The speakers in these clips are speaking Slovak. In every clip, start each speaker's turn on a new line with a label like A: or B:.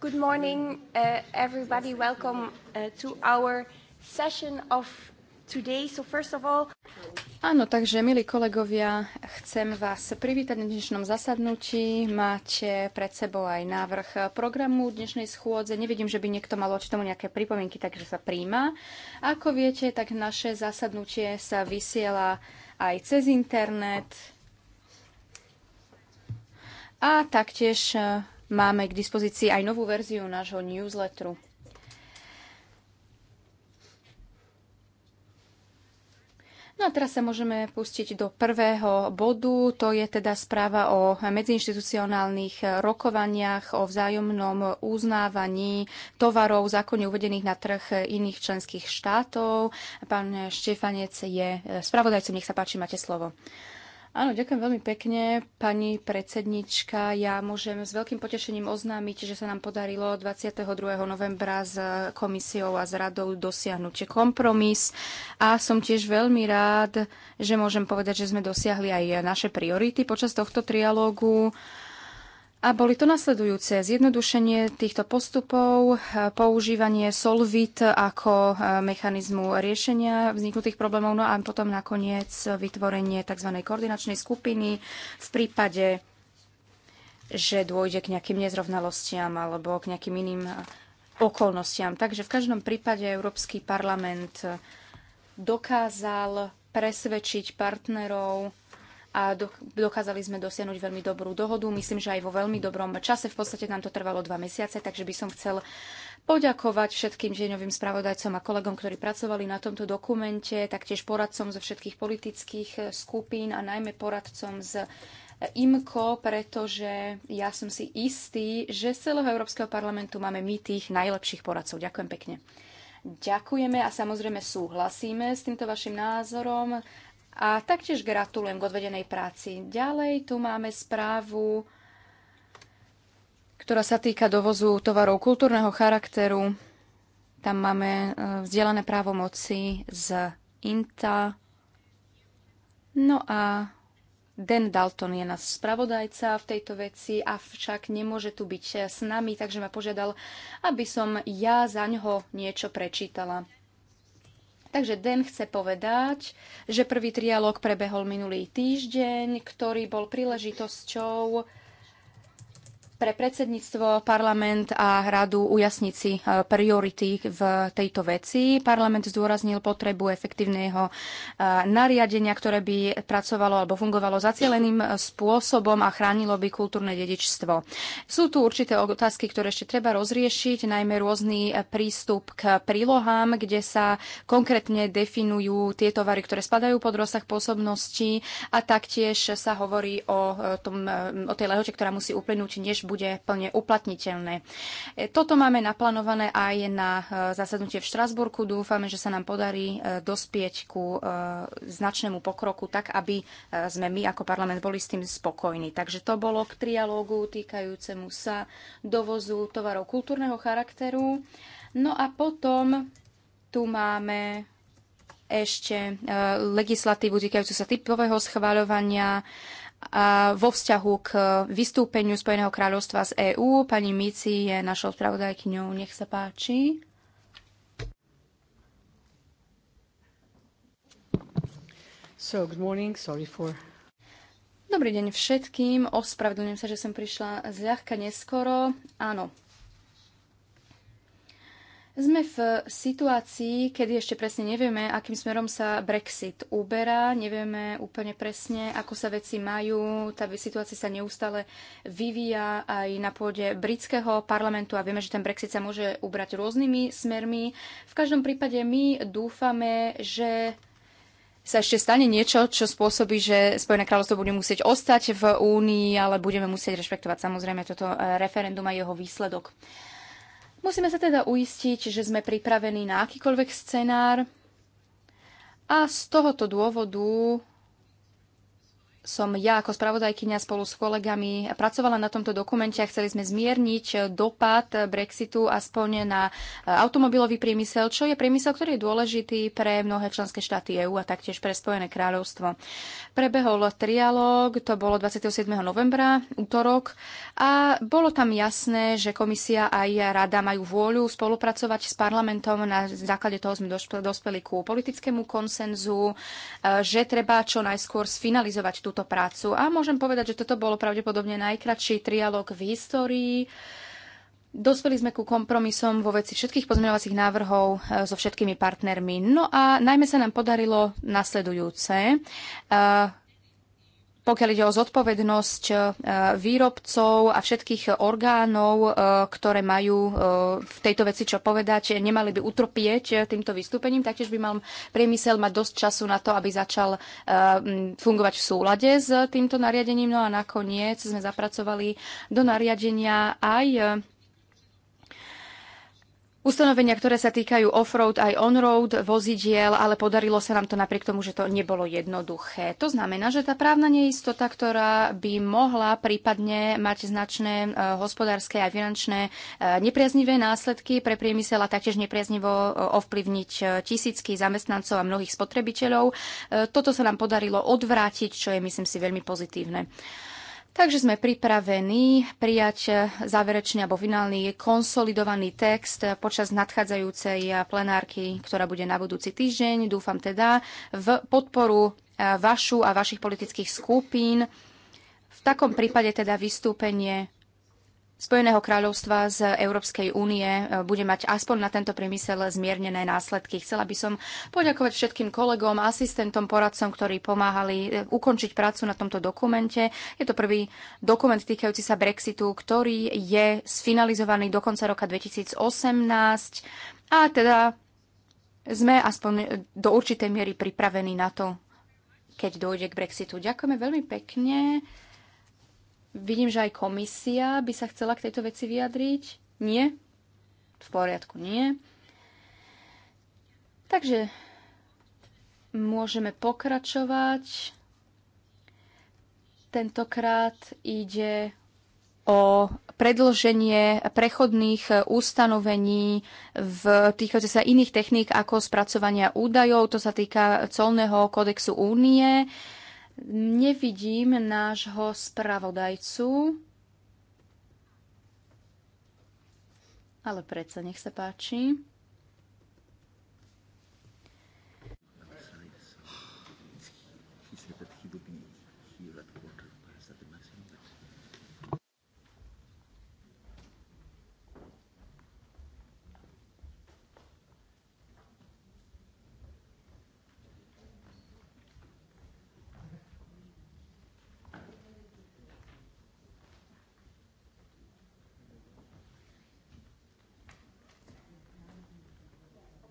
A: Good morning, uh, everybody. Welcome uh, to our session of today. So first of all... Áno, takže, milí kolegovia, chcem vás privítať na dnešnom zasadnutí. Máte pred sebou aj návrh programu dnešnej schôdze. Nevidím, že by niekto mal voči tomu nejaké pripomienky, takže sa príjma. Ako viete, tak naše zasadnutie sa vysiela aj cez internet a taktiež máme k dispozícii aj novú verziu nášho newsletteru. No a teraz sa môžeme pustiť do prvého bodu, to je teda správa o medziinstitucionálnych rokovaniach, o vzájomnom uznávaní tovarov zákonne uvedených na trh iných členských štátov. Pán Štefanec je spravodajcom, nech sa páči, máte slovo. Áno, ďakujem veľmi pekne, pani predsednička. Ja môžem s veľkým potešením oznámiť, že sa nám podarilo 22. novembra s komisiou a s radou dosiahnuť kompromis. A som tiež veľmi rád, že môžem povedať, že sme dosiahli aj naše priority počas tohto trialógu. A boli to nasledujúce zjednodušenie týchto postupov, e, používanie Solvit ako e, mechanizmu riešenia vzniknutých problémov, no a potom nakoniec vytvorenie tzv. koordinačnej skupiny v prípade, že dôjde k nejakým nezrovnalostiam alebo k nejakým iným e, okolnostiam. Takže v každom prípade Európsky parlament dokázal presvedčiť partnerov a dokázali sme dosiahnuť veľmi dobrú dohodu. Myslím, že aj vo veľmi dobrom čase. V podstate nám to trvalo dva mesiace, takže by som chcel poďakovať všetkým deňovým spravodajcom a kolegom, ktorí pracovali na tomto dokumente, taktiež poradcom zo všetkých politických eh, skupín a najmä poradcom z eh, IMKO, pretože ja som si istý, že z celého Európskeho parlamentu máme my tých najlepších poradcov. Ďakujem pekne. Ďakujeme a samozrejme súhlasíme s týmto vašim názorom a taktiež gratulujem k odvedenej práci. Ďalej tu máme správu, ktorá sa týka dovozu tovarov kultúrneho charakteru. Tam máme e, vzdielané právomoci z INTA. No a Dan Dalton je nás spravodajca v tejto veci, avšak nemôže tu byť s nami, takže ma požiadal, aby som ja za ňoho niečo prečítala. Takže Den chce povedať, že prvý trialóg prebehol minulý týždeň, ktorý bol príležitosťou pre predsedníctvo, parlament a radu ujasniť si e, priority v tejto veci. Parlament zdôraznil potrebu efektívneho e, nariadenia, ktoré by pracovalo alebo fungovalo zacieleným e, spôsobom a chránilo by kultúrne dedičstvo. Sú tu určité otázky, ktoré ešte treba rozriešiť, najmä rôzny prístup k prílohám, kde sa konkrétne definujú tie tovary, ktoré spadajú pod rozsah pôsobnosti a taktiež sa hovorí o, tom, o tej lehote, ktorá musí uplynúť, než bude plne uplatniteľné. E, toto máme naplánované aj na e, zasadnutie v Štrasburku. Dúfame, že sa nám podarí e, dospieť ku značnému pokroku, tak aby sme my ako parlament boli s tým spokojní. Takže to bolo k trialógu týkajúcemu sa dovozu tovarov kultúrneho charakteru. No a potom tu máme ešte legislatívu týkajúcu sa typového schváľovania vo vzťahu k vystúpeniu Spojeného kráľovstva z EÚ. Pani Mici je našou spravodajkyňou. Nech sa páči.
B: So, good morning. Sorry for...
A: Dobrý deň všetkým. Ospravedlňujem sa, že som prišla zľahka neskoro. Áno, sme v situácii, kedy ešte presne nevieme, akým smerom sa Brexit uberá, nevieme úplne presne, ako sa veci majú. Tá situácia sa neustále vyvíja aj na pôde britského parlamentu a vieme, že ten Brexit sa môže ubrať rôznymi smermi. V každom prípade my dúfame, že sa ešte stane niečo, čo spôsobí, že Spojené kráľovstvo bude musieť ostať v Únii, ale budeme musieť rešpektovať samozrejme toto referendum a jeho výsledok. Musíme sa teda uistiť, že sme pripravení na akýkoľvek scenár a z tohoto dôvodu som ja ako spravodajkyňa spolu s kolegami pracovala na tomto dokumente a chceli sme zmierniť dopad Brexitu aspoň na automobilový priemysel, čo je priemysel, ktorý je dôležitý pre mnohé členské štáty EÚ a taktiež pre Spojené kráľovstvo. Prebehol trialóg, to bolo 27. novembra, útorok, a bolo tam jasné, že komisia aj rada majú vôľu spolupracovať s parlamentom. Na základe toho sme dospeli ku politickému konsenzu, e, že treba čo najskôr sfinalizovať túto túto prácu. A môžem povedať, že toto bolo pravdepodobne najkratší trialog v histórii. Dospeli sme ku kompromisom vo veci všetkých pozmeňovacích návrhov e, so všetkými partnermi. No a najmä sa nám podarilo nasledujúce. E, pokiaľ ide o zodpovednosť e, výrobcov a všetkých orgánov, e, ktoré majú e, v tejto veci čo povedať, nemali by utrpieť týmto vystúpením. Taktiež by mal priemysel mať dosť času na to, aby začal fungovať v súlade s týmto nariadením. No a nakoniec sme zapracovali do nariadenia aj ustanovenia, ktoré sa týkajú off-road aj on-road vozidiel, ale podarilo sa nám to napriek tomu, že to nebolo jednoduché. To znamená, že tá právna neistota, ktorá by mohla prípadne mať značné e, hospodárske a finančné e, nepriaznivé následky pre priemysel a taktiež nepriaznivo e, ovplyvniť tisícky zamestnancov a mnohých spotrebiteľov, toto sa nám podarilo odvrátiť, čo je myslím si veľmi pozitívne. Takže sme pripravení prijať záverečný alebo finálny konsolidovaný text počas nadchádzajúcej plenárky, ktorá bude na budúci týždeň. Dúfam teda v podporu e, vašu a vašich politických skupín. V takom prípade teda vystúpenie Spojeného kráľovstva z Európskej únie e, bude mať aspoň na tento priemysel zmiernené následky. Chcela by som poďakovať všetkým kolegom, asistentom, poradcom, ktorí pomáhali e, ukončiť prácu na tomto dokumente. Je to prvý dokument týkajúci sa Brexitu, ktorý je sfinalizovaný do konca roka 2018 a teda sme aspoň e, do určitej miery pripravení na to, keď dojde k Brexitu. Ďakujeme veľmi pekne. Vidím, že aj komisia by sa chcela k tejto veci vyjadriť. Nie? V poriadku, nie. Takže môžeme pokračovať. Tentokrát ide o predloženie prechodných ustanovení v týchto sa iných techník ako spracovania údajov. To sa týka colného kodexu únie. Nevidím nášho spravodajcu, ale predsa nech sa páči.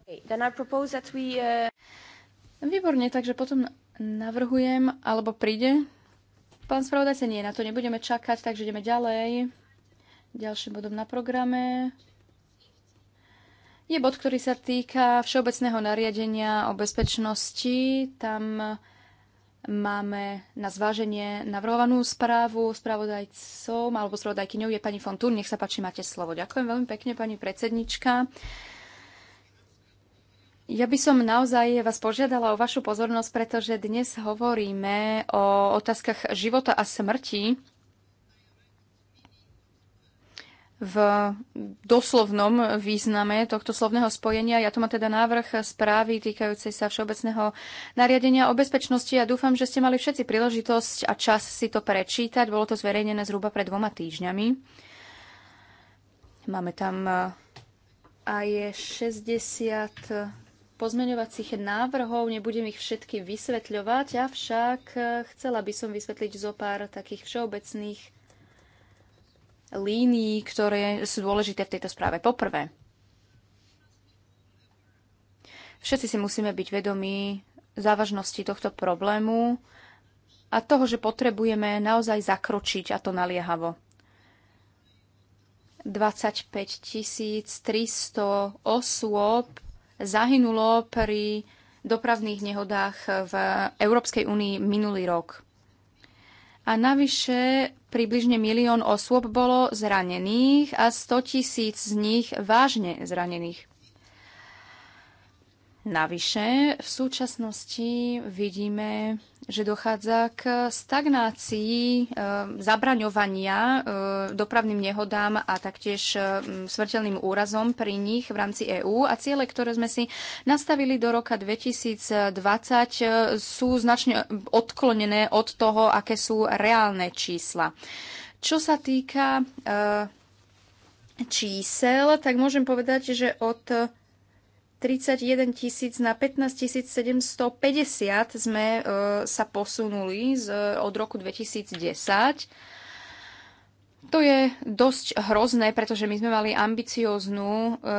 A: Uh, Výborne, takže potom navrhujem, alebo príde pán spravodajca. Nie, na to nebudeme čakať, takže ideme ďalej. Ďalším bodom na programe je bod, ktorý sa týka Všeobecného nariadenia o bezpečnosti. Tam máme na zváženie navrhovanú správu spravodajcom alebo spravodajkyňou je pani Fontúr. Nech sa páči, máte slovo. Ďakujem veľmi pekne, pani predsednička. Ja by som naozaj vás požiadala o vašu pozornosť, pretože dnes hovoríme o otázkach života a smrti v doslovnom význame tohto slovného spojenia. Ja tu mám teda návrh správy týkajúcej sa všeobecného nariadenia o bezpečnosti a ja dúfam, že ste mali všetci príležitosť a čas si to prečítať. Bolo to zverejnené zhruba pred dvoma týždňami. Máme tam eh, aj 60 pozmeňovacích návrhov, nebudem ich všetky vysvetľovať, avšak eh, chcela by som vysvetliť zo pár takých všeobecných línií, ktoré sú dôležité v tejto správe. Poprvé, všetci si musíme byť vedomí závažnosti tohto problému a toho, že potrebujeme naozaj zakročiť a to naliehavo. 25 300 osôb zahynulo pri dopravných nehodách v Európskej únii minulý rok. A navyše približne milión osôb bolo zranených a 100 tisíc z nich vážne zranených. Navyše, v súčasnosti vidíme, že dochádza k stagnácii e, zabraňovania e, dopravným nehodám a taktiež e, smrteľným úrazom pri nich v rámci EÚ a ciele, ktoré sme si nastavili do roka 2020 sú značne odklonené od toho, aké sú reálne čísla. Čo sa týka čísel, tak môžem povedať, že od 31 tisíc na 15 750 sme e, sa posunuli z, e, od roku 2010. To je dosť hrozné, pretože my sme mali ambicióznu, e,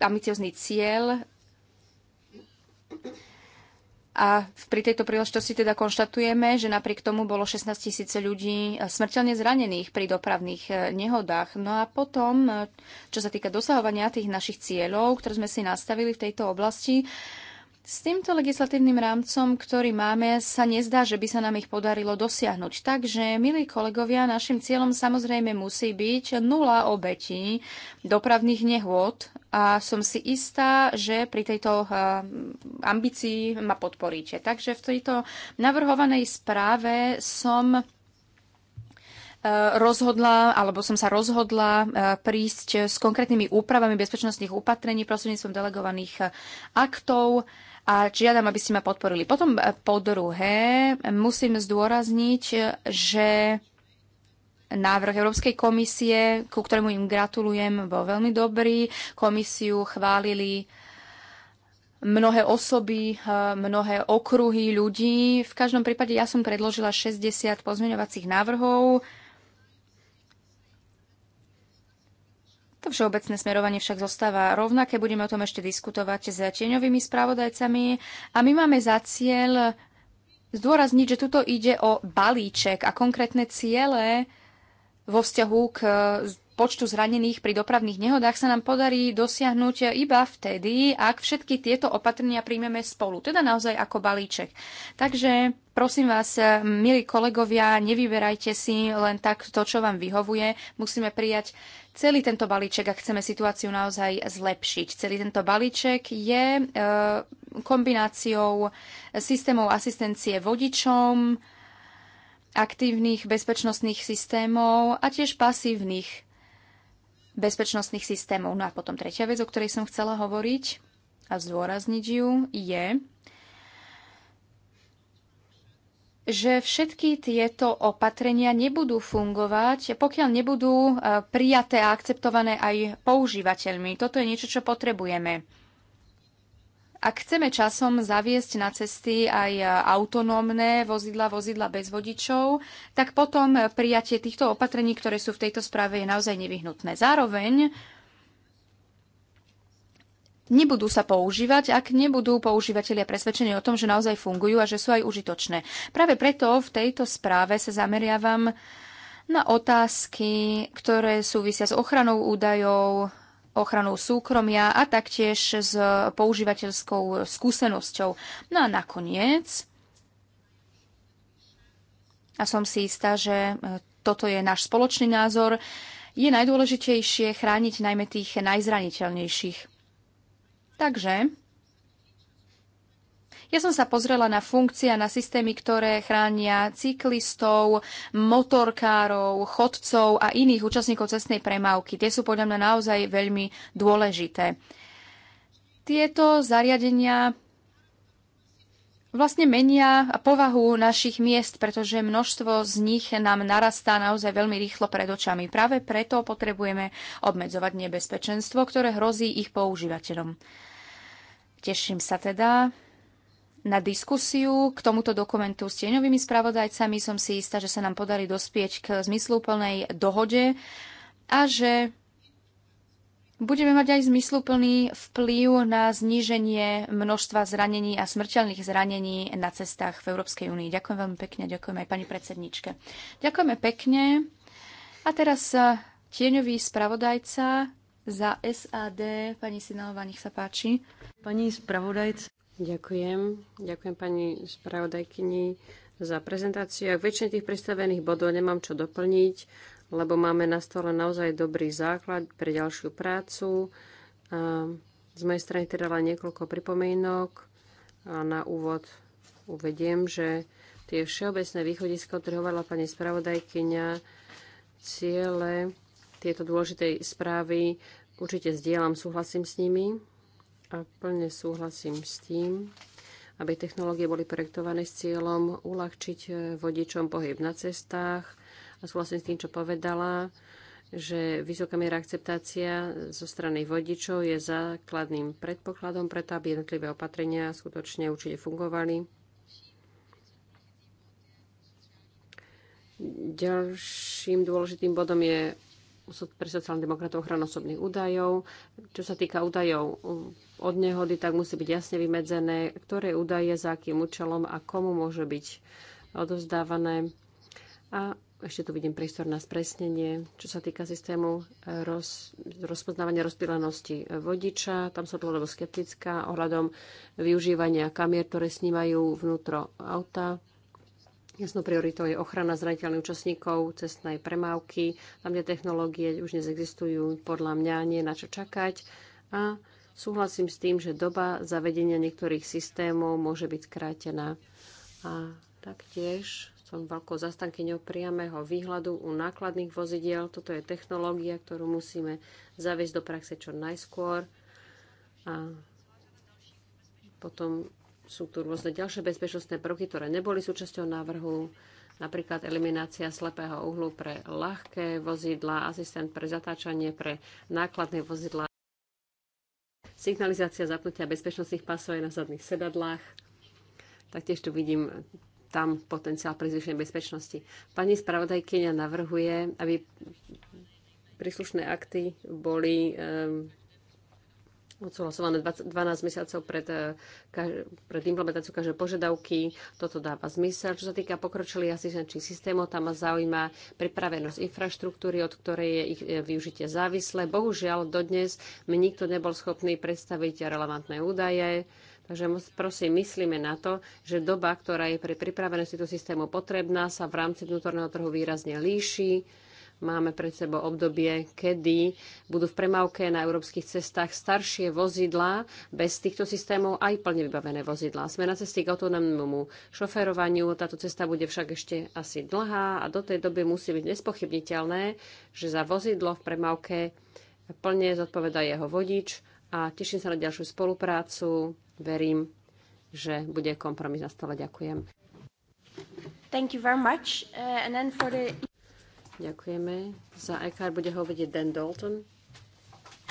A: ambiciozný cieľ a pri tejto príležitosti teda konštatujeme, že napriek tomu bolo 16 tisíce ľudí e, smrteľne zranených pri dopravných e, nehodách. No a potom, e, čo sa týka dosahovania tých našich cieľov, ktoré sme si nastavili v tejto oblasti, s týmto legislatívnym rámcom, ktorý máme, sa nezdá, že by sa nám ich podarilo dosiahnuť. Takže, milí kolegovia, našim cieľom samozrejme musí byť nula obetí dopravných nehôd a som si istá, že pri tejto eh, ambícii ma podporíte. Takže v tejto navrhovanej správe som eh, rozhodla, alebo som sa rozhodla eh, prísť s konkrétnymi úpravami bezpečnostných opatrení prostredníctvom delegovaných aktov a žiadam, aby ste ma podporili. Potom e, po druhé, musím zdôrazniť, že návrh Európskej komisie, ku ktorému im gratulujem, bol veľmi dobrý. Komisiu chválili mnohé osoby, e, mnohé okruhy ľudí. V každom prípade ja som predložila 60 pozmeňovacích návrhov To všeobecné smerovanie však zostáva rovnaké, budeme o tom ešte diskutovať s tieňovými spravodajcami a my máme za cieľ zdôrazniť, že tuto ide o balíček a konkrétne ciele vo vzťahu k počtu zranených pri dopravných nehodách sa nám podarí dosiahnuť iba vtedy, ak všetky tieto opatrenia príjmeme spolu, teda naozaj ako balíček. Takže prosím vás, milí kolegovia, nevyberajte si len tak to, čo vám vyhovuje. Musíme prijať celý tento balíček, ak chceme situáciu naozaj zlepšiť. Celý tento balíček je e, kombináciou systémov asistencie vodičom, aktívnych bezpečnostných systémov a tiež pasívnych bezpečnostných systémov. No a potom tretia vec, o ktorej som chcela hovoriť a zdôrazniť ju, je, že všetky tieto opatrenia nebudú fungovať, pokiaľ nebudú e, prijaté a akceptované aj používateľmi. Toto je niečo, čo potrebujeme. Ak chceme časom zaviesť na cesty aj autonómne vozidla, vozidla bez vodičov, tak potom prijatie týchto opatrení, ktoré sú v tejto správe, je naozaj nevyhnutné. Zároveň nebudú sa používať, ak nebudú používateľia presvedčení o tom, že naozaj fungujú a že sú aj užitočné. Práve preto v tejto správe sa zameriavam na otázky, ktoré súvisia s ochranou údajov, ochranou súkromia a taktiež s používateľskou skúsenosťou. No a nakoniec, a som si istá, že e, toto je náš spoločný názor, je najdôležitejšie chrániť najmä tých najzraniteľnejších. Takže ja som sa pozrela na funkcia, na systémy, ktoré chránia cyklistov, motorkárov, chodcov a iných účastníkov cestnej premávky. Tie sú podľa mňa naozaj veľmi dôležité. Tieto zariadenia vlastne menia povahu našich miest, pretože množstvo z nich nám narastá naozaj veľmi rýchlo pred očami. Práve preto potrebujeme obmedzovať nebezpečenstvo, ktoré hrozí ich používateľom. Teším sa teda na diskusiu k tomuto dokumentu s tieňovými spravodajcami. Som si istá, že sa nám podarí dospieť k zmysluplnej dohode a že budeme mať aj zmysluplný vplyv na zníženie množstva zranení a smrteľných zranení na cestách v Európskej únii. Ďakujem veľmi pekne, ďakujem aj pani predsedničke. Ďakujeme pekne. A teraz
B: e, tieňový spravodajca za SAD, pani Sinalová, nech sa páči. Pani spravodajca. Ďakujem. Ďakujem pani spravodajkyni za prezentáciu. Ak väčšine tých predstavených bodov nemám čo doplniť, lebo máme na stole naozaj dobrý základ pre ďalšiu prácu. z mojej strany teda len niekoľko pripomienok. A na úvod uvediem, že tie všeobecné východisko, ktoré hovorila pani spravodajkyňa, ciele tieto dôležitej správy určite zdieľam, súhlasím s nimi a plne súhlasím s tým, aby technológie boli projektované s cieľom uľahčiť eh, vodičom pohyb na cestách. A súhlasím s tým, čo povedala, že vysoká miera akceptácia zo strany vodičov je základným predpokladom preto, aby jednotlivé opatrenia skutočne určite fungovali. Ďalším dôležitým bodom je pre sociálnych demokratov ochranu osobných údajov. Čo sa týka údajov um, od nehody, tak musí byť jasne vymedzené, ktoré údaje, za akým účelom a komu môže byť odovzdávané. A ešte tu vidím priestor na spresnenie, čo sa týka systému eh, roz, rozpoznávania rozpílenosti eh, vodiča. Tam som dlhodobo skeptická ohľadom využívania kamier, ktoré snímajú vnútro auta. Jasnou prioritou je ochrana zraniteľných účastníkov cestnej premávky. Tam, kde technológie už nezexistujú, podľa mňa nie je na čo čakať. A súhlasím s tým, že doba zavedenia niektorých systémov môže byť skrátená. A taktiež som veľkou zastankyňou priamého výhľadu u nákladných vozidiel. Toto je technológia, ktorú musíme zaviesť do praxe čo najskôr. A potom sú tu rôzne ďalšie bezpečnostné prvky, ktoré neboli súčasťou návrhu, napríklad eliminácia slepého uhlu pre ľahké vozidla, asistent pre zatáčanie pre nákladné vozidla, signalizácia zapnutia bezpečnostných pasov aj na zadných sedadlách. Taktiež tu vidím tam potenciál pre zvýšenie bezpečnosti. Pani spravodajkyňa navrhuje, aby príslušné akty boli um, odsúhlasované 12 mesiacov pred, eh, pred implementáciou každej požiadavky. Toto dáva zmysel. Čo sa týka pokročilých asistenčných systémov, tam ma zaujíma pripravenosť infraštruktúry, od ktorej je ich eh, využitie závislé. Bohužiaľ, dodnes mi nikto nebol schopný predstaviť relevantné údaje. Takže prosím, myslíme na to, že doba, ktorá je pre pripravenosti toho systému potrebná, sa v rámci vnútorného trhu výrazne líši Máme pred sebou obdobie, kedy budú v premávke na európskych cestách staršie vozidlá, bez týchto systémov aj plne vybavené vozidlá. Sme na cesty k autonómnemu šoferovaniu, táto cesta bude však ešte asi dlhá a do tej doby musí byť nespochybniteľné, že za vozidlo v premávke plne zodpoveda jeho vodič a teším sa na ďalšiu spoluprácu. Verím, že bude kompromis na stole. Ďakujem.
A: Thank you very much. Uh, and then for the...
B: Ďakujeme. Za EKR bude hovoriť Dan Dalton,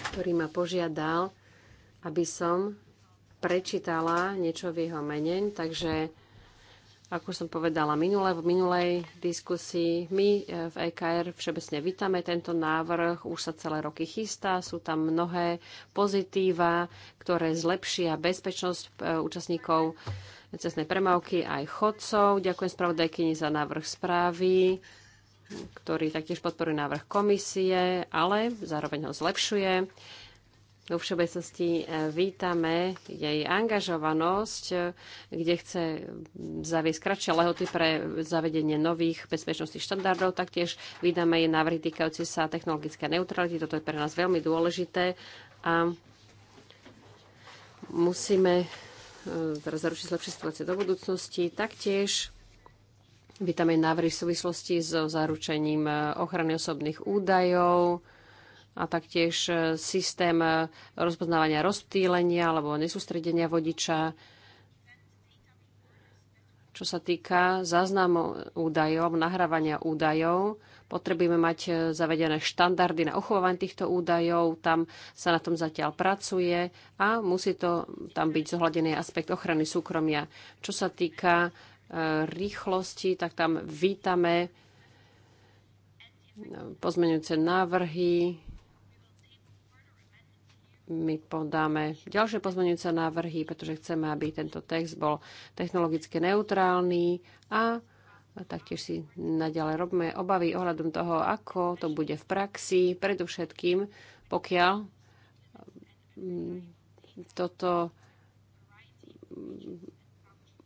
B: ktorý ma požiadal, aby som prečítala niečo v jeho mene. Takže, ako som povedala minule, v minulej diskusii, my eh, v EKR všeobecne vítame tento návrh, už sa celé roky chystá, sú tam mnohé pozitíva, ktoré zlepšia bezpečnosť eh, účastníkov cestnej premávky aj chodcov. Ďakujem spravodajkyni za návrh správy ktorý taktiež podporuje návrh komisie, ale zároveň ho zlepšuje. Vo všeobecnosti e, vítame jej angažovanosť, e, kde chce zaviesť kratšie lehoty pre zavedenie nových bezpečnostných štandardov. Taktiež vítame jej návrhy týkajúce sa technologické neutrality. Toto je pre nás veľmi dôležité a musíme e, teraz zaručiť lepšie situácie do budúcnosti. Taktiež Vítame návrhy v súvislosti so zaručením e, ochrany osobných údajov a taktiež e, systém e, rozpoznávania rozptýlenia alebo nesústredenia vodiča. Čo sa týka záznamu údajov, nahrávania údajov, potrebujeme mať zavedené štandardy na uchovávanie týchto údajov, tam sa na tom zatiaľ pracuje a musí to tam byť zohľadený aspekt ochrany súkromia. Čo sa týka rýchlosti, tak tam vítame pozmeňujúce návrhy. My podáme ďalšie pozmeňujúce návrhy, pretože chceme, aby tento text bol technologicky neutrálny a taktiež si naďalej robíme obavy ohľadom toho, ako to bude v praxi, predovšetkým pokiaľ mm, toto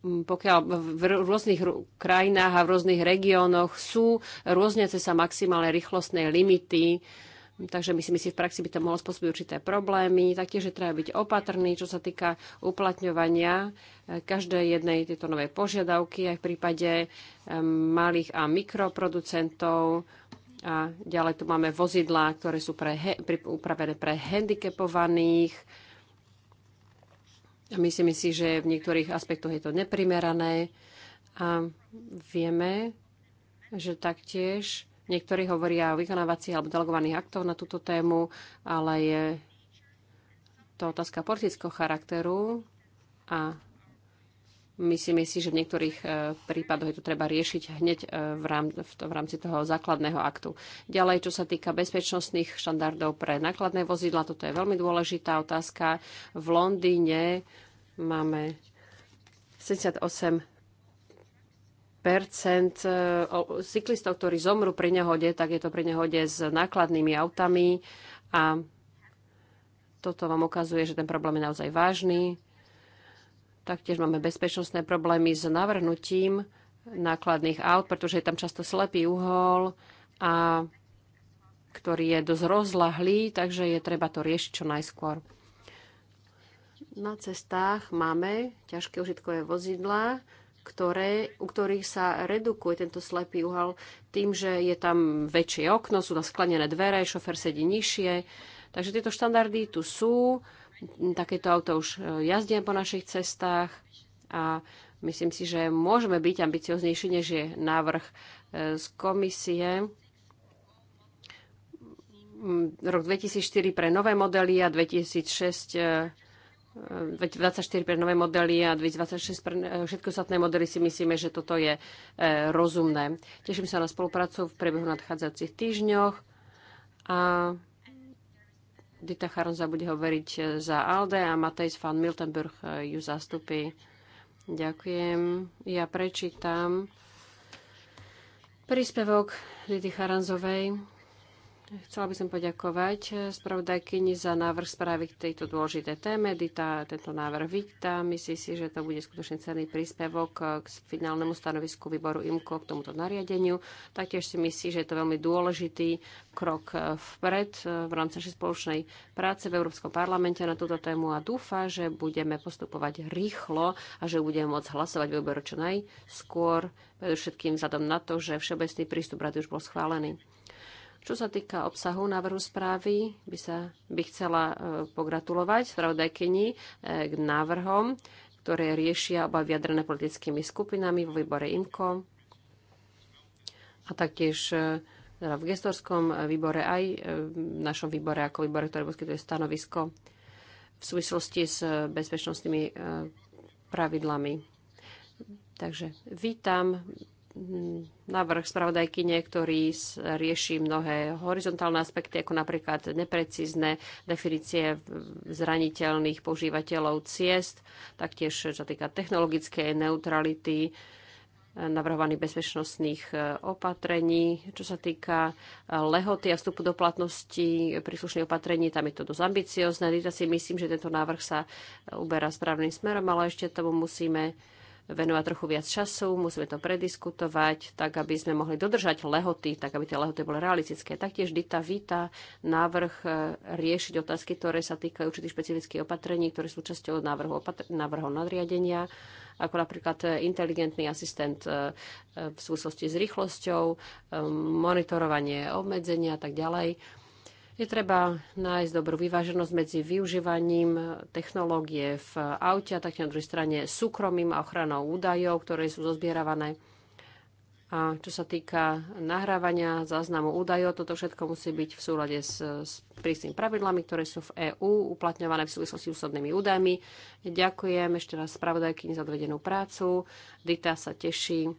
B: pokiaľ v rôznych krajinách a v rôznych regiónoch sú rôzniace sa maximálne rýchlostné limity, takže myslím si, v praxi by to mohlo spôsobiť určité problémy. Taktiež je treba byť opatrný, čo sa týka uplatňovania e, každej jednej tejto novej požiadavky aj v prípade e, malých a mikroproducentov. A ďalej tu máme vozidlá, ktoré sú pre, upravené pre handicapovaných a myslím si, že v niektorých aspektoch je to neprimerané. A vieme, že taktiež niektorí hovoria o vykonávacích alebo delegovaných aktov na túto tému, ale je to otázka politického charakteru a Myslíme si, že v niektorých e, prípadoch je to treba riešiť hneď e, v, rámci toho základného aktu. Ďalej, čo sa týka bezpečnostných štandardov pre nákladné vozidla, toto je veľmi dôležitá otázka. V Londýne máme 78 percent e, cyklistov, ktorí zomru pri nehode, tak je to pri nehode s nákladnými autami a toto vám ukazuje, že ten problém je naozaj vážny. Taktiež máme bezpečnostné problémy s navrhnutím nákladných aut, pretože je tam často slepý uhol, a ktorý je dosť rozlahlý, takže je treba to riešiť čo najskôr. Na cestách máme ťažké užitkové vozidlá, ktoré, u ktorých sa redukuje tento slepý uhol tým, že je tam väčšie okno, sú tam sklenené dvere, šofer sedí nižšie. Takže tieto štandardy tu sú Takéto auto už e, jazdia po našich cestách a myslím si, že môžeme byť ambicioznejší, než je návrh e, z komisie. Mm, rok 2004 pre nové modely a 2006 2024 e, pre nové modely a 2026 pre všetky ostatné modely si myslíme, že toto je rozumné. Teším sa na spoluprácu v priebehu nadchádzajúcich týždňoch a Dita Charonza bude hovoriť e, za ALDE a Matejs van Miltenburg e, ju zastupí. Ďakujem. Ja prečítam príspevok Dity Charanzovej Chcela by som poďakovať spravodajkyni za návrh správy k tejto dôležité téme. Dita tento návrh víta. Myslí si, že to bude skutočne cenný príspevok k finálnemu stanovisku výboru IMKO k tomuto nariadeniu. Taktiež si myslí, že je to veľmi dôležitý krok vpred v rámci našej spoločnej práce v Európskom parlamente na túto tému a dúfa, že budeme postupovať rýchlo a že budeme môcť hlasovať výboru čo najskôr, predovšetkým vzhľadom na to, že všeobecný prístup rady už bol schválený. Čo sa týka obsahu návrhu správy, by, sa, by chcela e, pogratulovať spravodajkyni e, k návrhom, ktoré riešia oba vyjadrené politickými skupinami vo výbore IMCO a taktiež e, teda v gestorskom výbore aj v našom výbore ako výbore, ktoré poskytuje stanovisko v súvislosti s bezpečnostnými pravidlami. Takže vítam návrh spravodajky niektorý rieši mnohé horizontálne aspekty, ako napríklad neprecízne definície zraniteľných používateľov ciest, taktiež čo týka technologickej neutrality, e, navrhovaných bezpečnostných e, opatrení. Čo sa týka e, lehoty a vstupu do platnosti príslušných opatrení, tam je to dosť ambiciozne. Ja si myslím, že tento návrh sa uberá správnym smerom, ale ešte tomu musíme venovať trochu viac času, musíme to prediskutovať, tak aby sme mohli dodržať lehoty, tak aby tie lehoty boli realistické. Taktiež Dita víta návrh eh, riešiť otázky, ktoré sa týkajú určitých špecifických opatrení, ktoré sú časťou návrhu, opatr- návrhu nadriadenia, ako napríklad eh, inteligentný asistent eh, v súvislosti s rýchlosťou, monitorovanie obmedzenia a tak ďalej. Je treba nájsť dobrú vyváženosť medzi využívaním technológie v aute a tak na druhej strane súkromím a ochranou údajov, ktoré sú zozbieravané. A čo sa týka nahrávania záznamu údajov, toto všetko musí byť v súlade s, s prísnymi pravidlami, ktoré sú v EÚ uplatňované v súvislosti s úsobnými údajmi. Ďakujem ešte raz spravodajkyni za dovedenú prácu. Dita sa teší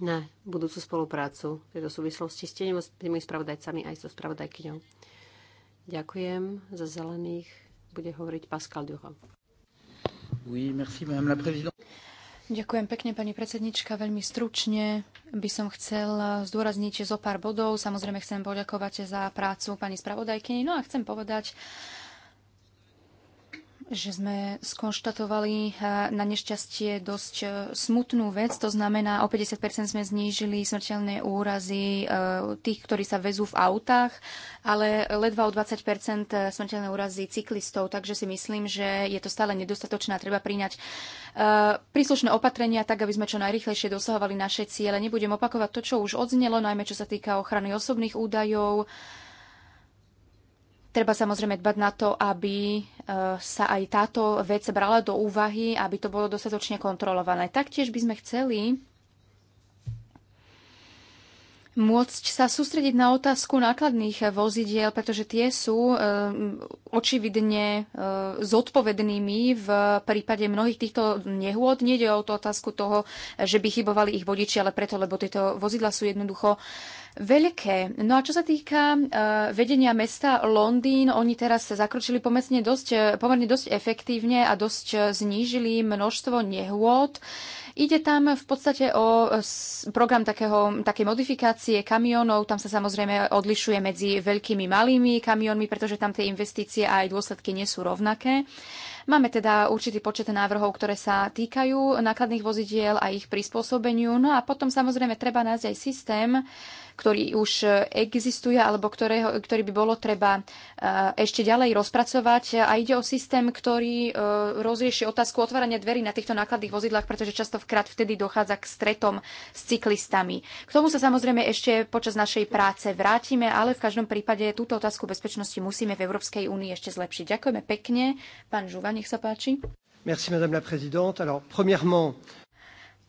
B: na budúcu spoluprácu v tejto súvislosti s tými spravodajcami aj so spravodajkyňou. Ďakujem. Za zelených bude hovoriť Pascal Duham. Oui, merci, madame la présidente. Ďakujem pekne, pani predsednička.
A: Veľmi stručne by som chcel zdôrazniť zo pár bodov. Samozrejme chcem poďakovať za prácu pani spravodajkyni. No a chcem povedať, že sme skonštatovali eh, na nešťastie dosť eh, smutnú vec. To znamená, o 50% sme znížili smrteľné úrazy eh, tých, ktorí sa vezú v autách, ale ledva o 20% smrteľné úrazy cyklistov. Takže si myslím, že je to stále nedostatočné a treba priňať príslušné opatrenia, tak aby sme čo najrychlejšie dosahovali naše ciele. Nebudem opakovať to, čo už odznelo, najmä čo sa týka ochrany osobných údajov, Treba samozrejme dbať na to, aby e, sa aj táto vec brala do úvahy, aby to bolo dostatočne kontrolované. Taktiež by sme chceli môcť sa sústrediť na otázku nákladných vozidiel, pretože tie sú e, očividne e, zodpovednými v prípade mnohých týchto nehôd. Nede o tú otázku toho, že by chybovali ich vodiči, ale preto, lebo tieto vozidla sú jednoducho veľké. No a čo sa týka e, vedenia mesta Londýn, oni teraz sa zakročili pomerne dosť, e, pomerne dosť efektívne a dosť e, znížili množstvo nehôd. Ide tam v podstate o program takého, také modifikácie kamionov. Tam sa samozrejme odlišuje medzi veľkými malými kamionmi, pretože tam tie investície a aj dôsledky nie sú rovnaké. Máme teda určitý počet návrhov, ktoré sa týkajú nákladných vozidiel a ich prispôsobeniu. No a potom samozrejme treba nájsť aj systém, ktorý už e, existuje alebo ktorého, ktorý by bolo treba e, ešte ďalej rozpracovať. A ide o systém, ktorý e, rozrieši otázku otvárania dverí na týchto nákladných vozidlách, pretože častokrát vtedy dochádza k stretom s cyklistami. K tomu sa samozrejme ešte počas našej práce vrátime, ale v každom prípade túto otázku bezpečnosti musíme v Európskej únii ešte zlepšiť. Ďakujeme pekne. Pán Žuva, nech sa páči.
B: Merci, madame la présidente. Alors, premièrement,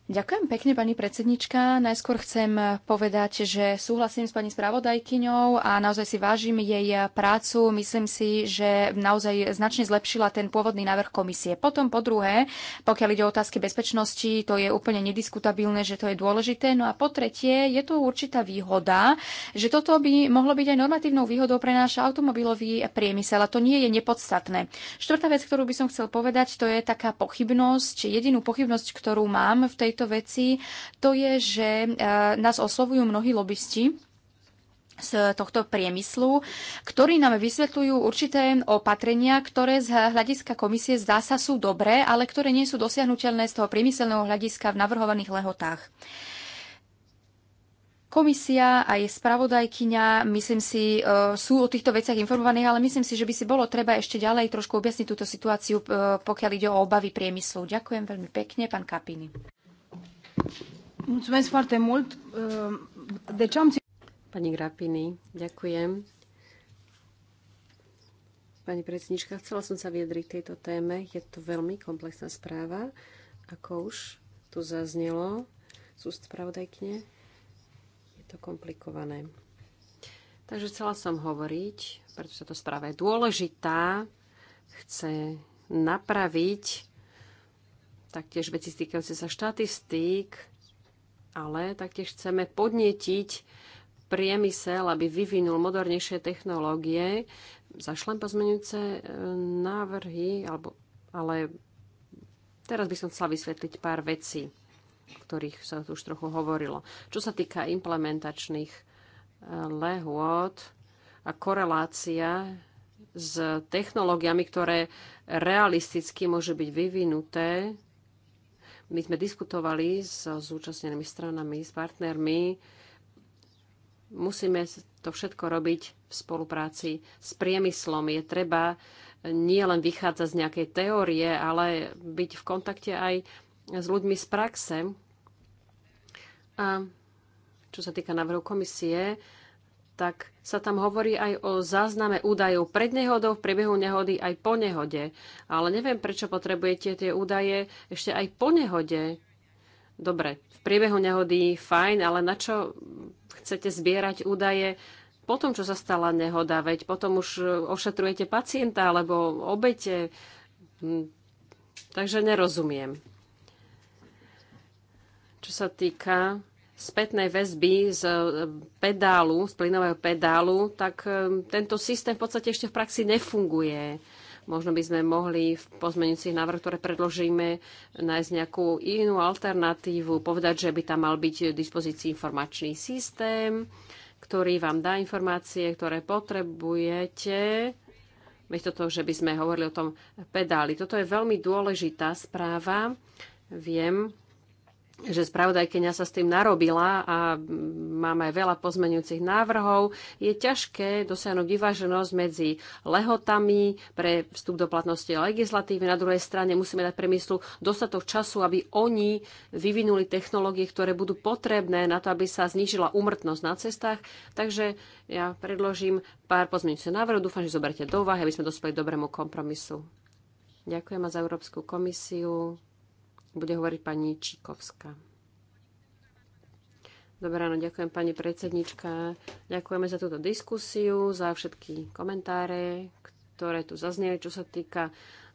A: Ďakujem pekne, pani predsednička. Najskôr chcem povedať, že súhlasím s pani spravodajkyňou a naozaj si vážim jej prácu. Myslím si, že naozaj značne zlepšila ten pôvodný návrh komisie. Potom po druhé, pokiaľ ide o otázky bezpečnosti, to je úplne nediskutabilné, že to je dôležité. No a po tretie, je tu určitá výhoda, že toto by mohlo byť aj normatívnou výhodou pre náš automobilový priemysel a to nie je nepodstatné. Štvrtá vec, ktorú by som chcel povedať, to je taká pochybnosť, jedinú pochybnosť, ktorú mám v tej tejto veci, to je, že eh, nás oslovujú mnohí lobbysti, z tohto priemyslu, ktorí nám vysvetľujú určité opatrenia, ktoré z hľadiska komisie zdá sa sú dobré, ale ktoré nie sú dosiahnutelné z toho priemyselného hľadiska v navrhovaných lehotách. Komisia aj spravodajkyňa, myslím si, eh, sú o týchto veciach informovaní, ale myslím si, že by si bolo treba ešte ďalej trošku objasniť túto situáciu, eh, pokiaľ ide o obavy priemyslu. Ďakujem veľmi pekne, pán Kapiny. Mulțumesc foarte mult.
B: De ce am Pani Grapiny, ďakujem. Pani predsednička, chcela som sa vyjadriť k tejto téme. Je to veľmi komplexná správa, ako už tu zaznelo z úst spravodajkne. Je to komplikované. Takže chcela som hovoriť, pretože táto správa je dôležitá, chce napraviť taktiež veci týkajúce sa štatistík, ale taktiež chceme podnetiť priemysel, aby vyvinul modernejšie technológie. Zašlem pozmenujúce e, návrhy, alebo, ale teraz by som chcela vysvetliť pár vecí, o ktorých sa tu už trochu hovorilo. Čo sa týka implementačných e, lehôd a korelácia s technológiami, ktoré realisticky môže byť vyvinuté, my sme diskutovali so zúčastnenými stranami, s partnermi. Musíme to všetko robiť v spolupráci s priemyslom. Je treba nielen vychádzať z nejakej teórie, ale byť v kontakte aj s ľuďmi z praxe. A čo sa týka návrhu komisie, tak sa tam hovorí aj o zázname údajov pred nehodou, v priebehu nehody aj po nehode. Ale neviem, prečo potrebujete tie údaje ešte aj po nehode. Dobre, v priebehu nehody fajn, ale na čo chcete zbierať údaje po tom, čo sa stala nehoda? Veď potom už e, ošetrujete pacienta alebo obete. Hm, takže nerozumiem. Čo sa týka spätnej väzby z e, pedálu, z plynového pedálu, tak e, tento systém v podstate ešte v praxi nefunguje. Možno by sme mohli v pozmeňujúcich návrh, ktoré predložíme, nájsť nejakú inú alternatívu, povedať, že by tam mal byť v dispozícii informačný systém, ktorý vám dá informácie, ktoré potrebujete, miesto toho, že by sme hovorili o tom pedáli. Toto je veľmi dôležitá správa. Viem, že spravodajkyňa sa s tým narobila a máme aj veľa pozmenujúcich návrhov. Je ťažké dosiahnuť vyváženosť medzi lehotami pre vstup do platnosti legislatívy. Na druhej strane musíme dať premyslu dostatok času, aby oni vyvinuli technológie, ktoré budú potrebné na to, aby sa znížila umrtnosť na cestách. Takže ja predložím pár pozmenujúcich návrhov. Dúfam, že zoberte do úvahy, aby sme dospeli dobrému kompromisu. Ďakujem za Európsku komisiu bude hovoriť pani Čikovská. Dobre, ráno, ďakujem pani predsednička. Ďakujeme za túto diskusiu, za všetky komentáre, ktoré tu zazneli, čo sa týka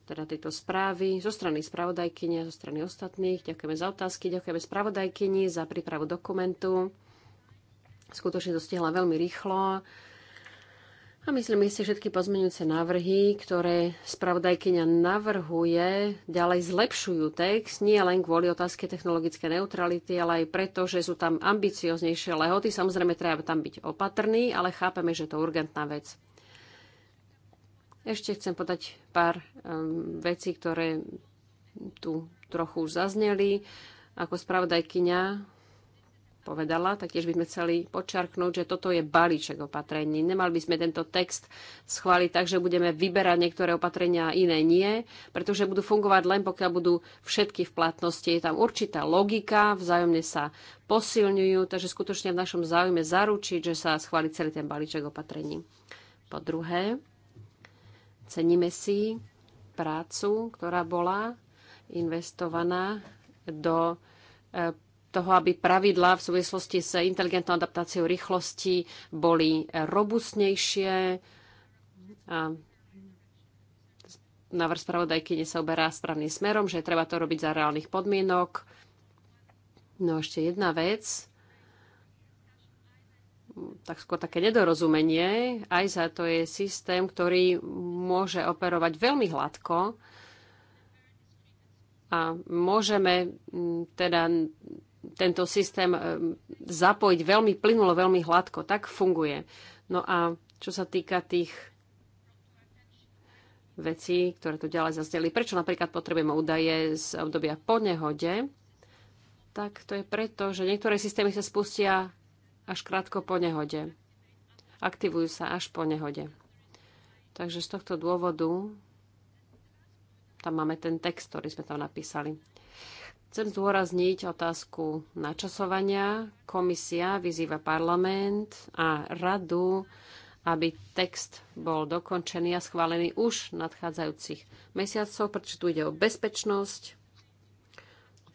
B: teda tejto správy zo strany spravodajkyne a zo strany ostatných. Ďakujeme za otázky, ďakujeme spravodajkyni za prípravu dokumentu. Skutočne to stihla veľmi rýchlo. A myslíme si, všetky pozmeňujúce návrhy, ktoré spravodajkyňa navrhuje, ďalej zlepšujú text, nie len kvôli otázke technologické neutrality, ale aj preto, že sú tam ambicioznejšie lehoty. Samozrejme, treba tam byť opatrný, ale chápeme, že to je urgentná vec. Ešte chcem podať pár um, vecí, ktoré tu trochu už zazneli. Ako spravodajkyňa povedala, tak tiež by sme chceli počarknúť, že toto je balíček opatrení. Nemali by sme tento text schváliť tak, že budeme vyberať niektoré opatrenia a iné nie, pretože budú fungovať len pokiaľ budú všetky v platnosti. Je tam určitá logika, vzájomne sa posilňujú, takže skutočne v našom záujme zaručiť, že sa schváli celý ten balíček opatrení. Po druhé, ceníme si prácu, ktorá bola investovaná do e, toho, aby pravidlá v súvislosti s inteligentnou adaptáciou rýchlosti boli robustnejšie. A návrh spravodajky nesoberá správnym smerom, že treba to robiť za reálnych podmienok. No ešte jedna vec, tak skôr také nedorozumenie, aj za to je systém, ktorý môže operovať veľmi hladko a môžeme teda tento systém eh, zapojiť veľmi plynulo, veľmi hladko. Tak funguje. No a čo sa týka tých vecí, ktoré tu ďalej zazneli, prečo napríklad potrebujeme údaje z obdobia po nehode, tak to je preto, že niektoré systémy sa spustia až krátko po nehode. Aktivujú sa až po nehode. Takže z tohto dôvodu tam máme ten text, ktorý sme tam napísali. Chcem zdôrazniť otázku načasovania. Komisia vyzýva parlament a radu, aby text bol dokončený a schválený už v nadchádzajúcich mesiacov, pretože tu ide o bezpečnosť,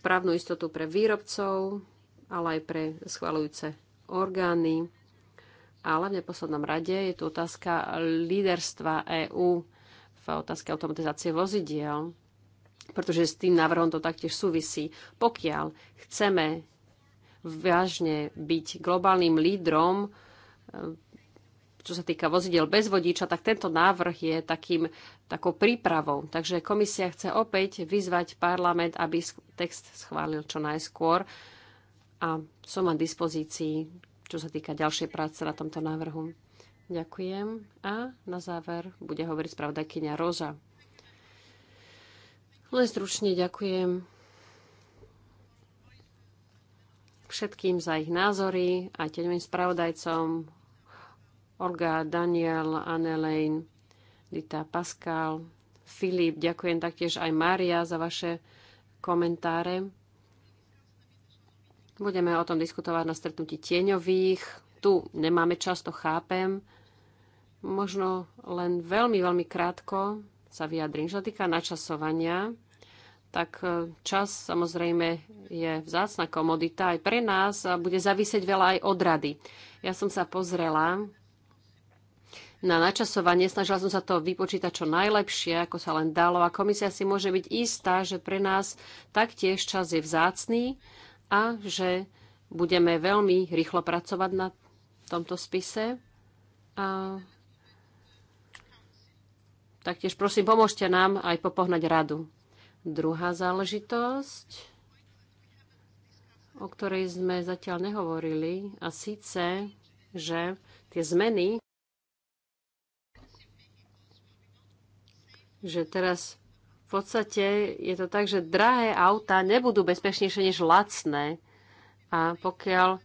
B: právnu istotu pre výrobcov, ale aj pre schvalujúce orgány. Ale v neposlednom rade je tu otázka líderstva EÚ v otázke automatizácie vozidiel pretože s tým návrhom to taktiež súvisí. Pokiaľ chceme vážne byť globálnym lídrom, e, čo sa týka vozidel bez vodiča, tak tento návrh je takým, takou prípravou. Takže komisia chce opäť vyzvať parlament, aby text schválil čo najskôr a som na dispozícii, čo sa týka ďalšej práce na tomto návrhu. Ďakujem a na záver bude hovoriť spravodajkynia Roza. Len stručne ďakujem všetkým za ich názory a teďovým spravodajcom Olga, Daniel, Anelein, Dita, Pascal, Filip. Ďakujem taktiež aj Mária za vaše komentáre. Budeme o tom diskutovať na stretnutí tieňových. Tu nemáme čas, to chápem. Možno len veľmi, veľmi krátko sa vyjadrím. Čo týka načasovania, tak e, čas samozrejme je vzácna komodita aj pre nás a bude závisieť veľa aj od rady. Ja som sa pozrela na načasovanie, snažila som sa to vypočítať čo najlepšie, ako sa len dalo a komisia si môže byť istá, že pre nás taktiež čas je vzácný a že budeme veľmi rýchlo pracovať na tomto spise a Taktiež prosím, pomôžte nám aj popohnať radu. Druhá záležitosť, o ktorej sme zatiaľ nehovorili, a síce, že tie zmeny, že teraz v podstate je to tak, že drahé auta nebudú bezpečnejšie než lacné. A pokiaľ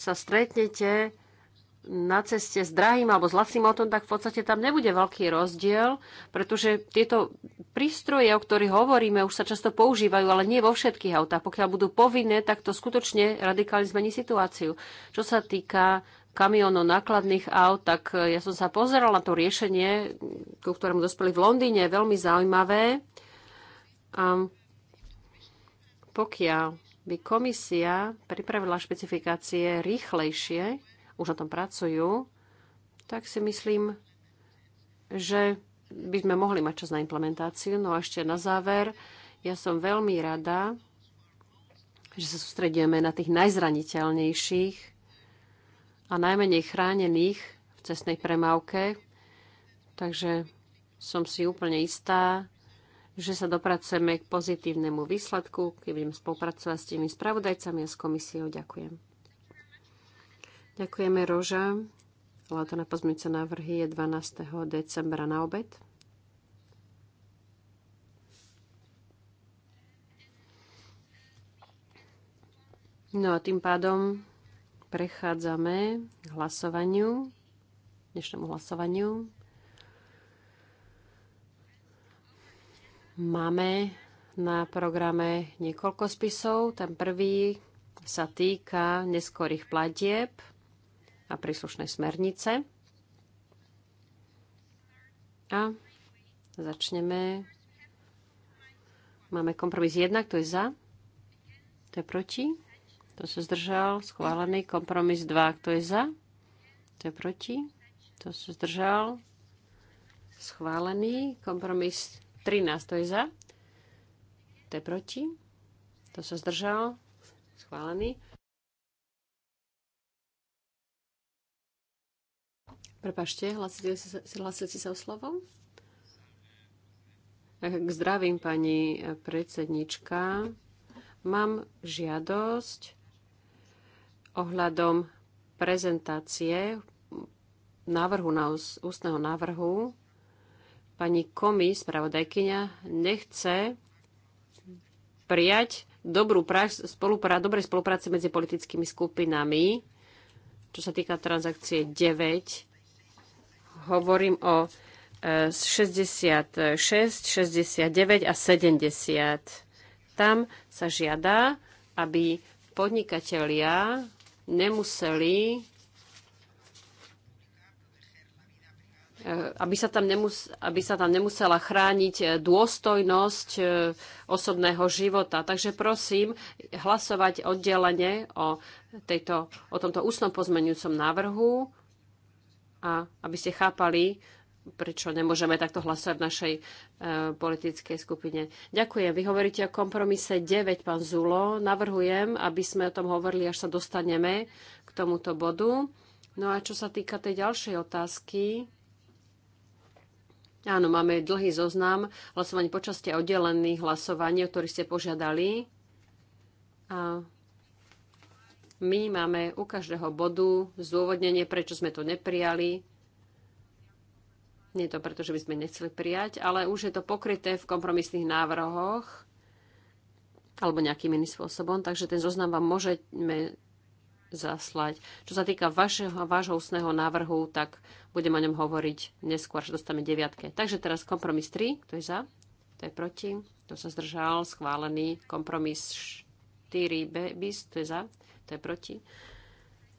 B: sa stretnete na ceste s drahým alebo s lacným autom, tak v podstate tam nebude veľký rozdiel, pretože tieto prístroje, o ktorých hovoríme, už sa často používajú, ale nie vo všetkých autách. Pokiaľ budú povinné, tak to skutočne radikálne zmení situáciu. Čo sa týka kamionov nákladných aut, tak e, ja som sa pozeral na to riešenie, ku ktorému dospeli v Londýne, veľmi zaujímavé. A pokiaľ by komisia pripravila špecifikácie rýchlejšie, už na tom pracujú, tak si myslím, že by sme mohli mať čas na implementáciu. No a ešte na záver, ja som veľmi rada, že sa sústredíme na tých najzraniteľnejších a najmenej chránených v cestnej premávke. Takže som si úplne istá, že sa dopracujeme k pozitívnemu výsledku, keď budeme spolupracovať s tými spravodajcami a s komisiou. Ďakujem. Ďakujeme, Roža. Láta na pozmeňujúce návrhy je 12. decembra na obed. No a tým pádom prechádzame k hlasovaniu, dnešnému hlasovaniu. Máme na programe niekoľko spisov. Ten prvý sa týka neskorých platieb a príslušné smernice. A začneme. Máme kompromis 1, kto je za, kto je proti, To sa zdržal, schválený. Kompromis 2, kto je za, To je proti, to sa zdržal, schválený. Kompromis 13, to je za, To je proti, kto sa zdržal, schválený. Prepašte, hlasíte sa, hlasíte sa o slovo? Zdravím, pani predsednička. Mám žiadosť ohľadom prezentácie návrhu na ústneho návrhu. Pani Komi, spravodajkyňa, nechce prijať dobrú prax, spolupra, dobrej spolupráce medzi politickými skupinami, čo sa týka transakcie 9 Hovorím o 66, e, 69 a 70. Tam sa žiada, aby podnikatelia nemuseli e, aby sa, tam nemus, aby sa tam nemusela chrániť e, dôstojnosť osobného života. Takže prosím hlasovať oddelenie o, tejto, o tomto ústnom pozmenujúcom návrhu a aby ste chápali, prečo nemôžeme takto hlasovať v našej e, politickej skupine. Ďakujem. Vy hovoríte o kompromise 9, pán Zulo. Navrhujem, aby sme o tom hovorili, až sa dostaneme k tomuto bodu. No a čo sa týka tej ďalšej otázky, áno, máme dlhý zoznam hlasovaní počasti a oddelených hlasovaní, o ktorých ste požiadali. A my máme u každého bodu zdôvodnenie, prečo sme to neprijali. Nie to preto, že by sme nechceli prijať, ale už je to pokryté v kompromisných návrhoch alebo nejakým iným spôsobom, takže ten zoznam vám môžeme zaslať. Čo sa týka vašeho, vášho ústneho návrhu, tak budem o ňom hovoriť neskôr, až dostame deviatke. Takže teraz kompromis 3, kto je za, kto je proti, kto sa zdržal, schválený kompromis 4 bis, kto je za, kto je proti?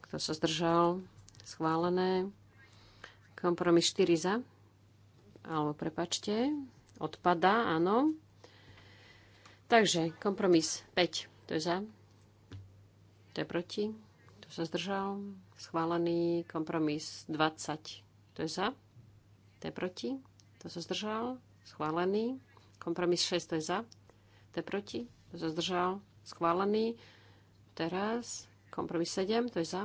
B: Kto sa zdržal? Schválené. Kompromis 4 za. Alebo prepačte. Odpada, áno. Takže kompromis 5. To je za. To je proti. To sa zdržal. Schválený kompromis 20. To je za. To je proti. To sa zdržal. Schválený. Kompromis 6. To je za. To je proti. To sa zdržal. Schválený. Teraz kompromis 7, to je za.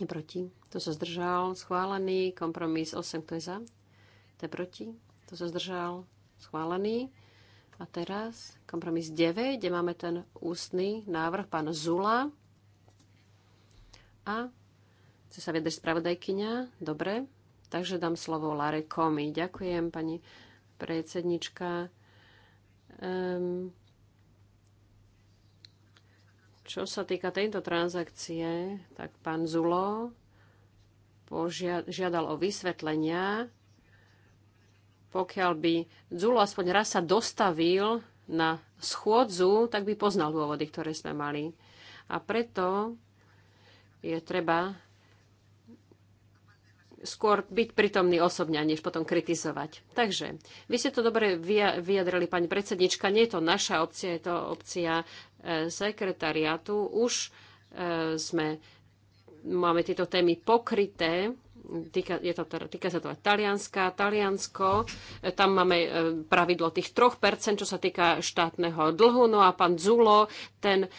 B: Je proti. To sa zdržal. Schválený. Kompromis 8, to je za. To je proti. To sa zdržal. Schválený. A teraz kompromis 9, kde máme ten ústny návrh pán Zula. A chce sa vedieť spravodajkyňa. Dobre. Takže dám slovo Lare Komi. Ďakujem, pani predsednička. Um, čo sa týka tejto transakcie, tak pán Zulo požiadal o vysvetlenia. Pokiaľ by Zulo aspoň raz sa dostavil na schôdzu, tak by poznal dôvody, ktoré sme mali. A preto je treba skôr byť pritomný osobne, než potom kritizovať. Takže, vy ste to dobre vyjadrili, pani predsednička, nie je to naša opcia, je to opcia E, sekretariátu. Už e, sme, máme tieto témy pokryté, týka, je to, teda, týka sa to aj Talianska, Taliansko, e, tam máme pravidlo tých 3%, čo sa týka štátneho dlhu, no a pán Zulo, ten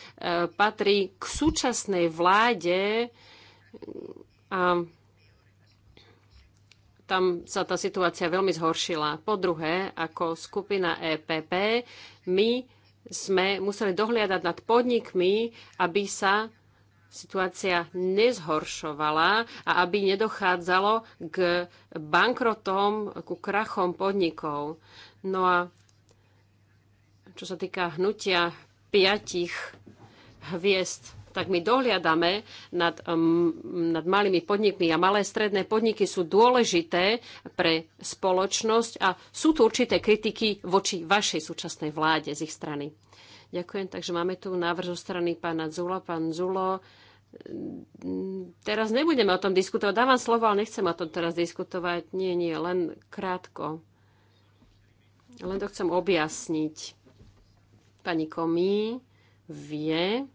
B: patrí k súčasnej vláde a tam sa tá situácia veľmi zhoršila. Po druhé, ako skupina EPP, my sme museli dohliadať nad podnikmi, aby sa situácia nezhoršovala a aby nedochádzalo k bankrotom, ku krachom podnikov. No a čo sa týka hnutia piatich hviezd, tak my dohliadame nad, um, nad malými podnikmi a malé stredné podniky sú dôležité pre spoločnosť a sú tu určité kritiky voči vašej súčasnej vláde z ich strany. Ďakujem, takže máme tu návrh zo strany pána Zula. Pán Zulo, teraz nebudeme o tom diskutovať. Dávam slovo, ale nechcem o tom teraz diskutovať. Nie, nie, len krátko. Len to chcem objasniť. Pani Komí vie,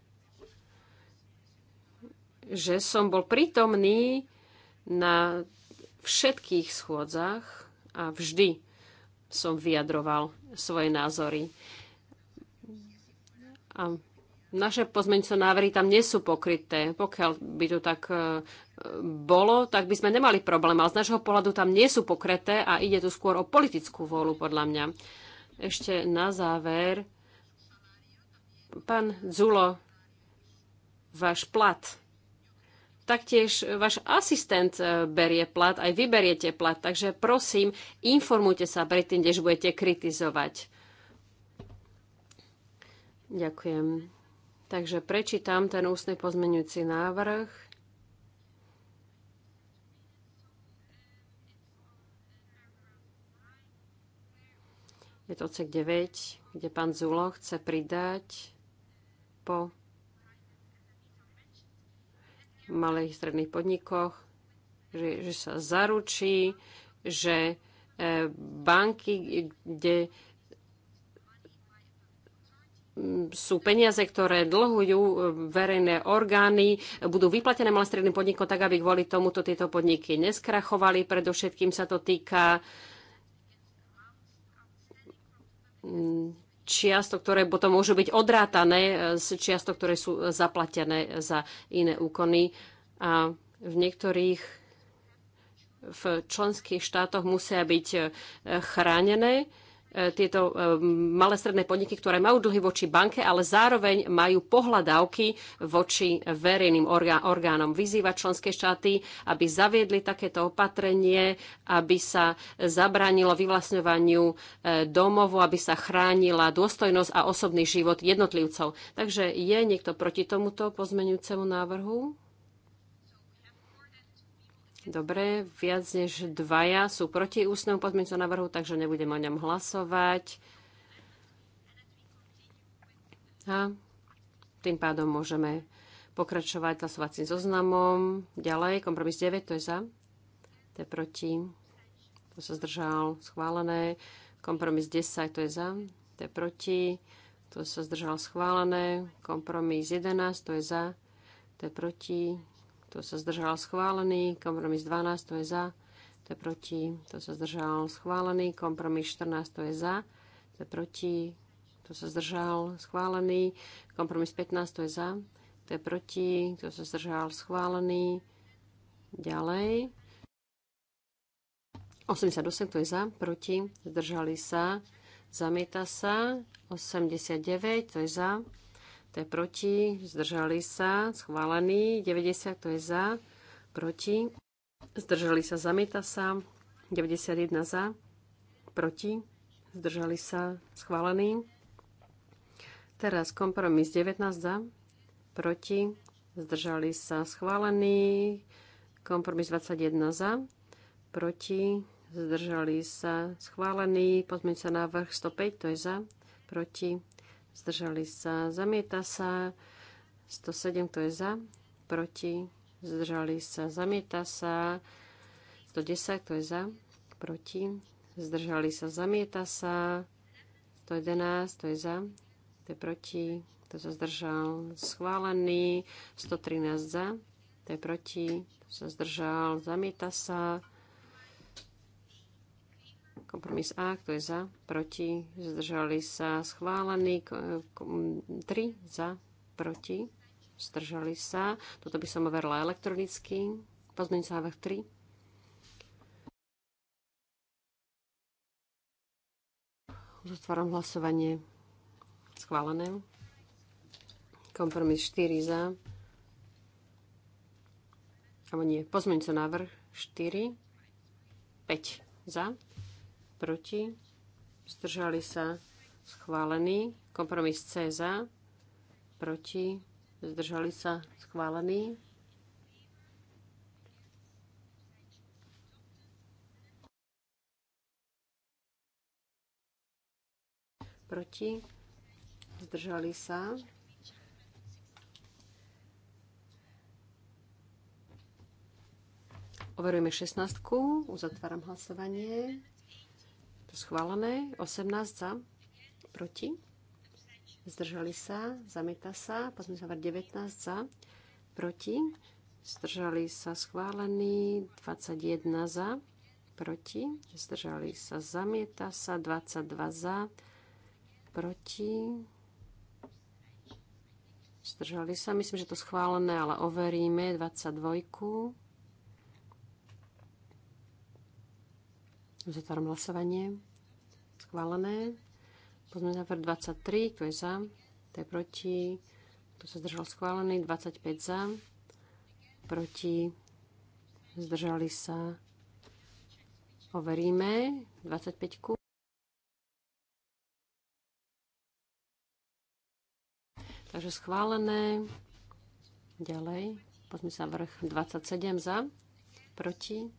B: že som bol prítomný na všetkých schôdzach a vždy som vyjadroval svoje názory. A naše pozmeňujúce návrhy tam nie sú pokryté. Pokiaľ by to tak e, bolo, tak by sme nemali problém. Ale z našho pohľadu tam nie sú pokryté a ide tu skôr o politickú vôľu, podľa mňa. Ešte na záver. Pán Zulo, váš plat taktiež váš asistent eh, berie plat, aj vy beriete plat, takže prosím, informujte sa predtým, než budete kritizovať. Ďakujem. Takže prečítam ten ústny pozmeňujúci návrh. Je to odsek 9, kde pán Zulo chce pridať po malých stredných podnikoch, že, že sa zaručí, že e, banky, kde sú peniaze, ktoré dlhujú e, verejné orgány, budú vyplatené malým stredným podnikom tak, aby kvôli tomuto tieto podniky neskrachovali. Predovšetkým sa to týka čiastok, ktoré potom môžu byť odrátané e, z čiastok, ktoré sú zaplatené za iné úkony. A v niektorých v členských štátoch musia byť e, chránené E, tieto e, malé stredné podniky, ktoré majú dlhy voči banke, ale zároveň majú pohľadávky voči verejným orgánom. Vyzýva členské štáty, aby zaviedli takéto opatrenie, aby sa zabránilo vyvlastňovaniu e, domovu, aby sa chránila dôstojnosť a osobný život jednotlivcov. Takže je niekto proti tomuto pozmeňujúcemu návrhu? Dobre, viac než dvaja sú proti ústnemu pozmeňujúcemu návrhu, takže nebudem o ňom hlasovať. A tým pádom môžeme pokračovať hlasovacím zoznamom. Ďalej, kompromis 9, to je za, to je proti, to sa zdržal, schválené. Kompromis 10, to je za, to je proti, to sa zdržal, schválené. Kompromis 11, to je za, to je proti, to sa zdržal schválený, kompromis 12, to je za, to je proti, to sa zdržal schválený, kompromis 14, to je za, to je proti, to sa zdržal schválený, kompromis 15, to je za, to je proti, to sa zdržal schválený, ďalej. 88, to je za, proti, zdržali sa, zamieta sa, 89, to je za, to je proti, zdržali sa, schválený, 90, to je za, proti, zdržali sa, zamieta sa, 91 za, proti, zdržali sa, schválený. Teraz kompromis 19 za, proti, zdržali sa, schválený. Kompromis 21 za, proti, zdržali sa, schválený. Pozmeň sa návrh 105, to je za, proti, zdržali sa, zamieta sa. 107, to je za, proti, zdržali sa, zamieta sa. 110, to je za, proti, zdržali sa, zamieta sa. 111, to je za, to je proti, to sa zdržal, schválený. 113 za, to je proti, to sa zdržal, zamieta sa. Kompromis A, kto je za, proti, zdržali sa, schválený. 3 za, proti, zdržali sa. Toto by som overla elektronicky. Pozmeňujúci návrh 3. Zatváram hlasovanie. Schválené. Kompromis 4 za. Alebo nie, pozmeňujúci návrh 4. 5 za proti, zdržali sa schválený. Kompromis C za, proti, zdržali sa schválený. Proti, zdržali sa. Overujeme 16. Uzatváram hlasovanie. Schválené. 18 za. Proti. Zdržali sa. Zamieta sa. Pozme sa 19 za. Proti. Zdržali sa. Schválený. 21 za. Proti. Zdržali sa. Zamieta sa. 22 za. Proti. Zdržali sa. Myslím, že to schválené, ale overíme. 22. Zatváram hlasovanie. Schválené. Pozmeň návrh 23, kto je za, kto je proti, kto sa zdržal schválený, 25 za, proti, zdržali sa, overíme, 25 ku. Takže schválené. Ďalej, poďme sa vrch 27 za, proti,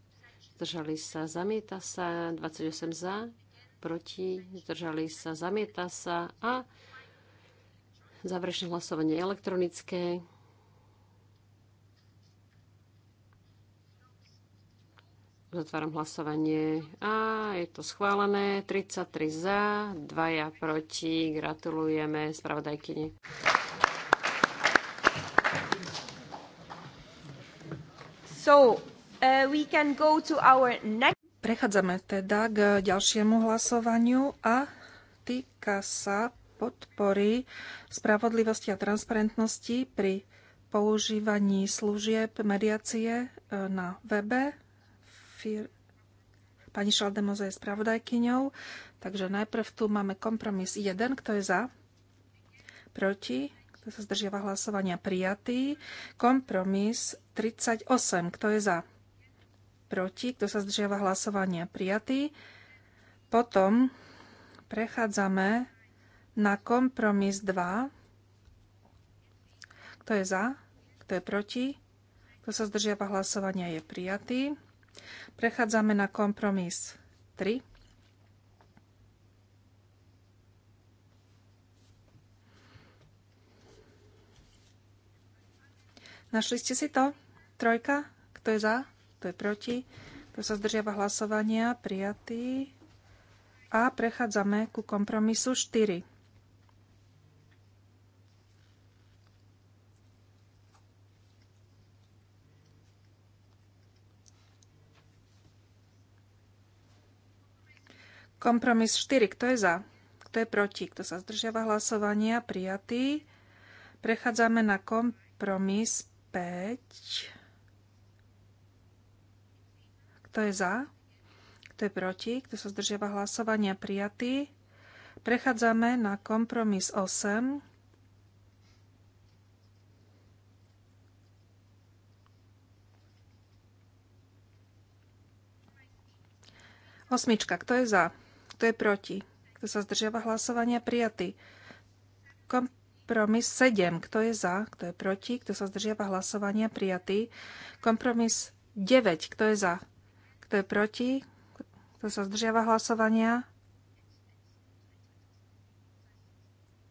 B: zdržali sa, zamieta sa, 28 za, proti, zdržali sa, zamieta sa a záverečné hlasovanie elektronické. Zatváram hlasovanie a je to schválené. 33 za, 2 ja proti. Gratulujeme spravodajkyni. So,
C: Uh, next... Prechádzame teda k ďalšiemu hlasovaniu a týka sa podpory spravodlivosti a transparentnosti pri používaní služieb mediácie uh, na webe. Pani Šaldemoza je spravodajkyňou, takže najprv tu máme kompromis 1, kto je za, proti, kto sa zdržiava hlasovania, prijatý. Kompromis 38, kto je za, proti, kto sa zdržiava hlasovania, prijatý. Potom prechádzame na kompromis 2. Kto je za, kto je proti, kto sa zdržiava hlasovania, je prijatý. Prechádzame na kompromis 3. Našli ste si to? Trojka? Kto je za? kto je proti, kto sa zdržiava hlasovania, prijatý. A prechádzame ku kompromisu 4. Kompromis 4. Kto je za? Kto je proti? Kto sa zdržiava hlasovania? Prijatý. Prechádzame na kompromis 5. Kto je za? Kto je proti? Kto sa zdržiava hlasovania? Prijatý. Prechádzame na kompromis 8. Osmička. Kto je za? Kto je proti? Kto sa zdržiava hlasovania? Prijatý. Kompromis 7. Kto je za? Kto je proti? Kto sa zdržiava hlasovania? Prijatý. Kompromis 9. Kto je za? Kto je proti? Kto sa zdržiava hlasovania?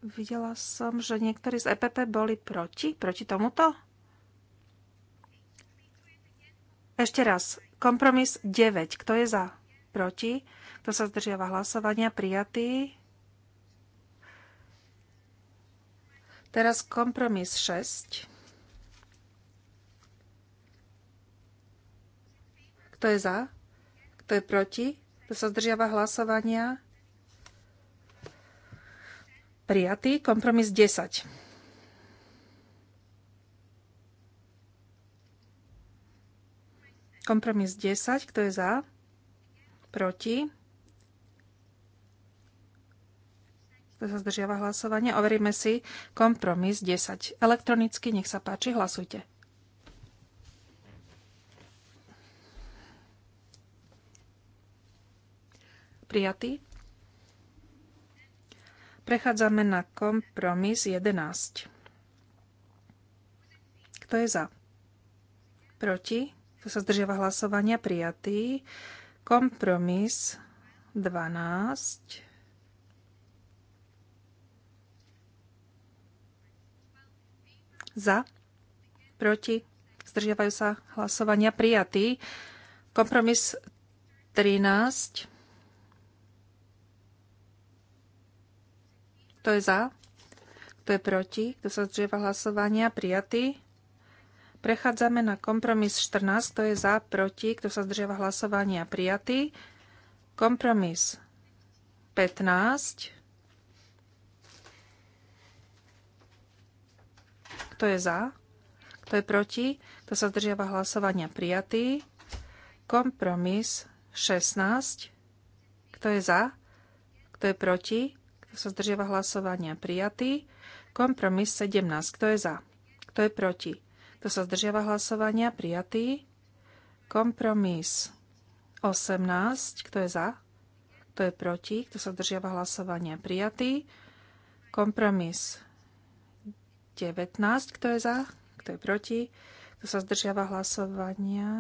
C: Videla som, že niektorí z EPP boli proti, proti tomuto. Ešte raz. Kompromis 9. Kto je za? Proti. Kto sa zdržiava hlasovania? Prijatý. Teraz kompromis 6. Kto je za? Kto je proti? Kto sa zdržiava hlasovania? Prijatý. Kompromis 10. Kompromis 10. Kto je za? Proti? Kto sa zdržiava hlasovania? Overíme si kompromis 10. Elektronicky, nech sa páči, hlasujte. Prijatý. Prechádzame na kompromis 11. Kto je za? Proti? Kto sa zdržiava hlasovania? Prijatý. Kompromis 12. Za? Proti? Zdržiavajú sa hlasovania? Prijatý. Kompromis 13. Kto je za? Kto je proti? Kto sa zdrieva hlasovania? Prijatý. Prechádzame na kompromis 14. Kto je za? Proti? Kto sa zdržiava hlasovania? Prijatý. Kompromis 15. Kto je za? Kto je proti? Kto sa zdržiava hlasovania? Prijatý. Kompromis 16. Kto je za? Kto je proti? sa zdržiava hlasovania, prijatý. Kompromis 17. Kto je za? Kto je proti? Kto sa zdržiava hlasovania, prijatý. Kompromis 18. Kto je za? Kto je proti? Kto sa zdržiava hlasovania, prijatý. Kompromis 19. Kto je za? Kto je proti? Kto sa zdržiava hlasovania?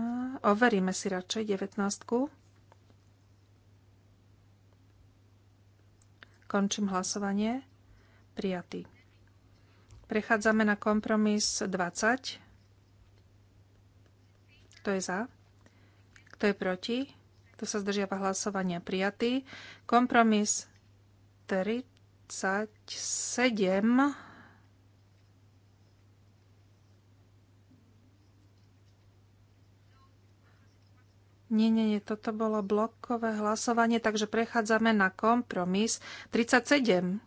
C: Overíme si radšej 19. Končím hlasovanie. Prijatý. Prechádzame na kompromis 20. Kto je za? Kto je proti? Kto sa zdržiava hlasovania? Prijatý. Kompromis 37 Nie, nie, nie, toto bolo blokové hlasovanie, takže prechádzame na kompromis 37.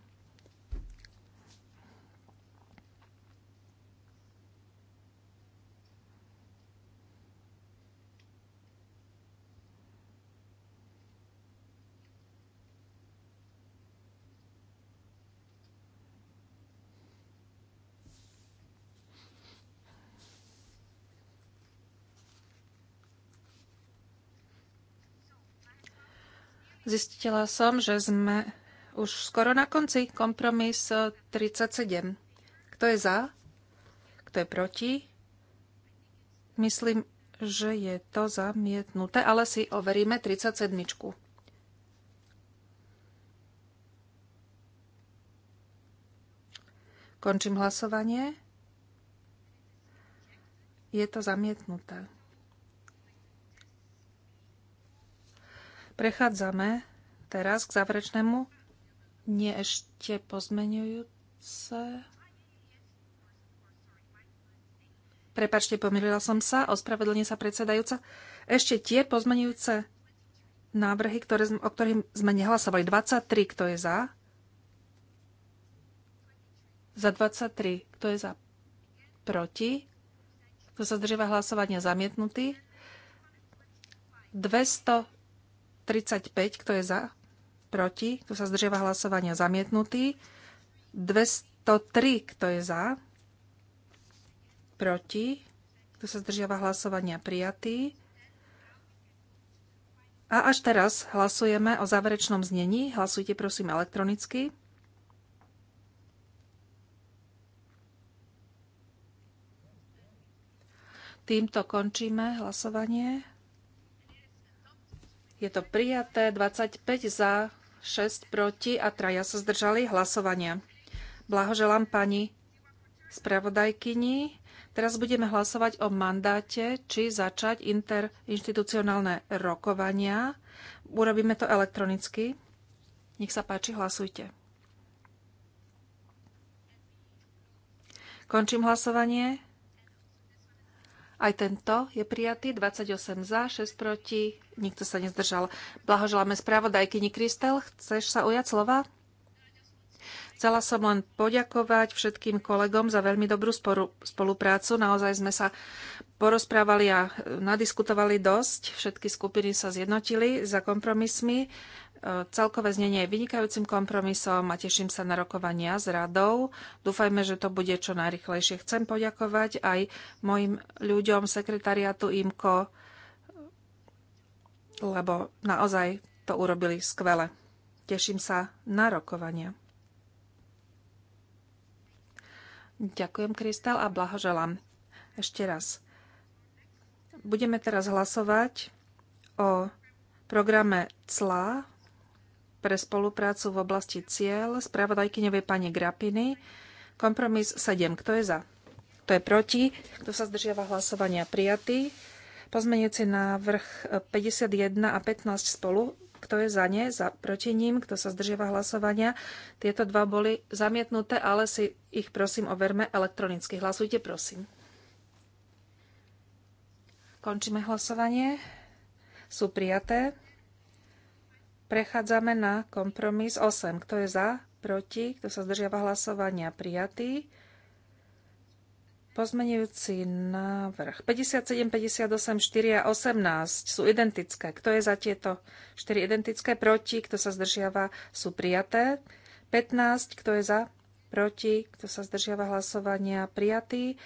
C: Zistila som, že sme už skoro na konci. Kompromis 37. Eh, Kto je za? Kto je proti? Myslím, že je to zamietnuté, ale si overíme 37. Končím hlasovanie. Je to zamietnuté. Prechádzame teraz k záverečnému. Nie ešte pozmenujúce. Prepačte, pomýlila som sa, ospravedlne sa predsedajúca. Ešte tie pozmenujúce návrhy, ktoré, o ktorých sme nehlasovali. 23, kto je za? Za 23, kto je za? Proti? Kto sa zdržíva hlasovania? Zamietnutý? 200 35, kto je za, proti, tu sa zdržiava hlasovania zamietnutý. 203, kto je za, proti, tu sa zdržiava hlasovania prijatý. A až teraz hlasujeme o záverečnom znení. Hlasujte prosím elektronicky. Týmto končíme hlasovanie. Je to prijaté 25 za, 6 proti a traja sa zdržali hlasovania. Blahoželám pani spravodajkyni. Teraz budeme hlasovať o mandáte, či začať interinstitucionálne rokovania. Urobíme to elektronicky. Nech sa páči, hlasujte. Končím hlasovanie. Aj tento je prijatý. 28 za, 6 proti. Nikto sa nezdržal. Blahoželáme spravodajkyni Kristel. Chceš sa ujať slova? Chcela som len poďakovať všetkým kolegom za veľmi dobrú spoluprácu. Naozaj sme sa porozprávali a nadiskutovali dosť. Všetky skupiny sa zjednotili za kompromismi Celkové znenie je vynikajúcim kompromisom a teším sa na rokovania s radou. Dúfajme, že to bude čo najrychlejšie. Chcem poďakovať aj mojim ľuďom, sekretariatu IMKO, lebo naozaj to urobili skvele. Teším sa na rokovania. Ďakujem, Kristel, a blahoželám. Ešte raz. Budeme teraz hlasovať o programe CLA pre spoluprácu v oblasti cieľ spravodajkyňovej pani Grapiny. Kompromis 7. Kto je za? Kto je proti? Kto sa zdržiava hlasovania? Prijatý. Pozmeniaci návrh 51 a 15 spolu. Kto je za ne? Za, proti ním? Kto sa zdržiava hlasovania? Tieto dva boli zamietnuté, ale si ich prosím overme elektronicky. Hlasujte prosím. Končíme hlasovanie. Sú prijaté. Prechádzame na kompromis 8. Kto je za? Proti? Kto sa zdržiava hlasovania? Prijatý. Pozmenujúci návrh. 57, 58, 4 a 18 sú identické. Kto je za tieto 4 identické? Proti? Kto sa zdržiava? Sú prijaté. 15. Kto je za? Proti? Kto sa zdržiava hlasovania? Prijatý.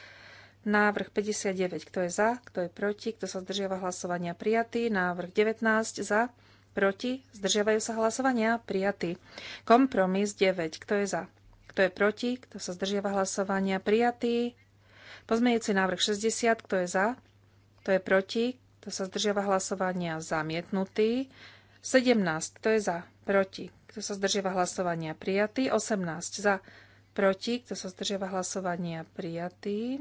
C: Návrh 59, kto je za, kto je proti, kto sa zdržiava hlasovania prijatý. Návrh 19 za, Proti? Zdržiavajú sa hlasovania? Prijatý. Kompromis 9. Kto je za? Kto je proti? Kto sa zdržiava hlasovania? Prijatý. Pozmejúci návrh 60. Kto je za? Kto je proti? Kto sa zdržiava hlasovania? Zamietnutý. 17. Kto je za? Proti. Kto sa zdržiava hlasovania? Prijatý. 18. Za. Proti. Kto sa zdržiava hlasovania? Prijatý.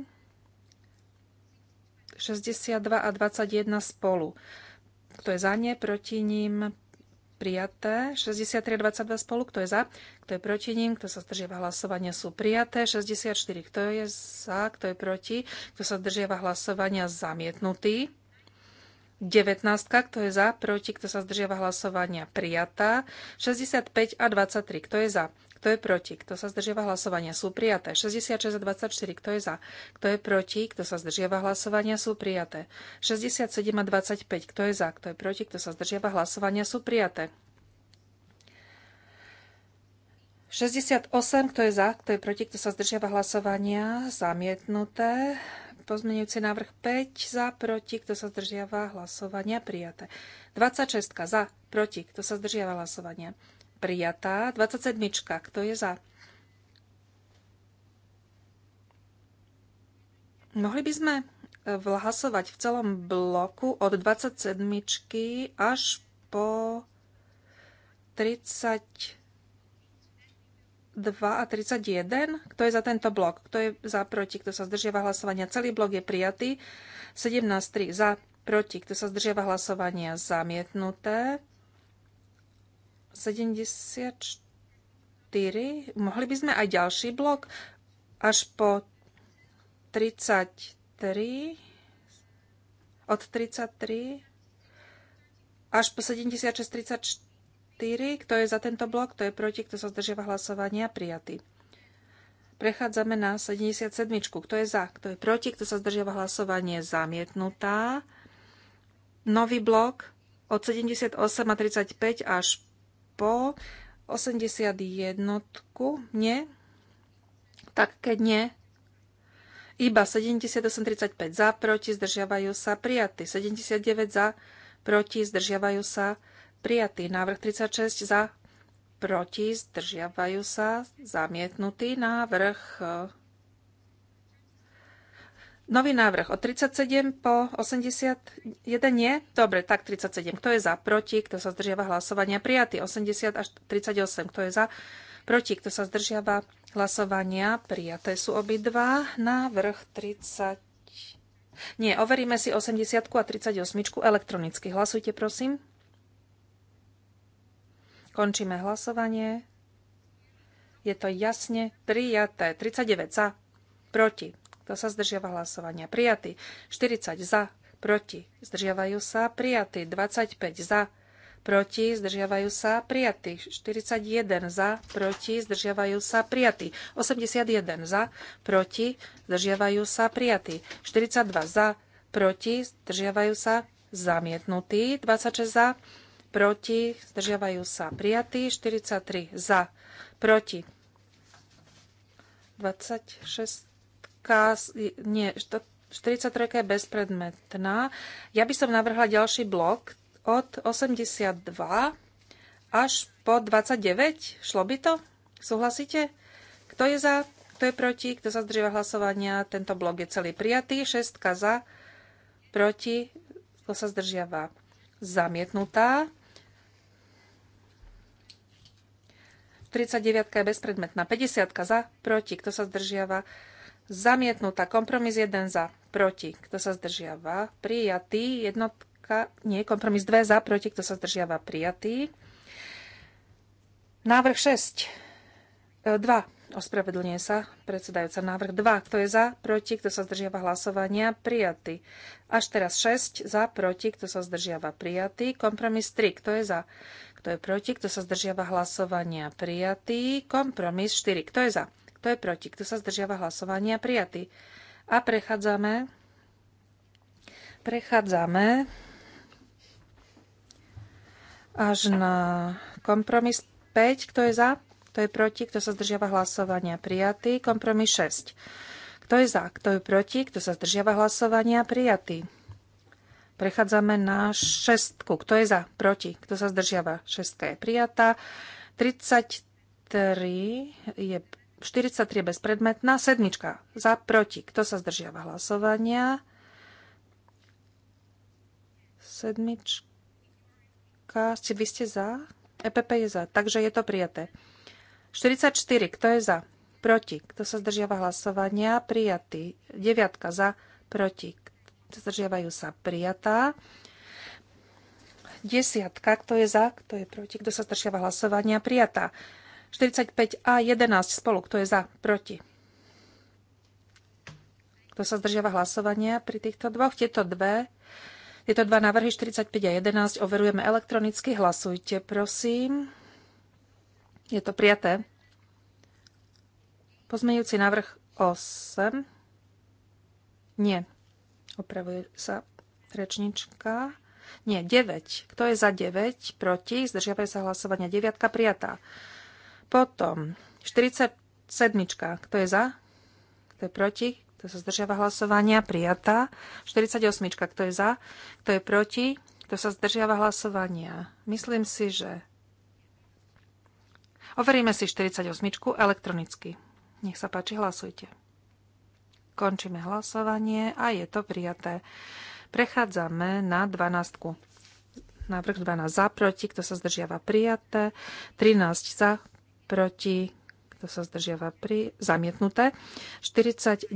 C: 62 a 21 spolu. Kto je za ne? Proti ním prijaté. 63 22 spolu. Kto je za? Kto je proti ním? Kto sa zdržiava hlasovania sú prijaté. 64. Kto je za? Kto je proti? Kto sa zdržiava hlasovania zamietnutý. 19. Kto je za? Proti? Kto sa zdržiava hlasovania prijatá. 65 a 23. Kto je za? Kto je proti? Kto sa zdržiava hlasovania? Sú prijaté. 66 a 24. Kto je za? Kto je proti? Kto sa zdržiava hlasovania? Sú prijaté. 67 a 25. Kto je za? Kto je proti? Kto sa zdržiava hlasovania? Sú prijaté. 68. Kto je za? Kto je proti? Kto sa zdržiava hlasovania? Zamietnuté. Pozmenujúci návrh 5 za, proti, kto sa zdržiava hlasovania, prijaté. 26 za, proti, kto sa zdržiava hlasovania, prijatá. 27. Kto je za? Mohli by sme e, vlhasovať v celom bloku od 27. až po 32 a 31. Kto je za tento blok? Kto je za proti? Kto sa zdržiava hlasovania? Celý blok je prijatý. 17.3 za proti. Kto sa zdržiava hlasovania? Zamietnuté. 74. Mohli by sme aj ďalší blok až po 33. Od 33 až po 76, 34. Kto je za tento blok, kto je proti, kto sa zdržiava hlasovania, prijatý. Prechádzame na 77. Kto je za, kto je proti, kto sa zdržiava hlasovanie, zamietnutá. Nový blok od 78 a 35 až po 81. Nie? Tak keď nie, iba 78,35 za, proti, zdržiavajú sa, prijatí. 79 za, proti, zdržiavajú sa, prijatý. Návrh 36 za, proti, zdržiavajú sa, zamietnutý. Návrh eh, Nový návrh od 37 po 81 nie? Dobre, tak 37. Kto je za? Proti? Kto sa zdržiava hlasovania? Prijatý. 80 až 38. Kto je za? Proti? Kto sa zdržiava hlasovania? Prijaté sú obidva. Návrh 30. Nie, overíme si 80 a 38 elektronicky. Hlasujte, prosím. Končíme hlasovanie. Je to jasne prijaté. 39 za, proti kto sa zdržiava hlasovania? Prijatý. 40 za, proti, zdržiavajú sa, prijatý. 25 za, proti, zdržiavajú sa, prijatý. 41 za, proti, zdržiavajú sa, prijatý. 81 za, proti, zdržiavajú sa, prijatý. 42 za, proti, zdržiavajú sa, zamietnutý. 26 za, proti, zdržiavajú sa, prijatý. 43 za, proti. 26 nie, 43 je bezpredmetná. Ja by som navrhla ďalší blok od 82 až po 29. Šlo by to? Súhlasíte? Kto je za? Kto je proti? Kto sa zdržíva hlasovania? Tento blok je celý prijatý. 6 za, proti, kto sa zdržiava? Zamietnutá. 39 je bezpredmetná. 50 za, proti, kto sa zdržiava? Zamietnutá. Kompromis 1 za. Proti. Kto sa zdržiava? Prijatý. Jednotka. Nie. Kompromis 2 za. Proti. Kto sa zdržiava? Prijatý. Návrh 6. 2. E, Ospravedlňuje sa predsedajúca. Návrh 2. Kto je za? Proti. Kto sa zdržiava hlasovania? Prijatý. Až teraz 6. Za. Proti. Kto sa zdržiava? Prijatý. Kompromis 3. Kto je za? Kto je proti? Kto sa zdržiava hlasovania? Prijatý. Kompromis 4. Kto je za? Kto je proti? Kto sa zdržiava hlasovania? Prijatý. A prechádzame. Prechádzame až na kompromis 5. Kto je za? Kto je proti? Kto sa zdržiava hlasovania? Prijatý. Kompromis 6. Kto je za? Kto je proti? Kto sa zdržiava hlasovania? Prijatý. Prechádzame na šestku. Kto je za? Proti. Kto sa zdržiava? Šestka je prijatá. 33 je 43 bezpredmetná, sedmička za, proti. Kto sa zdržiava hlasovania? Sedmička, vy ste za? EPP je za, takže je to prijaté. 44, kto je za? Proti. Kto sa zdržiava hlasovania? Prijatý. Deviatka za, proti. Zdržiavajú sa prijatá. Desiatka, kto je za, kto je proti, kto sa zdržiava hlasovania, prijatá. 45 a 11 spolu. Kto je za? Proti. Kto sa zdržiava hlasovania pri týchto dvoch? Tieto dve. Tieto dva návrhy 45 a 11 overujeme elektronicky. Hlasujte, prosím. Je to prijaté. Pozmeňujúci návrh 8. Nie. Opravuje sa rečnička. Nie, 9. Kto je za 9? Proti? Zdržiavajú sa hlasovania. 9. Prijatá. Potom 47. Kto je za? Kto je proti? Kto sa zdržiava hlasovania? Prijatá. 48. Kto je za? Kto je proti? Kto sa zdržiava hlasovania? Myslím si, že... Overíme si 48. elektronicky. Nech sa páči, hlasujte. Končíme hlasovanie a je to prijaté. Prechádzame na 12. Návrh 12 za, proti, kto sa zdržiava prijaté, 13 za, proti, kto sa zdržiava pri, zamietnuté. 49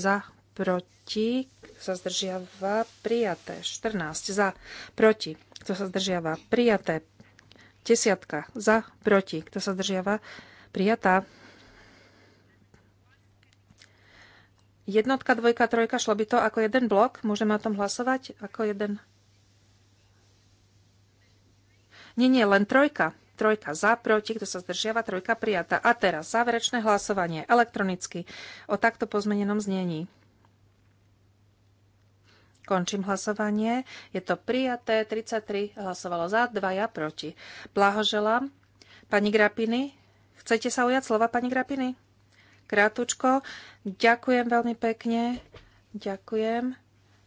C: za, proti, kto sa zdržiava prijaté. 14 za, proti, kto sa zdržiava prijaté. Desiatka za, proti, kto sa zdržiava prijatá. Jednotka, dvojka, trojka, šlo by to ako jeden blok? Môžeme o tom hlasovať? Ako jeden? Nie, nie, len trojka. Trojka za, proti, kto sa zdržiava, trojka prijata. A teraz záverečné hlasovanie elektronicky o takto pozmenenom znení. Končím hlasovanie. Je to prijaté. 33 hlasovalo za, 2 ja proti. Blahoželám. Pani Grapiny, chcete sa ujať slova, pani Grapiny? Krátučko. Ďakujem veľmi pekne. Ďakujem.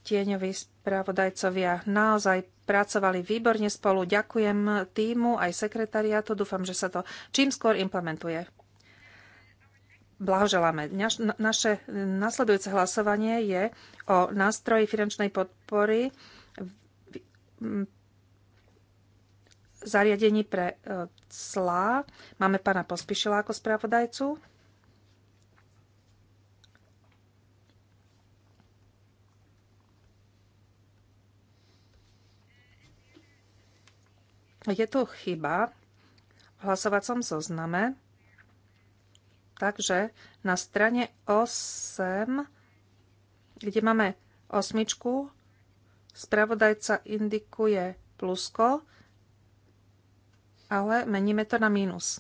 C: Tieňoví spravodajcovia naozaj pracovali výborne spolu. Ďakujem týmu aj sekretariátu. Dúfam, že sa to čím skôr implementuje. Blahoželáme. Naše nasledujúce hlasovanie je o nástroji finančnej podpory zariadení pre clá. Máme pána Pospišila ako spravodajcu. Je tu chyba v hlasovacom zozname, takže na strane 8, kde máme osmičku, spravodajca indikuje plusko, ale meníme to na mínus.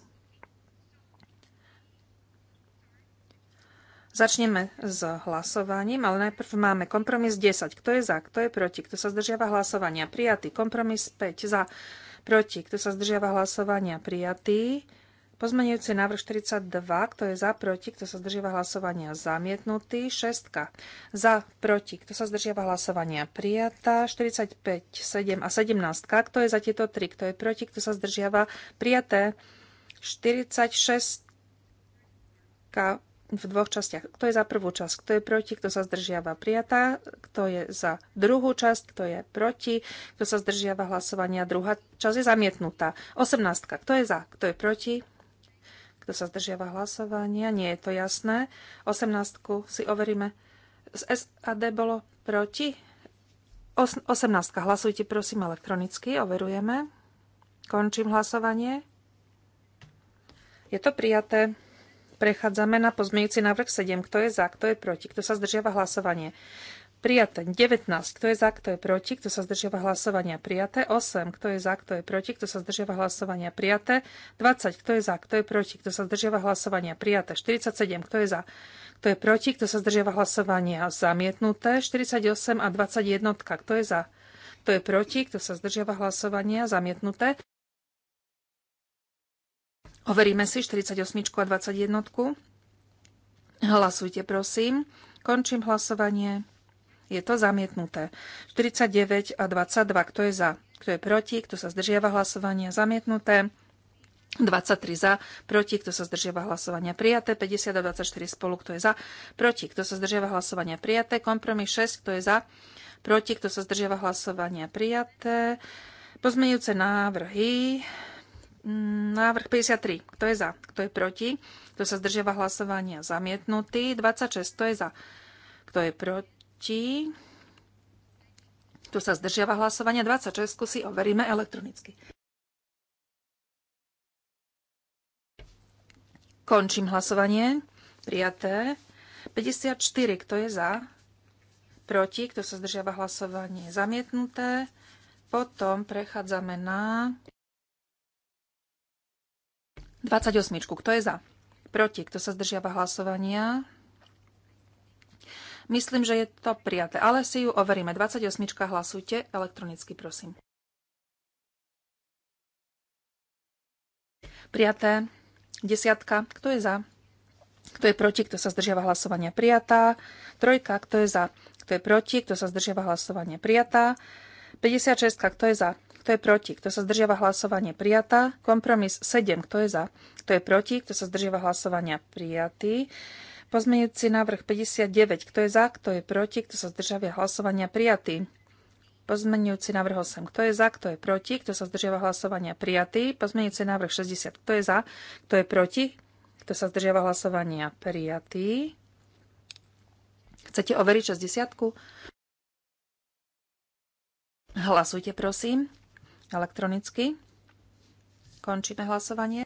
C: Začneme s hlasovaním, ale najprv máme kompromis 10. Kto je za, kto je proti, kto sa zdržiava hlasovania? Prijatý kompromis 5 za, proti, kto sa zdržiava hlasovania, prijatý. Pozmenujúci návrh 42, kto je za, proti, kto sa zdržiava hlasovania, zamietnutý. 6. Za, proti, kto sa zdržiava hlasovania, prijatá. 45, 7 a 17. Kto je za tieto tri, kto je proti, kto sa zdržiava, prijaté. 46 v dvoch častiach. Kto je za prvú časť, kto je proti, kto sa zdržiava prijatá, kto je za druhú časť, kto je proti, kto sa zdržiava hlasovania, druhá časť je zamietnutá. 18. Kto je za, kto je proti, kto sa zdržiava hlasovania, nie je to jasné. 18. si overíme. Z SAD bolo proti. 18. Hlasujte prosím elektronicky, overujeme. Končím hlasovanie. Je to prijaté. Prechádzame na pozmeňujúci návrh 7. Kto je za, kto je proti, kto sa zdržiava hlasovanie? Prijaté 19. Kto je za, kto je proti, kto sa zdržiava hlasovania? Prijaté 8. Kto je za, kto je proti, kto sa zdržiava hlasovania? Prijaté 20. Kto je za, kto je proti, kto sa zdržiava hlasovania? Prijaté 47. Kto je za, kto je proti, kto sa zdržiava hlasovania? Zamietnuté 48 a 21. Kto je za? Kto je proti? Kto sa zdržiava hlasovania? Zamietnuté. Overíme si 48 a 21. Hlasujte, prosím. Končím hlasovanie. Je to zamietnuté. 49 a 22. Kto je za? Kto je proti? Kto sa zdržiava hlasovania? Zamietnuté. 23 za, proti, kto sa zdržiava hlasovania prijaté, 50 a 24 spolu, kto je za, proti, kto sa zdržiava hlasovania prijaté, kompromis 6, kto je za, proti, kto sa zdržiava hlasovania prijaté, pozmeňujúce návrhy Návrh 53. Kto je za? Kto je proti? Kto sa zdržiava hlasovania? Zamietnutý. 26. Kto je za? Kto je proti? Kto sa zdržiava hlasovania? 26. Si overíme elektronicky. Končím hlasovanie. Prijaté. 54. Kto je za? Proti. Kto sa zdržiava hlasovanie? Zamietnuté. Potom prechádzame na 28. Kto je za? Proti. Kto sa zdržiava hlasovania? Myslím, že je to prijaté, ale si ju overíme. 28. Hlasujte elektronicky, prosím. Prijaté. Desiatka. Kto je za? Kto je proti? Kto sa zdržiava hlasovania? Prijatá. Trojka. Kto je za? Kto je proti? Kto sa zdržiava hlasovania? Prijatá. 56. Kto je za? Kto je proti? Kto sa zdržiava hlasovania? Prijatá. Kompromis 7. Kto je za? Kto je proti? Kto sa zdržiava hlasovania? Prijatý. Pozmeňujúci návrh 59. Kto je za? Kto je proti? Kto sa zdržiava hlasovania? Prijatý. Pozmeňujúci návrh 8. Kto je za? Kto je proti? Kto sa zdržiava hlasovania? Prijatý. Pozmeňujúci návrh 60. Kto je za? Kto je proti? Kto sa zdržiava hlasovania? Prijatý. Chcete overiť 60? Hlasujte, prosím elektronicky. Končíme hlasovanie.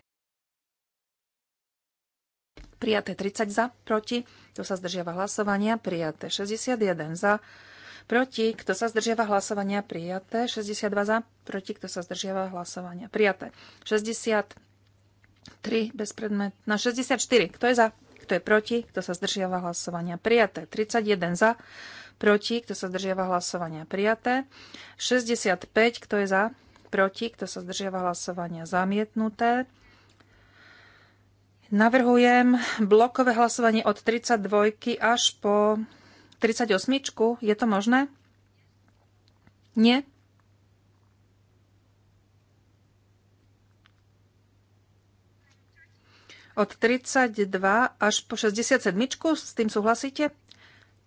C: Prijaté 30 za, proti, kto sa zdržiava hlasovania, prijaté 61 za, proti, kto sa zdržiava hlasovania, prijaté 62 za, proti, kto sa zdržiava hlasovania, prijaté 63 predmet. na 64, kto je za, kto je proti, kto sa zdržiava hlasovania, prijaté 31 za, proti, kto sa zdržiava hlasovania, prijaté 65, kto je za, proti, kto sa zdržiava hlasovania zamietnuté. Navrhujem blokové hlasovanie od 32 až po 38. Je to možné? Nie? Od 32 až po 67. S tým súhlasíte?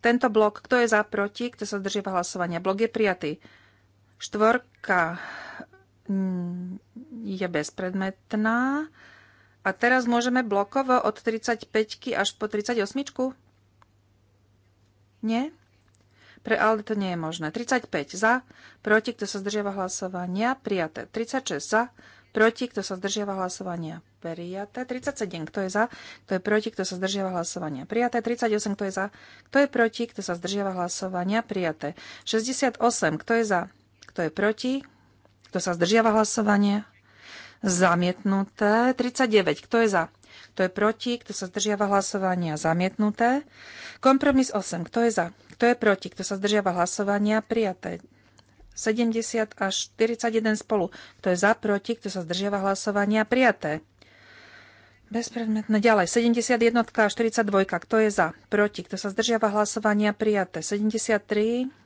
C: Tento blok, kto je za, proti, kto sa zdržiava hlasovania. Blok je prijatý. Štvorka Mm, je bezpredmetná. A teraz môžeme blokovo od 35 až po 38? Nie? Pre ALDE to nie je možné. 35 za, proti, kto sa zdržiava hlasovania, prijaté. 36 za, proti, kto sa zdržiava hlasovania, prijaté. 37, kto je za, kto je proti, kto sa zdržiava hlasovania, prijaté. 38, kto je za, kto je proti, kto sa zdržiava hlasovania, prijaté. 68, kto je za, kto je proti, kto sa zdržiava hlasovania? Zamietnuté. 39. Kto je za? Kto je proti? Kto sa zdržiava hlasovania? Zamietnuté. Kompromis 8. Kto je za? Kto je proti? Kto sa zdržiava hlasovania? Prijaté. 70 až 41 spolu. Kto je za, proti, kto sa zdržiava hlasovania? Prijaté. Bezpredmetné. Ďalej. 71 a 42. Kto je za? Proti. Kto sa zdržiava hlasovania? Prijaté. 73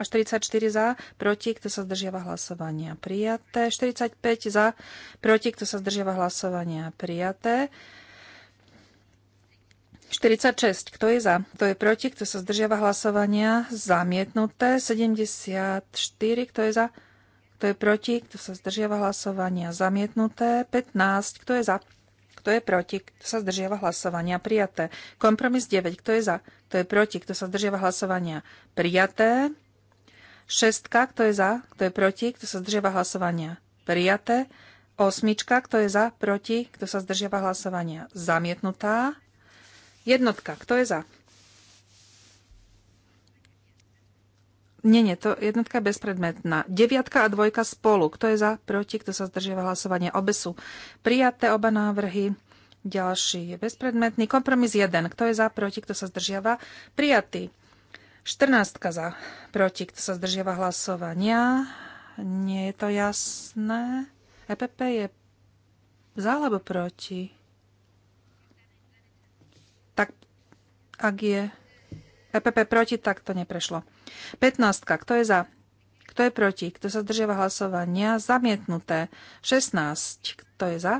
C: a 44 za, proti, kto sa zdržiava hlasovania prijaté, 45 za, proti, kto sa zdržiava hlasovania prijaté, 46. Kto je za? Kto je proti? Kto sa zdržiava hlasovania? Zamietnuté. 74. Kto je za? Kto je proti? Kto sa zdržiava hlasovania? Zamietnuté. 15. Kto je za? Kto je proti? Kto sa zdržiava hlasovania? Prijaté. Kompromis 9. Kto je za? Kto je proti? Kto sa zdržiava hlasovania? Prijaté. Šestka, kto je za, kto je proti, kto sa zdržiava hlasovania. Prijaté. Osmička, kto je za, proti, kto sa zdržiava hlasovania. Zamietnutá. Jednotka, kto je za? Nie, nie, to jednotka je bezpredmetná. Deviatka a dvojka spolu. Kto je za, proti, kto sa zdržiava hlasovania. Obe sú prijaté, oba návrhy. Ďalší je bezpredmetný. Kompromis 1. Kto je za, proti, kto sa zdržiava? Prijatý. 14 za, proti, kto sa zdržiava hlasovania. Nie je to jasné. EPP je za alebo proti? Tak ak je EPP proti, tak to neprešlo. 15. Kto je za? Kto je proti? Kto sa zdržiava hlasovania? Zamietnuté. 16. Kto je za?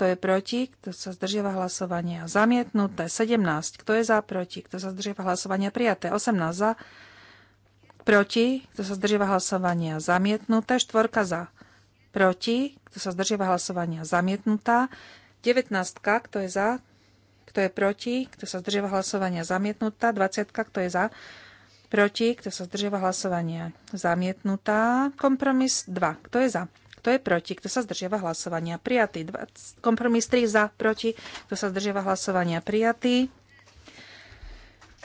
C: Kto je proti? Kto sa zdržiava hlasovania? Zamietnuté. 17. Kto je za? Proti. Kto sa zdržiava hlasovania? Prijaté. 18. Za. Proti. Kto sa zdržiava hlasovania? Zamietnuté. 4. Za. Proti. Kto sa zdržiava hlasovania? Zamietnutá. 19. Kto je za? Kto je proti? Kto sa zdržiava hlasovania? Zamietnutá. 20. Kto je za? Proti. Kto sa zdržiava hlasovania? Zamietnutá. Kompromis 2. Kto je za? Kto je proti? Kto sa zdržiava hlasovania? Prijatý. 20, kompromis 3 za, proti. Kto sa zdržiava hlasovania? Prijatý.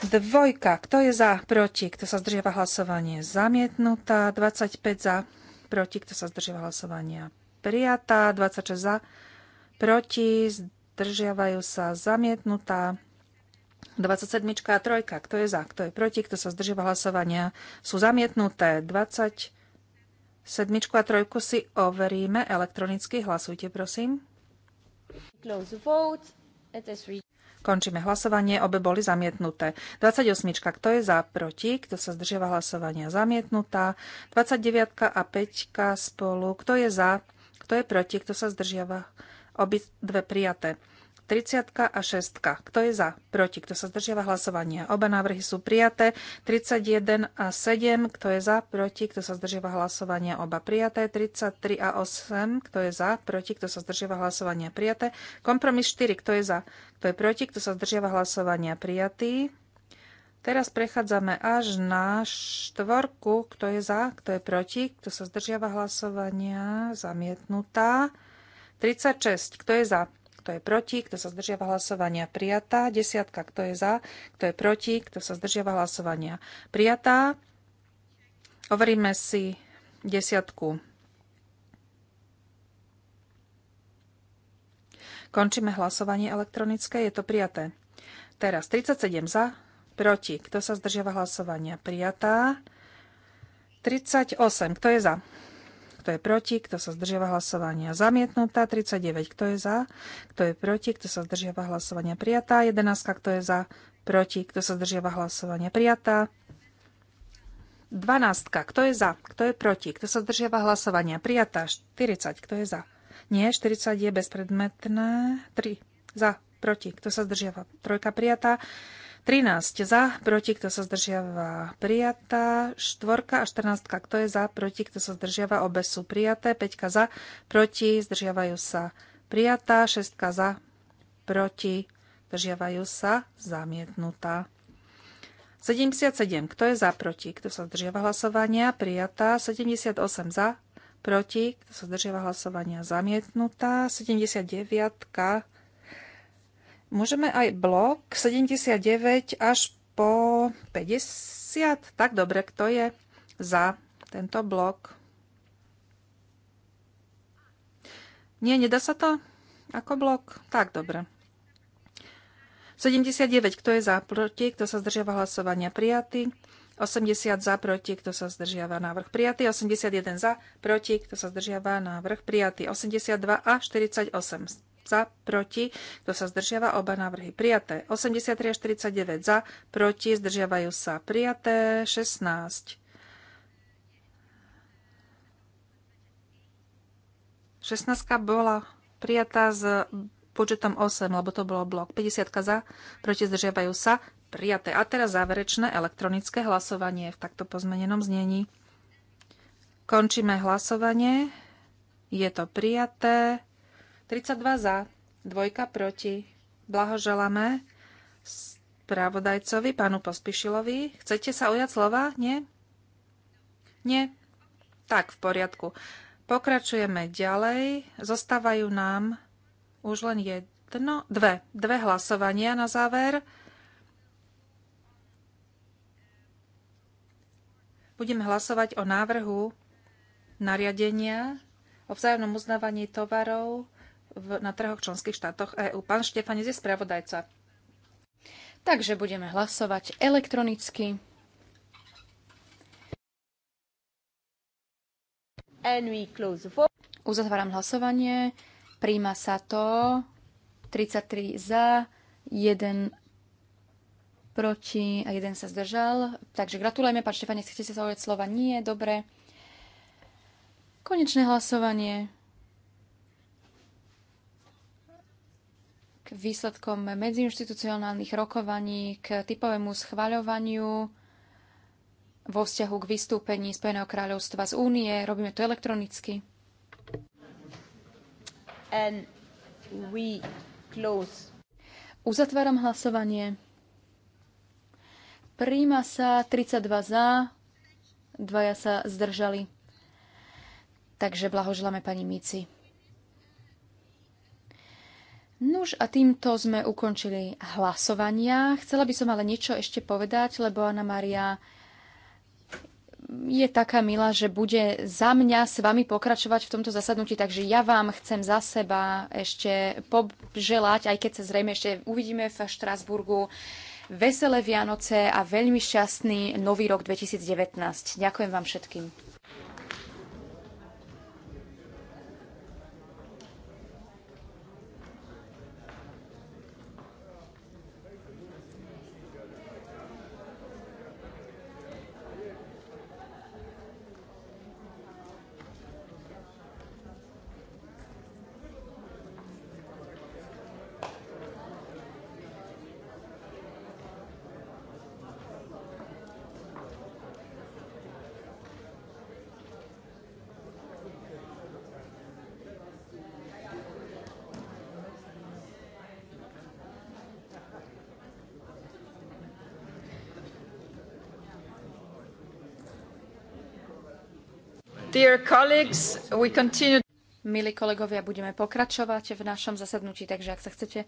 C: Dvojka. Kto je za? Proti. Kto sa zdržiava hlasovanie? Zamietnutá. 25 za. Proti. Kto sa zdržiava hlasovania? Prijatá. 26 za. Proti. Zdržiavajú sa. Zamietnutá. 27. a trojka. Kto je za? Kto je proti? Kto sa zdržiava hlasovania? Sú zamietnuté. 20. Sedmičku a trojku si overíme elektronicky. Hlasujte, prosím. Končíme hlasovanie, obe boli zamietnuté. 28. Kto je za, proti? Kto sa zdržiava hlasovania? Zamietnutá. 29. a 5. spolu. Kto je za? Kto je proti? Kto sa zdržiava? Obi dve prijaté. 30 a 6. Kto je za? Proti. Kto sa zdržiava hlasovania? Oba návrhy sú prijaté. 31 a 7. Kto je za? Proti. Kto sa zdržiava hlasovania? Oba prijaté. 33 a 8. Kto je za? Proti. Kto sa zdržiava hlasovania? Prijaté. Kompromis 4. Kto je za? Kto je proti? Kto sa zdržiava hlasovania? Prijatý. Teraz prechádzame až na štvorku. Kto je za? Kto je proti? Kto sa zdržiava hlasovania? Zamietnutá. 36. Kto je za? kto je proti, kto sa zdržiava hlasovania, prijatá. Desiatka, kto je za, kto je proti, kto sa zdržiava hlasovania, prijatá. Overíme si desiatku. Končíme hlasovanie elektronické, je to prijaté. Teraz 37 za, proti, kto sa zdržiava hlasovania, prijatá. 38, kto je za? kto je proti, kto sa zdržiava hlasovania. Zamietnutá 39, kto je za, kto je proti, kto sa zdržiava hlasovania. Prijatá 11, kto je za, proti, kto sa zdržiava hlasovania. Prijatá 12, kto je za, kto je proti, kto sa zdržiava hlasovania. Prijatá 40, kto je za. Nie, 40 je bezpredmetné. 3, za, proti, kto sa zdržiava. Trojka prijatá. 13 za, proti, kto sa zdržiava, prijatá. 4 a 14, kto je za, proti, kto sa zdržiava, obe sú prijaté. 5 za, proti, zdržiavajú sa, prijatá. 6 za, proti, zdržiavajú sa, zamietnutá. 77, kto je za, proti, kto sa zdržiava hlasovania, prijatá. 78 za, proti, kto sa zdržiava hlasovania, zamietnutá. 79 Môžeme aj blok 79 až po 50? Tak dobre, kto je za tento blok? Nie, nedá sa to ako blok? Tak dobre. 79, kto je za, proti, kto sa zdržiava hlasovania, prijatý. 80 za, proti, kto sa zdržiava, návrh prijatý. 81 za, proti, kto sa zdržiava, návrh prijatý. 82 a 48 za, proti, kto sa zdržiava, oba návrhy prijaté. 83 až 49 za, proti, zdržiavajú sa prijaté, 16. 16 bola prijatá s početom 8, lebo to bolo blok. 50 za, proti, zdržiavajú sa prijaté. A teraz záverečné elektronické hlasovanie v takto pozmenenom znení. Končíme hlasovanie. Je to prijaté. 32 za, dvojka proti. Blahoželáme spravodajcovi, pánu Pospišilovi. Chcete sa ujať slova? Nie? Nie? Tak, v poriadku. Pokračujeme ďalej. Zostávajú nám už len jedno, dve, dve hlasovania na záver. Budeme hlasovať o návrhu nariadenia o vzájomnom uznávaní tovarov v, na trhoch členských štátoch EÚ. Pán
A: Štefanec je spravodajca. Takže budeme hlasovať elektronicky. Uzatváram hlasovanie. Príjma sa to. 33 za, 1 proti a 1 sa zdržal. Takže gratulujeme, pán Štefanec, chcete sa zaujať slova? Nie, dobre. Konečné hlasovanie. k výsledkom medziinstitucionálnych rokovaní, k typovému schvaľovaniu vo vzťahu k vystúpení Spojeného kráľovstva z únie. Robíme to elektronicky. And we close. Uzatváram hlasovanie. Príjma sa 32 za, dvaja sa zdržali. Takže blahoželáme pani Mici. Nuž a týmto sme ukončili hlasovania. Chcela by som ale niečo ešte povedať, lebo Anna Maria je taká milá, že bude za mňa s vami pokračovať v tomto zasadnutí, takže ja vám chcem za seba ešte poželať, aj keď sa zrejme ešte uvidíme v Štrasburgu, veselé Vianoce a veľmi šťastný nový rok 2019. Ďakujem vám všetkým. Dear colleagues, we continue... Milí kolegovia, budeme pokračovať v našom zasadnutí, takže ak sa chcete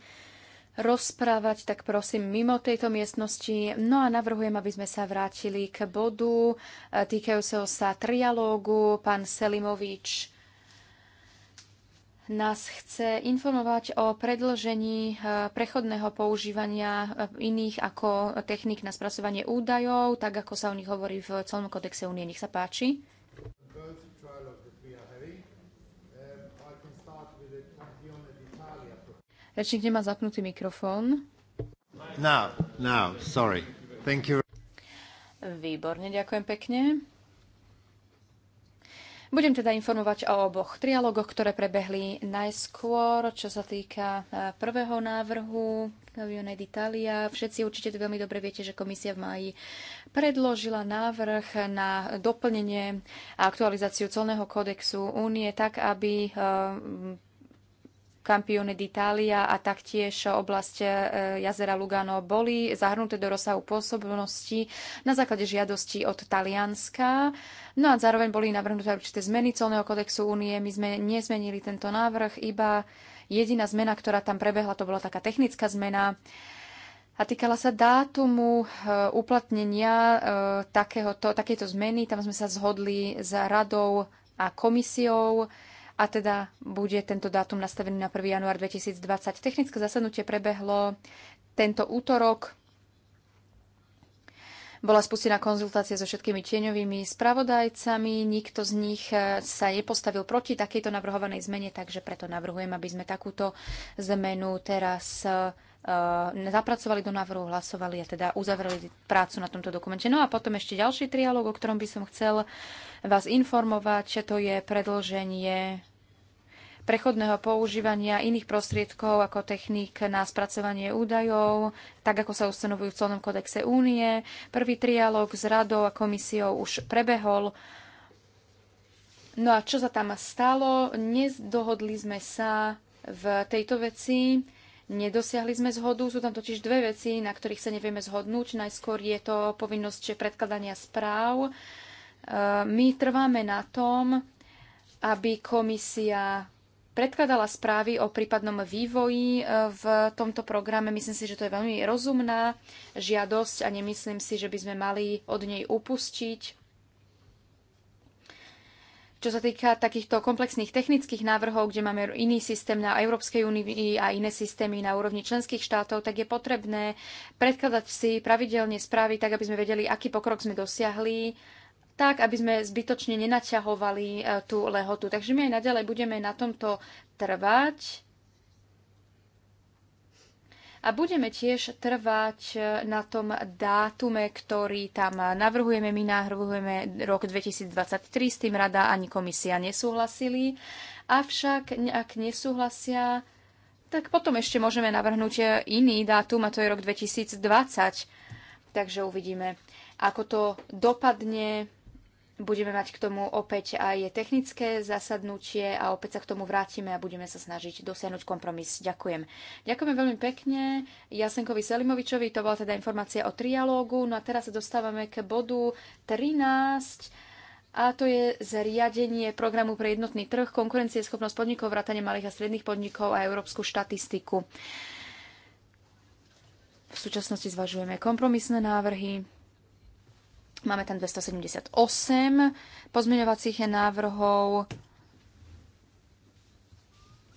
A: rozprávať, tak prosím mimo tejto miestnosti. No a navrhujem, aby sme sa vrátili k bodu e, týkajúceho sa trialógu. Pán Selimovič nás chce informovať o predlžení e, prechodného používania e, iných ako techník na spracovanie údajov, tak ako sa o nich hovorí v celom kodexe únie. Nech sa páči. Rečník nemá zapnutý mikrofón.
C: Now, now, sorry. Thank you.
A: Výborne, ďakujem pekne. Budem teda informovať o oboch trialogoch, ktoré prebehli najskôr, čo sa týka e, prvého návrhu Unione d'Italia. Všetci určite veľmi dobre viete, že komisia v maji predložila návrh na doplnenie a aktualizáciu colného kódexu únie tak, aby e, Campione d'Italia a taktiež oblasť e, jazera Lugano boli zahrnuté do rozsahu pôsobnosti na základe žiadosti od Talianska. No a zároveň boli navrhnuté určité zmeny colného kodexu únie. My sme nezmenili tento návrh, iba jediná zmena, ktorá tam prebehla, to bola taká technická zmena a týkala sa dátumu e, uplatnenia e, takéhoto, takéto zmeny. Tam sme sa zhodli s radou a komisiou a teda bude tento dátum nastavený na 1. január 2020. Technické zasadnutie prebehlo tento útorok. Bola spustená konzultácia so všetkými tieňovými spravodajcami. Nikto z nich eh, sa nepostavil proti takejto navrhovanej zmene, takže preto navrhujem, aby sme takúto zmenu teraz eh, E, zapracovali do návrhu, hlasovali a teda uzavreli prácu na tomto dokumente. No a potom ešte ďalší trialog, o ktorom by som chcel vás informovať, že to je predlženie prechodného používania iných prostriedkov ako techník na spracovanie údajov, tak ako sa ustanovujú v celnom kodexe únie. Prvý trialóg s radou a komisiou už prebehol. No a čo sa tam stalo? Nezdohodli sme sa v tejto veci. Nedosiahli sme zhodu, sú tam totiž dve veci, na ktorých sa nevieme zhodnúť. Najskôr je to povinnosť predkladania správ. E, my trváme na tom, aby komisia predkladala správy o prípadnom vývoji e, v tomto programe. Myslím si, že to je veľmi rozumná žiadosť a nemyslím si, že by sme mali od nej upustiť. Čo sa týka takýchto komplexných technických návrhov, kde máme iný systém na Európskej únii a iné systémy na úrovni členských štátov, tak je potrebné predkladať si pravidelne správy, tak aby sme vedeli, aký pokrok sme dosiahli, tak aby sme zbytočne nenaťahovali e, tú lehotu. Takže my aj naďalej budeme na tomto trvať a budeme tiež trvať e, na tom dátume, ktorý tam navrhujeme. My navrhujeme rok 2023, s tým rada ani komisia nesúhlasili. Avšak, ak nesúhlasia, tak potom ešte môžeme navrhnúť e, iný dátum, a to je rok 2020. Takže uvidíme, ako to dopadne Budeme mať k tomu opäť aj technické zasadnutie a opäť sa k tomu vrátime a budeme sa snažiť dosiahnuť kompromis. Ďakujem. Ďakujeme veľmi pekne Jasenkovi Selimovičovi, to bola teda informácia o trialógu. No a teraz sa dostávame k bodu 13 a to je zriadenie programu pre jednotný trh, konkurencieschopnosť podnikov, vrátanie malých a stredných podnikov a európsku štatistiku. V súčasnosti zvažujeme kompromisné návrhy. Máme tam 278 pozmeňovacích návrhov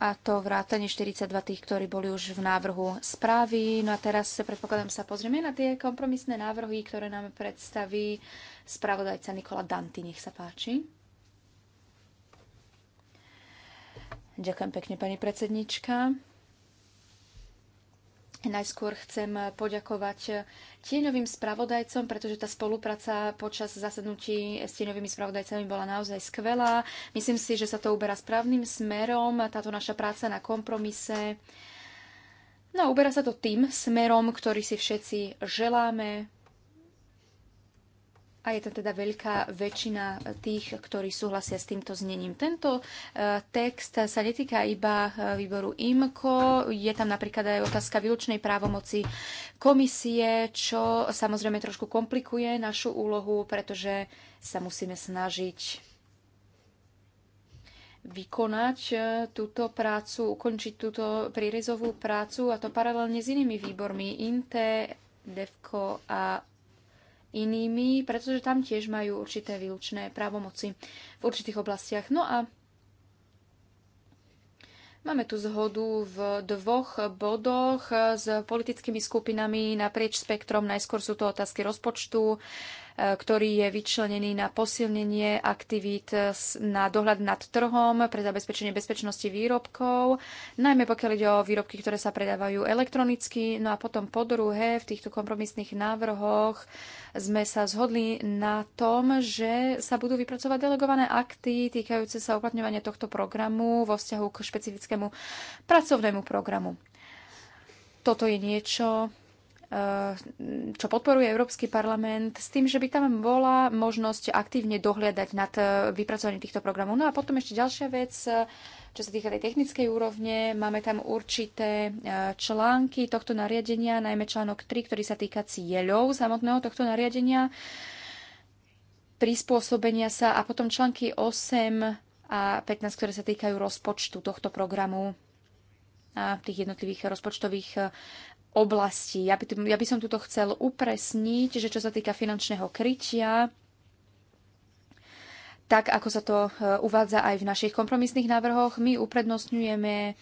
A: a to vrátanie 42 tých, ktorí boli už v návrhu správy. No a teraz sa predpokladám sa pozrieme na tie kompromisné návrhy, ktoré nám predstaví spravodajca Nikola Danty. Nech sa páči. Ďakujem pekne, pani predsednička. Najskôr chcem poďakovať tieňovým spravodajcom, pretože tá spolupráca počas zasadnutí s tieňovými spravodajcami bola naozaj skvelá. Myslím si, že sa to uberá správnym smerom, táto naša práca na kompromise. No, uberá sa to tým smerom, ktorý si všetci želáme, a je to teda veľká väčšina tých, ktorí súhlasia s týmto znením. Tento e, text sa netýka iba e, výboru IMCO, je tam napríklad aj otázka výlučnej právomoci komisie, čo samozrejme trošku komplikuje našu úlohu, pretože sa musíme snažiť vykonať e, túto prácu, ukončiť túto prírezovú prácu a to paralelne s inými výbormi INTE, DEVKO a inými, pretože tam tiež majú určité výlučné právomoci v určitých oblastiach. No a Máme tu zhodu v dvoch bodoch s politickými skupinami naprieč spektrom. Najskôr sú to otázky rozpočtu, ktorý je vyčlenený na posilnenie aktivít na dohľad nad trhom pre zabezpečenie bezpečnosti výrobkov, najmä pokiaľ ide o výrobky, ktoré sa predávajú elektronicky. No a potom po druhé, v týchto kompromisných návrhoch sme sa zhodli na tom, že sa budú vypracovať delegované akty týkajúce sa uplatňovania tohto programu vo vzťahu k špecifickému pracovnému programu. Toto je niečo, čo podporuje Európsky parlament, s tým, že by tam bola možnosť aktívne dohliadať nad eh, vypracovaním týchto programov. No a potom ešte ďalšia vec, eh, čo sa týka tej technickej úrovne, máme tam určité eh, články tohto nariadenia, najmä článok 3, ktorý sa týka cieľov samotného tohto nariadenia, prispôsobenia sa a potom články 8 a 15, ktoré sa týkajú rozpočtu tohto programu a tých jednotlivých rozpočtových oblasti. Ja by, ja by som tuto chcel upresniť, že čo sa týka finančného krytia, tak ako sa to e, uvádza aj v našich kompromisných návrhoch, my uprednostňujeme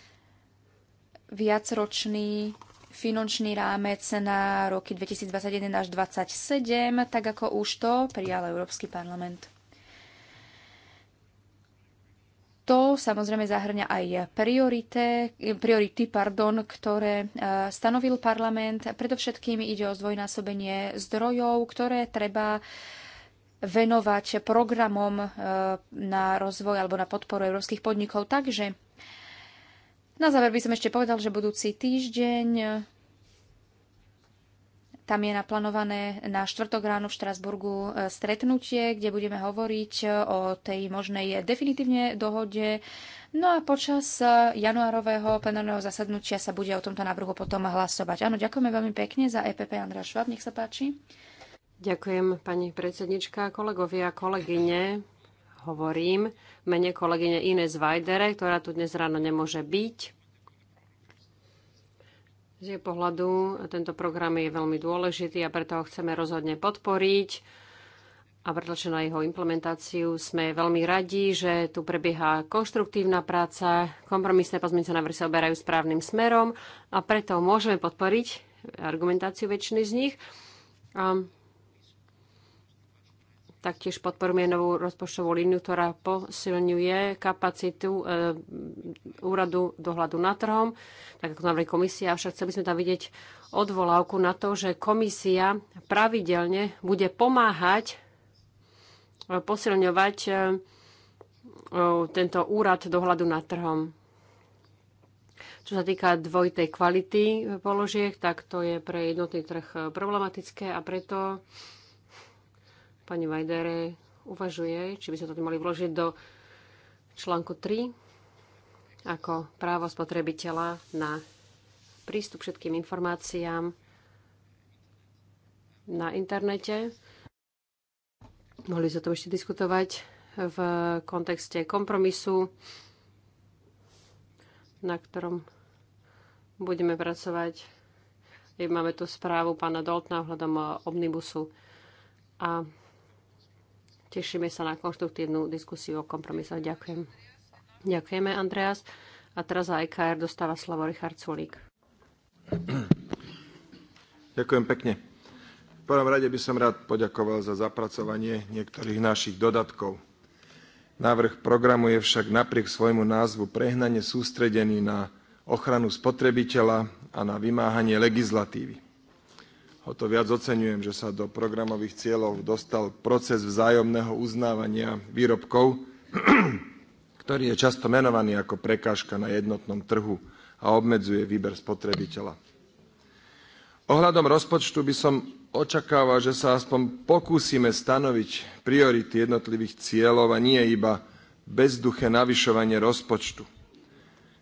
A: viacročný finančný rámec na roky 2021 až 2027, tak ako už to prijal Európsky parlament. To samozrejme zahrňa aj priorité, priority, pardon, ktoré e, stanovil parlament. Predovšetkým ide o zdvojnásobenie zdrojov, ktoré treba venovať programom e, na rozvoj alebo na podporu európskych podnikov. Takže na záver by som ešte povedal, že budúci týždeň tam je naplánované na štvrtok ráno v Štrasburgu e, stretnutie, kde budeme hovoriť e, o tej možnej definitívne dohode. No a počas e, januárového plenárneho zasadnutia sa bude o tomto návrhu potom
B: hlasovať. Áno, ďakujeme veľmi pekne za EPP Andrea Švab, nech sa páči. Ďakujem, pani predsednička, kolegovia, kolegyne. Hovorím mene kolegyne Ines Vajdere, ktorá tu dnes ráno nemôže byť z jej pohľadu tento program je veľmi dôležitý a preto ho chceme rozhodne podporiť a pretože na jeho implementáciu sme veľmi radi, že tu prebieha konštruktívna práca, kompromisné pozmience návrhy sa oberajú správnym smerom a preto môžeme podporiť argumentáciu väčšiny z nich. A Taktiež podporujeme novú rozpočtovú líniu, ktorá posilňuje kapacitu e, úradu dohľadu nad trhom, tak ako navrhli komisia. Avšak chceli sme tam vidieť odvolávku na to, že komisia pravidelne bude pomáhať e, posilňovať e, tento úrad dohľadu nad trhom. Čo sa týka dvojitej kvality položiek, tak to je pre jednotný trh problematické a preto pani Vajdere uvažuje, či by sme to mali vložiť do článku 3 ako právo spotrebiteľa na prístup všetkým informáciám na internete. Mohli sa to ešte diskutovať v kontexte kompromisu, na ktorom budeme pracovať. Máme tu správu pána Doltna ohľadom eh, omnibusu. A Tešíme sa na konštruktívnu diskusiu o kompromisoch. Ďakujem. Ďakujeme, Andreas. A teraz za EKR dostáva slovo Richard Sulík.
D: Ďakujem pekne. V prvom rade by som rád poďakoval za zapracovanie niektorých našich dodatkov. Návrh programu je však napriek svojmu názvu prehnane sústredený na ochranu spotrebiteľa a na vymáhanie legislatívy. O to viac oceňujem, že sa do programových cieľov dostal proces vzájomného uznávania výrobkov, ktorý je často menovaný ako prekážka na jednotnom trhu a obmedzuje výber spotrebiteľa. Ohľadom rozpočtu by som očakával, že sa aspoň pokúsime stanoviť priority jednotlivých cieľov a nie iba bezduché navyšovanie rozpočtu.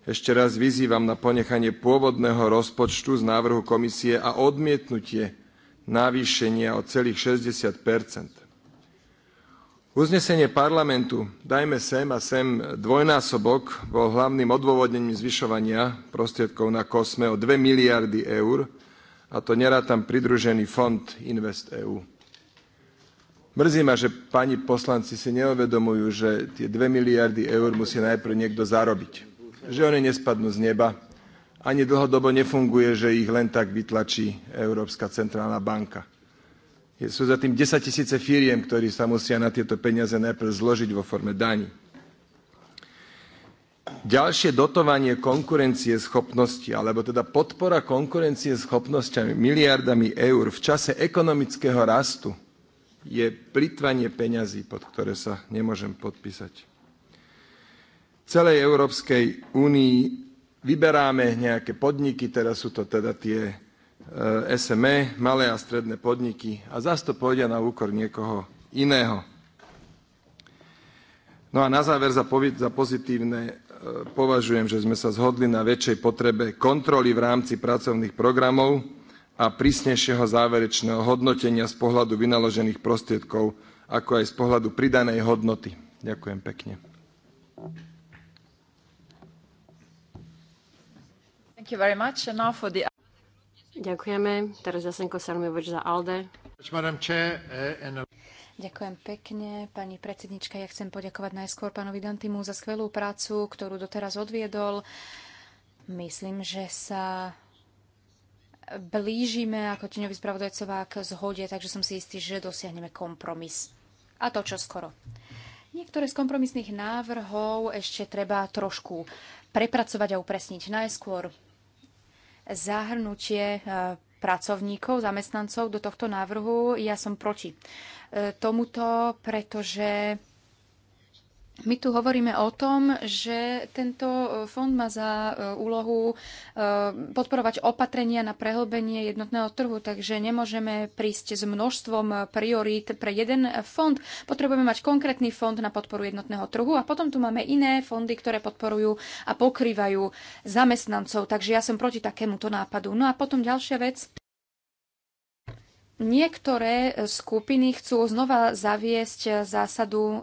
D: Ešte raz vyzývam na ponechanie pôvodného rozpočtu z návrhu komisie a odmietnutie navýšenia o celých 60 Uznesenie parlamentu Dajme sem a sem dvojnásobok bol hlavným odôvodnením zvyšovania prostriedkov na kosme o 2 miliardy eur, a to nerátam pridružený fond InvestEU. Mrzí ma, že pani poslanci si neuvedomujú, že tie 2 miliardy eur musí najprv niekto zarobiť že oni nespadnú z neba. Ani dlhodobo nefunguje, že ich len tak vytlačí Európska centrálna banka. Sú za tým 10 tisíce firiem, ktorí sa musia na tieto peniaze najprv zložiť vo forme daní. Ďalšie dotovanie konkurencie schopnosti, alebo teda podpora konkurencie schopnosťami miliardami eur v čase ekonomického rastu je plitvanie peňazí, pod ktoré sa nemôžem podpísať celej Európskej únii vyberáme nejaké podniky, teraz sú to teda tie SME, e, malé a stredné podniky a zase to pôjde na úkor niekoho iného. No a na záver za, pozitívne e, považujem, že sme sa zhodli na väčšej potrebe kontroly v rámci pracovných programov a prísnejšieho záverečného hodnotenia z pohľadu vynaložených prostriedkov, ako aj z pohľadu pridanej hodnoty. Ďakujem pekne.
B: Thank you very much. And now for the... Ďakujeme. Teraz Jasenko za ALDE.
C: Eh,
A: Ďakujem pekne, pani predsednička. Ja chcem poďakovať najskôr pánovi Dantimu za skvelú prácu, ktorú doteraz odviedol. Myslím, že sa blížime ako teňový spravodajcová k zhode, takže som si istý, že dosiahneme kompromis. A to čo skoro. Niektoré z kompromisných návrhov ešte treba trošku prepracovať a upresniť. Najskôr zahrnutie e, pracovníkov, zamestnancov do tohto návrhu. Ja som proti e, tomuto, pretože my tu hovoríme o tom, že tento e, fond má za e, úlohu e, podporovať opatrenia na prehlbenie jednotného trhu, takže nemôžeme prísť s množstvom priorít pre jeden fond. Potrebujeme mať konkrétny fond na podporu jednotného trhu a potom tu máme iné fondy, ktoré podporujú a pokrývajú zamestnancov. Takže ja som proti takémuto nápadu. No a potom ďalšia vec Niektoré e, skupiny chcú znova zaviesť e, zásadu e,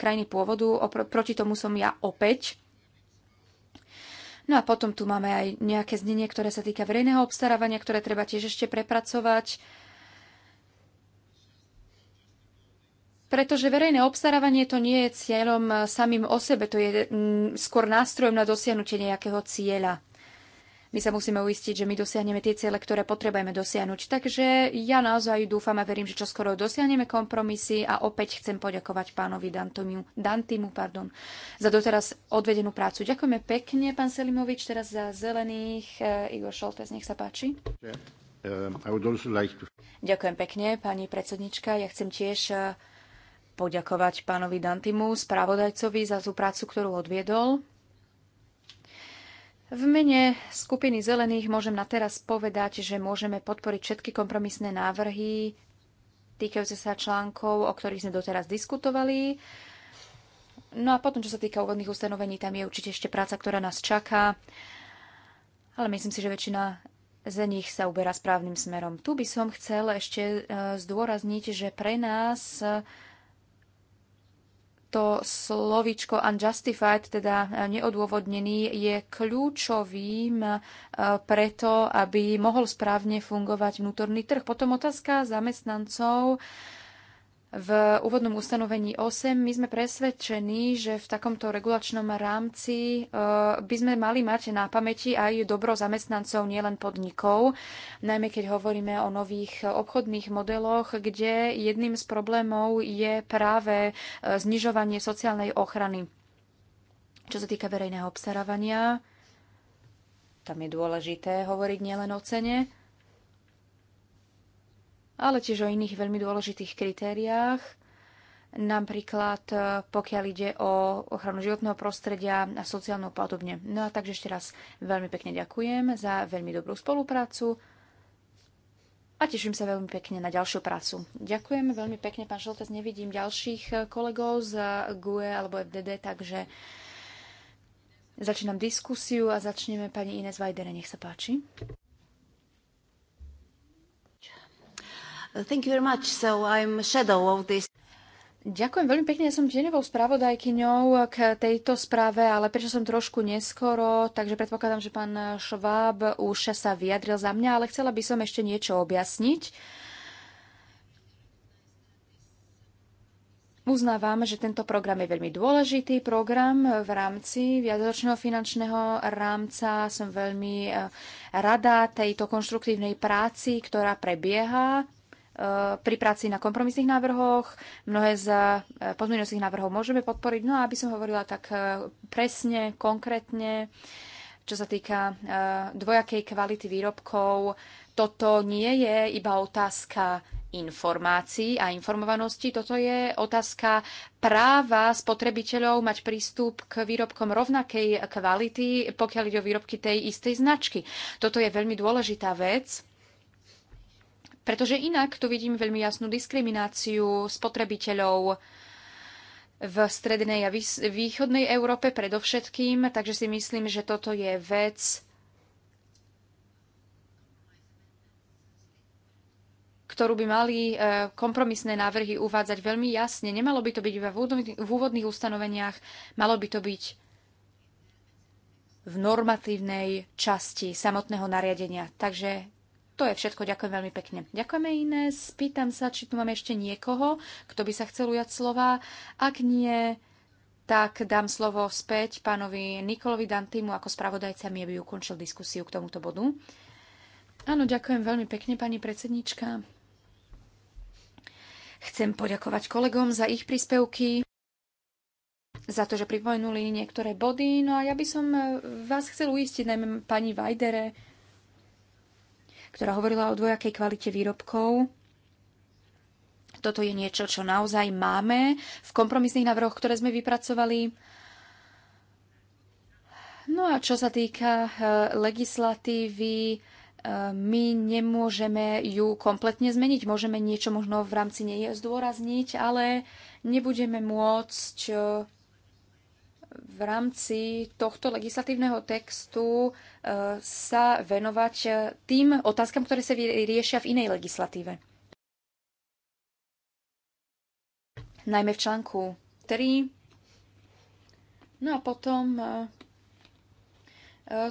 A: krajiny pôvodu, proti tomu som ja opäť. No a potom tu máme aj nejaké znenie, ktoré sa týka verejného obstarávania, ktoré treba tiež ešte prepracovať. Pretože verejné obstarávanie to nie je cieľom samým o sebe, to je mm, skôr nástrojom na dosiahnutie nejakého cieľa my sa musíme uistiť, že my dosiahneme tie ciele, ktoré potrebujeme dosiahnuť. Takže ja naozaj dúfam a verím, že čoskoro dosiahneme kompromisy a opäť chcem poďakovať pánovi Dantomiu, Dantimu pardon, za doteraz odvedenú prácu. Ďakujeme pekne, pán Selimovič, teraz za zelených. E, Igor Šoltes, nech sa páči. Ďakujem pekne, pani predsednička. Ja chcem tiež e, poďakovať pánovi Dantimu, správodajcovi, za tú prácu, ktorú odviedol. V mene skupiny zelených môžem na teraz povedať, že môžeme podporiť všetky kompromisné návrhy týkajúce sa článkov, o ktorých sme doteraz diskutovali. No a potom, čo sa týka úvodných ustanovení, tam je určite ešte práca, ktorá nás čaká. Ale myslím si, že väčšina z nich sa uberá správnym smerom. Tu by som chcel ešte e, zdôrazniť, že pre nás to slovičko unjustified, teda e, neodôvodnený, je kľúčovým e, preto, aby mohol správne fungovať vnútorný trh. Potom otázka zamestnancov v úvodnom ustanovení 8 my sme presvedčení, že v takomto regulačnom rámci e, by sme mali mať na pamäti aj dobro zamestnancov, nielen podnikov, najmä keď hovoríme o nových obchodných modeloch, kde jedným z problémov je práve e, znižovanie sociálnej ochrany. Čo sa týka verejného obstarávania, tam je dôležité hovoriť nielen o cene, ale tiež o iných veľmi dôležitých kritériách, napríklad e, pokiaľ ide o ochranu životného prostredia a sociálnu podobne. No a takže ešte raz veľmi pekne ďakujem za veľmi dobrú spoluprácu a teším sa veľmi pekne na ďalšiu prácu. Ďakujem veľmi pekne, pán Šoltec, nevidím ďalších e, kolegov z GUE alebo FDD, takže začínam diskusiu a začneme pani Ines Vajdere, nech sa páči. Thank you very much. So I'm shadow of this. Ďakujem veľmi pekne, ja som tieňovou spravodajkyňou k tejto správe, ale prečo som trošku neskoro, takže predpokladám, že pán Šváb už sa vyjadril za mňa, ale chcela by som ešte niečo objasniť. Uznávam, že tento program je veľmi dôležitý program v rámci viacročného finančného rámca. Som veľmi eh, rada tejto konštruktívnej práci, ktorá prebieha Eh, pri práci na kompromisných návrhoch. Mnohé z eh, pozmeňujúcich návrhov môžeme podporiť. No a aby som hovorila tak eh, presne, konkrétne, čo sa týka dvojakej kvality výrobkov, toto nie je iba otázka informácií a informovanosti. Toto je otázka práva spotrebiteľov mať prístup k výrobkom rovnakej kvality, pokiaľ ide o výrobky tej istej značky. Toto je veľmi dôležitá vec pretože inak tu vidím veľmi jasnú diskrimináciu spotrebiteľov v strednej a východnej Európe predovšetkým, takže si myslím, že toto je vec, ktorú by mali e, kompromisné návrhy uvádzať veľmi jasne. Nemalo by to byť v úvodných ustanoveniach, malo by to byť v normatívnej časti samotného nariadenia. Takže to je všetko. Ďakujem veľmi pekne. Ďakujeme iné. Pýtam sa, či tu máme ešte niekoho, kto by sa chcel ujať slova. Ak nie, tak dám slovo späť pánovi Nikolovi Dantimu ako spravodajca, mi ukončil diskusiu k tomuto bodu. Áno, ďakujem veľmi pekne, pani predsednička. Chcem poďakovať kolegom za ich príspevky za to, že pripomenuli niektoré body. No a ja by som vás chcel uistiť, najmä pani Vajdere, ktorá hovorila o dvojakej kvalite výrobkov. Toto je niečo, čo naozaj máme v kompromisných návrhoch, ktoré sme vypracovali. No a čo sa týka e, legislatívy, e, my nemôžeme ju kompletne zmeniť. Môžeme niečo možno v rámci nej zdôrazniť, ale nebudeme môcť e, v rámci tohto legislatívneho textu e, sa venovať e, tým otázkam, ktoré sa riešia v inej legislatíve. Najmä v článku 3. No a potom e,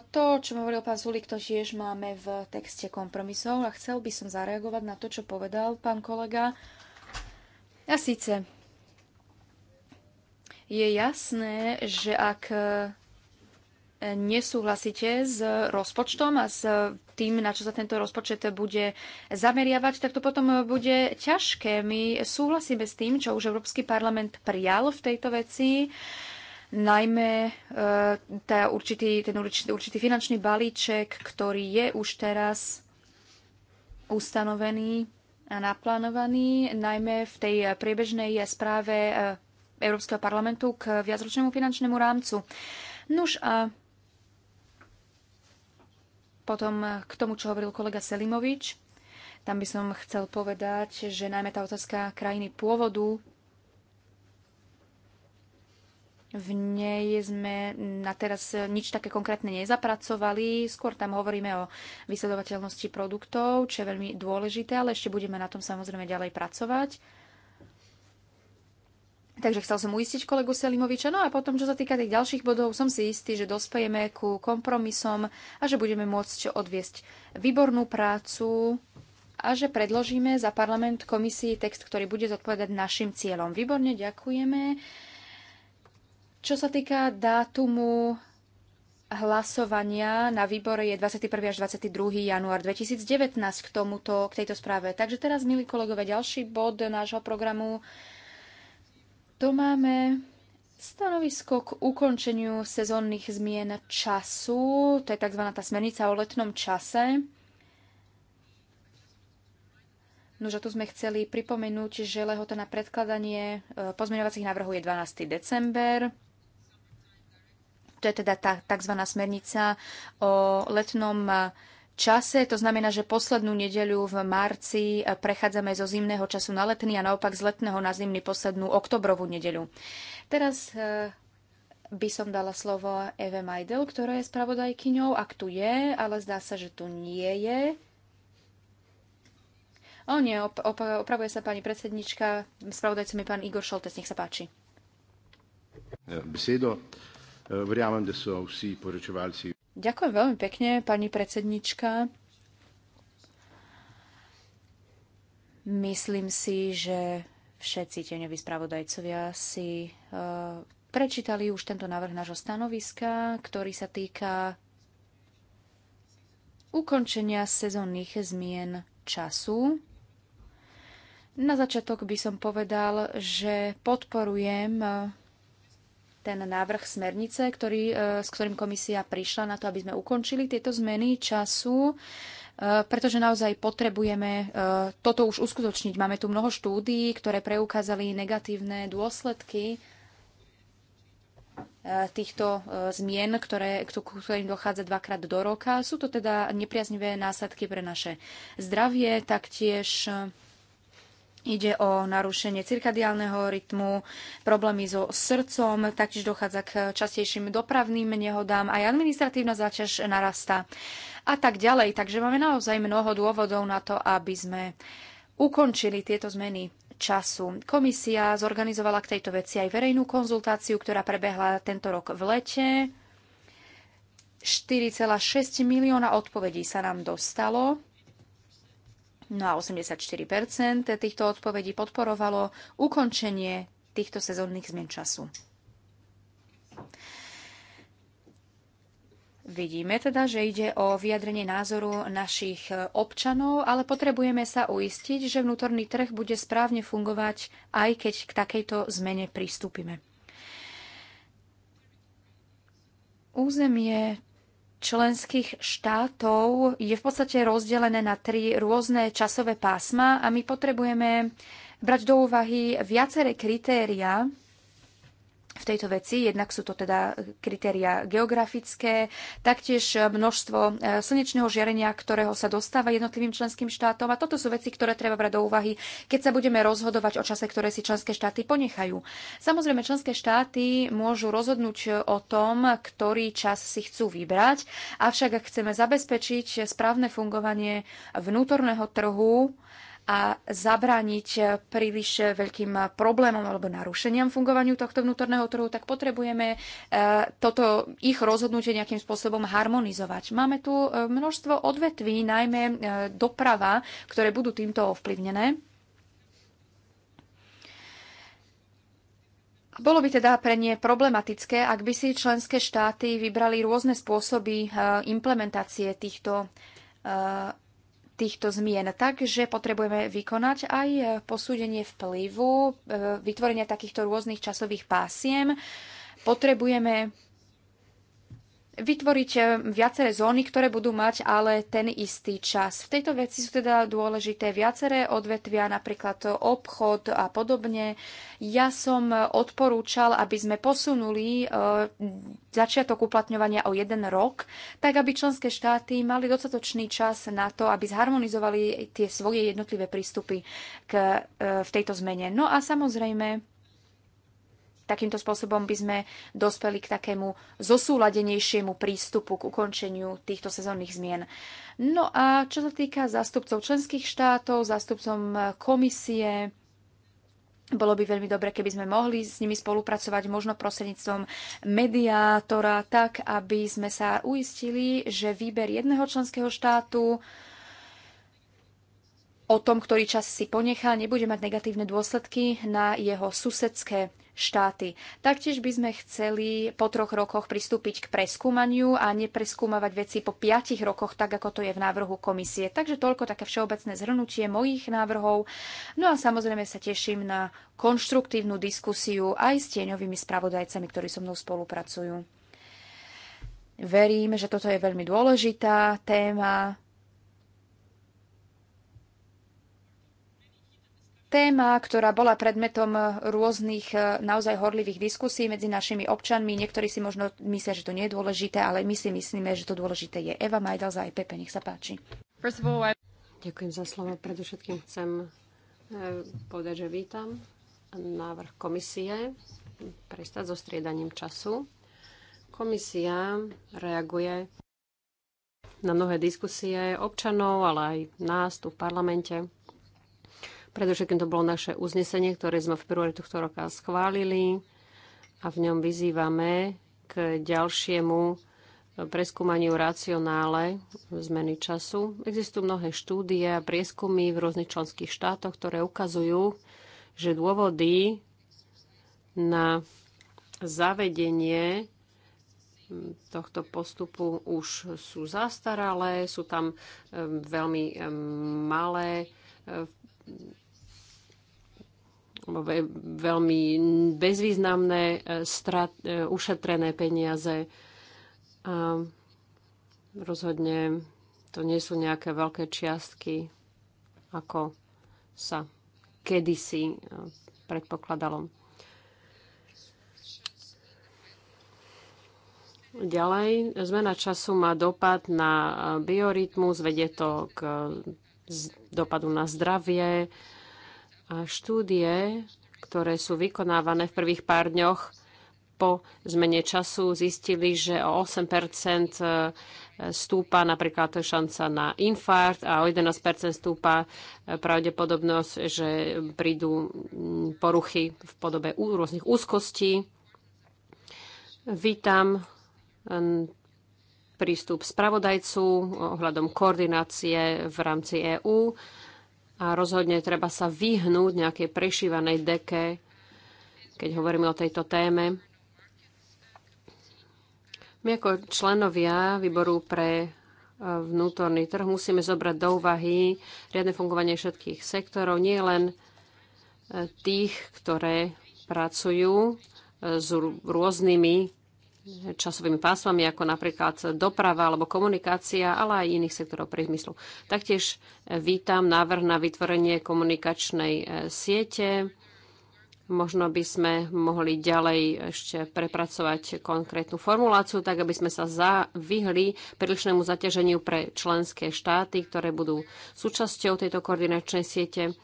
A: to, čo hovoril pán Zulik, to tiež máme v texte kompromisov a chcel by som zareagovať na to, čo povedal pán kolega. A síce, je jasné, že ak e, nesúhlasíte s rozpočtom a s tým, na čo sa tento rozpočet bude zameriavať, tak to potom bude ťažké. My súhlasíme s tým, čo už Európsky parlament prijal v tejto veci, najmä e, tá určitý, ten určitý, určitý finančný balíček, ktorý je už teraz ustanovený a naplánovaný, najmä v tej priebežnej správe e, Európskeho parlamentu k viacročnému finančnému rámcu. Nuž a potom k tomu, čo hovoril kolega Selimovič, tam by som chcel povedať, že najmä tá otázka krajiny pôvodu, v nej sme na teraz nič také konkrétne nezapracovali, skôr tam hovoríme o vysledovateľnosti produktov, čo je veľmi dôležité, ale ešte budeme na tom samozrejme ďalej pracovať Takže chcel som uistiť kolegu Selimoviča. No a potom, čo sa týka tých ďalších bodov, som si istý, že dospejeme ku kompromisom a že budeme môcť odviesť výbornú prácu a že predložíme za parlament komisii text, ktorý bude zodpovedať našim cieľom. Výborne, ďakujeme. Čo sa týka dátumu hlasovania na výbore je 21. až 22. január 2019 k tomuto, k tejto správe. Takže teraz, milí kolegové, ďalší bod nášho programu tu máme stanovisko k ukončeniu sezónnych zmien času, to je tzv. tá smernica o letnom čase. Nože tu sme chceli pripomenúť, že lehota na predkladanie e, pozmeňovacích návrhov je 12. december. To je teda tá tzv. smernica o letnom čase čase. To znamená, že poslednú nedeľu v marci eh, prechádzame zo zimného času na letný a naopak z letného na zimný poslednú oktobrovú nedeľu. Teraz eh, by som dala slovo Eve Majdel, ktorá je spravodajkyňou, ak tu je, ale zdá sa, že tu nie je. O nie, op- op- opravuje sa pani predsednička, spravodajca mi pán Igor Šoltes, nech sa páči.
B: Eh, besedo. Verjamem, da so vsi poročevalci.
A: Ďakujem veľmi pekne, pani predsednička. Myslím si, že všetci tieňoví spravodajcovia si uh, prečítali už tento návrh nášho stanoviska, ktorý sa týka ukončenia sezónnych zmien času. Na začiatok by som povedal, že podporujem uh, ten návrh smernice, ktorý, e, s ktorým komisia prišla na to, aby sme ukončili tieto zmeny času, e, pretože naozaj potrebujeme e, toto už uskutočniť. Máme tu mnoho štúdií, ktoré preukázali negatívne dôsledky týchto zmien, ktoré, ktorým dochádza dvakrát do roka. Sú to teda nepriaznivé následky pre naše zdravie, taktiež Ide o narušenie cirkadiálneho rytmu, problémy so srdcom, taktiež dochádza k častejším dopravným nehodám, aj administratívna záťaž narastá a tak ďalej. Takže máme naozaj mnoho dôvodov na to, aby sme ukončili tieto zmeny času. Komisia zorganizovala k tejto veci aj verejnú konzultáciu, ktorá prebehla tento rok v lete. 4,6 milióna odpovedí sa nám dostalo No a 84% týchto odpovedí podporovalo ukončenie týchto sezónnych zmien času. Vidíme teda, že ide o vyjadrenie názoru našich občanov, ale potrebujeme sa uistiť, že vnútorný trh bude správne fungovať, aj keď k takejto zmene pristúpime. Územie členských štátov je v podstate rozdelené na tri rôzne časové pásma a my potrebujeme brať do úvahy viaceré kritéria, v tejto veci. Jednak sú to teda kritéria geografické, taktiež množstvo e, slnečného žiarenia, ktorého sa dostáva jednotlivým členským štátom. A toto sú veci, ktoré treba brať do úvahy, keď sa budeme rozhodovať o čase, ktoré si členské štáty ponechajú. Samozrejme, členské štáty môžu rozhodnúť o tom, ktorý čas si chcú vybrať, avšak ak chceme zabezpečiť správne fungovanie vnútorného trhu, a zabrániť príliš veľkým problémom alebo narušeniam fungovaniu tohto vnútorného trhu, tak potrebujeme e, toto ich rozhodnutie nejakým spôsobom harmonizovať. Máme tu e, množstvo odvetví, najmä e, doprava, ktoré budú týmto ovplyvnené. Bolo by teda pre nie problematické, ak by si členské štáty vybrali rôzne spôsoby implementácie týchto týchto zmien. Takže potrebujeme vykonať aj e, posúdenie vplyvu, e, vytvorenie takýchto rôznych časových pásiem. Potrebujeme vytvoriť eh, viaceré zóny, ktoré budú mať ale ten istý čas. V tejto veci sú teda dôležité viaceré odvetvia, napríklad obchod a podobne. Ja som odporúčal, aby sme posunuli eh, začiatok uplatňovania o jeden rok, tak aby členské štáty mali dostatočný čas na to, aby zharmonizovali tie svoje jednotlivé prístupy k, eh, v tejto zmene. No a samozrejme, Takýmto spôsobom by sme dospeli k takému zosúladenejšiemu prístupu k ukončeniu týchto sezónnych zmien. No a čo sa týka zástupcov členských štátov, zástupcom komisie, bolo by veľmi dobre, keby sme mohli s nimi spolupracovať možno prostredníctvom mediátora, tak aby sme sa uistili, že výber jedného členského štátu o tom, ktorý čas si ponechá, nebude mať negatívne dôsledky na jeho susedské štáty. Taktiež by sme chceli po troch rokoch pristúpiť k preskúmaniu a nepreskúmavať veci po piatich rokoch, tak ako to je v návrhu komisie. Takže toľko také všeobecné zhrnutie mojich návrhov. No a samozrejme sa teším na konštruktívnu diskusiu aj s tieňovými spravodajcami, ktorí so mnou spolupracujú. Verím, že toto je veľmi dôležitá téma, téma, ktorá bola predmetom rôznych e, naozaj horlivých diskusí medzi našimi občanmi. Niektorí si možno myslia, že to nie je dôležité, ale my si myslíme, že to dôležité je. Eva Majdal za IPP, e nech sa páči.
B: Ďakujem za slovo. Predovšetkým chcem e, povedať, že vítam návrh komisie prestať so striedaním času. Komisia reaguje na mnohé diskusie občanov, ale aj nás tu v parlamente. Predovšetkým to bolo naše uznesenie, ktoré sme v februári tohto roka schválili a v ňom vyzývame k ďalšiemu preskúmaniu racionále zmeny času. Existujú mnohé štúdie a prieskumy v rôznych členských štátoch, ktoré ukazujú, že dôvody na zavedenie tohto postupu už sú zastaralé, sú tam veľmi malé veľmi bezvýznamné e, strat, e, ušetrené peniaze. A rozhodne to nie sú nejaké veľké čiastky, ako sa kedysi e, predpokladalo. Ďalej, zmena času má dopad na biorytmus, vedie to k dopadu na zdravie, a štúdie, ktoré sú vykonávané v prvých pár dňoch po zmene času, zistili, že o 8 e, stúpa napríklad šanca na infarkt a o 11% stúpa e, pravdepodobnosť, že prídu poruchy v podobe rôznych úzkostí. Vítam prístup spravodajcu ohľadom koordinácie v rámci EÚ a rozhodne treba sa vyhnúť nejakej prešívanej deke, keď hovoríme o tejto téme. My ako členovia výboru pre e, vnútorný trh musíme zobrať do úvahy riadne fungovanie všetkých sektorov, nie len e, tých, ktoré pracujú e, s rôznymi časovými pásmami, ako napríklad doprava alebo komunikácia, ale aj iných sektorov priemyslu. Taktiež e, vítam návrh na vytvorenie komunikačnej e, siete. Možno by sme mohli ďalej ešte prepracovať konkrétnu formuláciu, tak aby sme sa za, vyhli prílišnému zaťaženiu pre členské štáty, ktoré budú súčasťou tejto koordinačnej siete.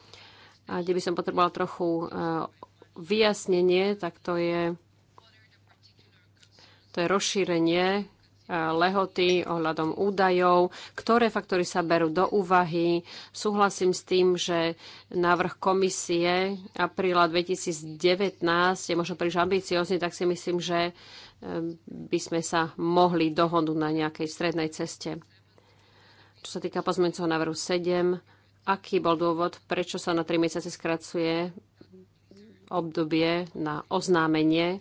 B: A kde by som potrebovala trochu e, vyjasnenie, tak to je to je rozšírenie e, lehoty ohľadom údajov, ktoré faktory sa berú do úvahy. Súhlasím s tým, že návrh komisie apríla 2019 je možno príliš ambiciózny, tak si myslím, že e, by sme sa mohli dohodnúť na nejakej strednej ceste. Čo sa týka pozmeňcov návrhu 7, aký bol dôvod, prečo sa na 3 mesiace skracuje obdobie na oznámenie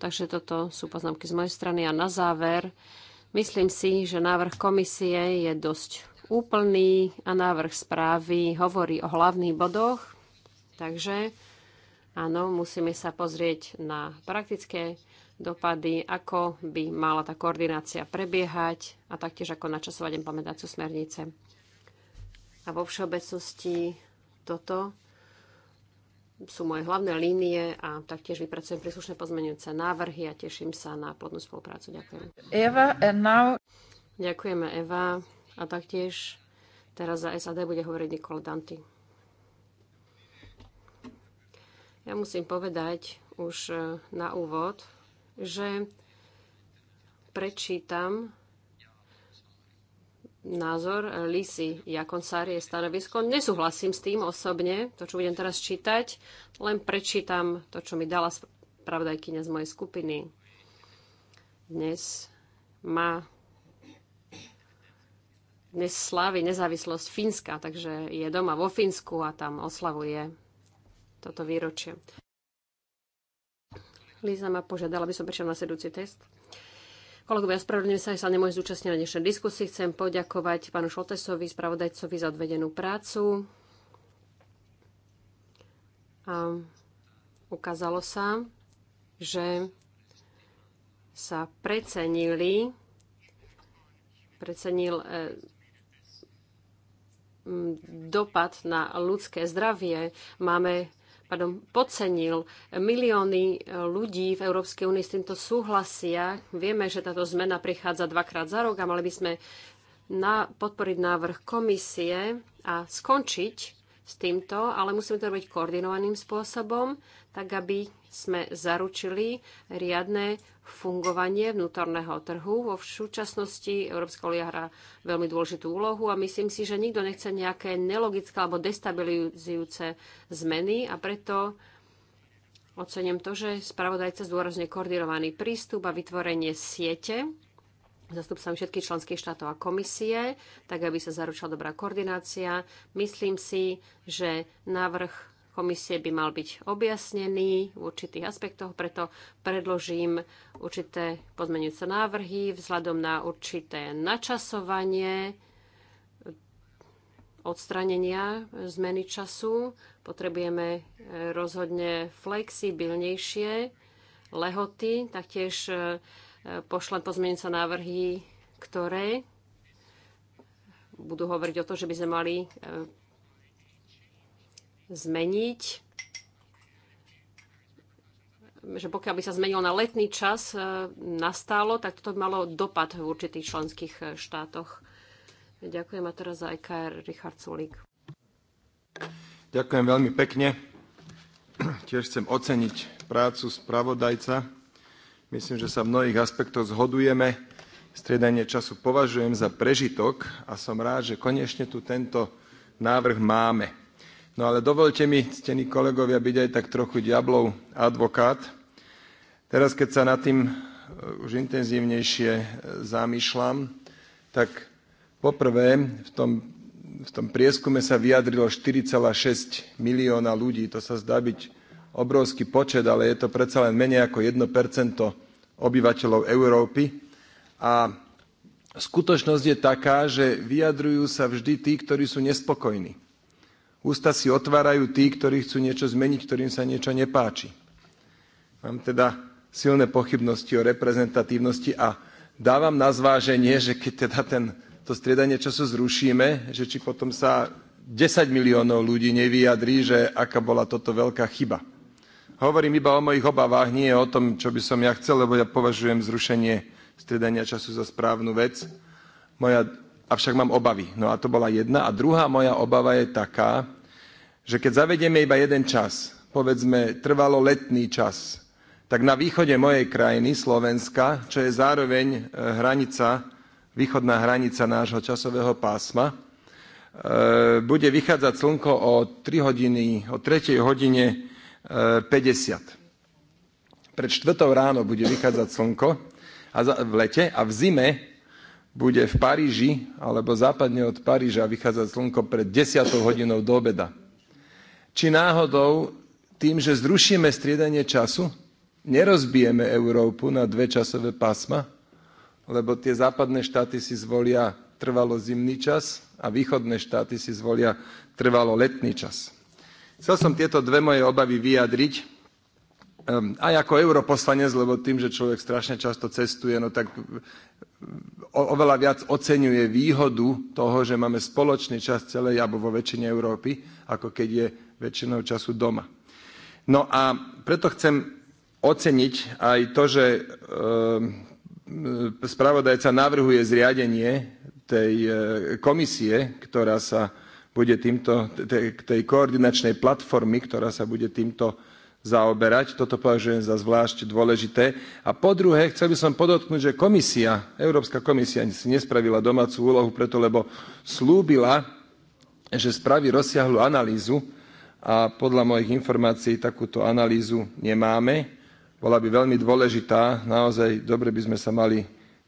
B: Takže toto sú poznámky z mojej strany. A na záver, myslím si, že návrh komisie je dosť úplný a návrh správy hovorí o hlavných bodoch. Takže áno, musíme sa pozrieť na praktické dopady, ako by mala tá koordinácia prebiehať a taktiež ako načasovať implementáciu smernice. A vo všeobecnosti toto sú moje hlavné línie a taktiež vypracujem príslušné pozmenujúce návrhy a teším sa na plodnú spoluprácu. Ďakujem. Eva, and now... Ďakujeme, Eva. A taktiež teraz za SAD bude hovoriť Nikol Danty. Ja musím povedať už eh, na úvod, že prečítam názor Lisy Jakoncári je stanovisko. Nesúhlasím s tým osobne, to, čo budem teraz čítať, len prečítam to, čo mi dala spravodajkyňa z mojej skupiny. Dnes má dnes slávy nezávislosť Fínska, takže je doma vo Fínsku a tam oslavuje toto výročie. Líza ma požiadala, aby som prišiel na sedúci test. Kolegovia, ospravedlňujem sa, že sa nemôžem zúčastniť na dnešnej diskusii. Chcem poďakovať pánu Šoltesovi, spravodajcovi za odvedenú prácu. A ukázalo sa, že sa precenili precenil e, dopad na ľudské zdravie. Máme pardon, podcenil. Milióny e, ľudí v Európskej únii s týmto súhlasia. Vieme, že táto zmena prichádza dvakrát za rok a mali by sme na, podporiť návrh komisie a skončiť s týmto, ale musíme to robiť koordinovaným spôsobom, tak aby sme zaručili riadne fungovanie vnútorného trhu. Vo súčasnosti Európska únia hrá veľmi dôležitú úlohu a myslím si, že nikto nechce nejaké nelogické alebo destabilizujúce zmeny a preto ocením to, že spravodajca zdôrazne koordinovaný prístup a vytvorenie siete zastupcami všetkých členských štátov a komisie, tak aby sa zaručila dobrá koordinácia. Myslím si, že návrh komisie by mal byť objasnený v určitých aspektoch, preto predložím určité pozmenujúce návrhy vzhľadom na určité načasovanie odstranenia zmeny času. Potrebujeme rozhodne flexibilnejšie lehoty, taktiež pošlem pozmeňujúce návrhy, ktoré budú hovoriť o to, že by sme mali e, zmeniť, že pokiaľ by sa zmenil na letný čas e, nastálo, tak toto by malo dopad v určitých členských e, štátoch. Ďakujem a teraz za EKR Richard Sulík.
D: Ďakujem veľmi pekne. Tiež chcem oceniť prácu spravodajca Myslím, že sa v mnohých aspektoch zhodujeme. Striedanie času považujem za prežitok a som rád, že konečne tu tento návrh máme. No ale dovolte mi, ctení kolegovia, byť aj tak trochu diablov advokát. Teraz, keď sa nad tým e, už intenzívnejšie e, zamýšľam, tak poprvé v tom, v tom prieskume sa vyjadrilo 4,6 milióna ľudí. To sa zdá byť obrovský počet, ale je to predsa len menej ako percento obyvateľov Európy. A skutočnosť je taká, že vyjadrujú sa vždy tí, ktorí sú nespokojní. Ústa si otvárajú tí, ktorí chcú niečo zmeniť, ktorým sa niečo nepáči. Mám teda silné pochybnosti o reprezentatívnosti a dávam na zváženie, že keď teda ten, to striedanie času zrušíme, že či potom sa 10 miliónov ľudí nevyjadrí, že aká bola toto veľká chyba. Hovorím iba o mojich obavách, nie o tom, čo by som ja chcel, lebo ja považujem zrušenie stredania času za správnu vec. Moja, avšak mám obavy. No a to bola jedna. A druhá moja obava je taká, že keď zavedieme iba jeden čas, povedzme trvalo letný čas, tak na východe mojej krajiny, Slovenska, čo je zároveň e, hranica, východná hranica nášho časového pásma, e, bude vychádzať slnko o 3 hodiny, o 3 hodine 50. E, pred štvrtou ráno bude vychádzať slnko a za, v lete a v zime bude v Paríži alebo západne od Paríža vychádzať slnko pred 10 hodinou do obeda. Či náhodou tým, že zrušíme striedanie času, nerozbijeme Európu na dve časové pásma, lebo tie západné štáty si zvolia trvalo zimný čas a východné štáty si zvolia trvalo letný čas. Chcel som tieto dve moje obavy vyjadriť ehm, aj ako europoslanec, lebo tým, že človek strašne často cestuje, no tak e, oveľa viac oceňuje výhodu toho, že máme spoločný čas celej alebo vo väčšine Európy, ako keď je väčšinou času doma. No a preto chcem oceniť aj to, že ehm, e, spravodajca navrhuje zriadenie tej e, komisie, ktorá sa bude týmto, tej, tej koordinačnej platformy, ktorá sa bude týmto zaoberať. Toto považujem za zvlášť dôležité. A po druhé, chcel by som podotknúť, že komisia, Európska komisia si nespravila domácu úlohu, preto lebo slúbila, že spraví rozsiahlu analýzu a podľa mojich informácií takúto analýzu nemáme. Bola by veľmi dôležitá, naozaj dobre by sme sa mali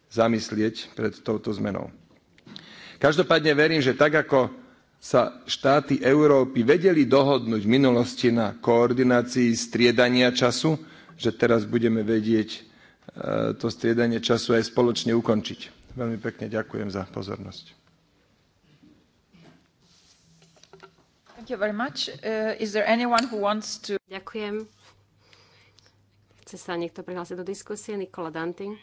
D: zamyslieť pred touto zmenou. Každopádne verím, že tak ako sa štáty Európy vedeli dohodnúť v minulosti na koordinácii striedania času, že teraz budeme vedieť e, to striedanie času aj spoločne ukončiť. Veľmi pekne ďakujem za pozornosť.
B: Uh, ďakujem. Chce sa niekto prihlásiť do diskusie? Nikola Danting.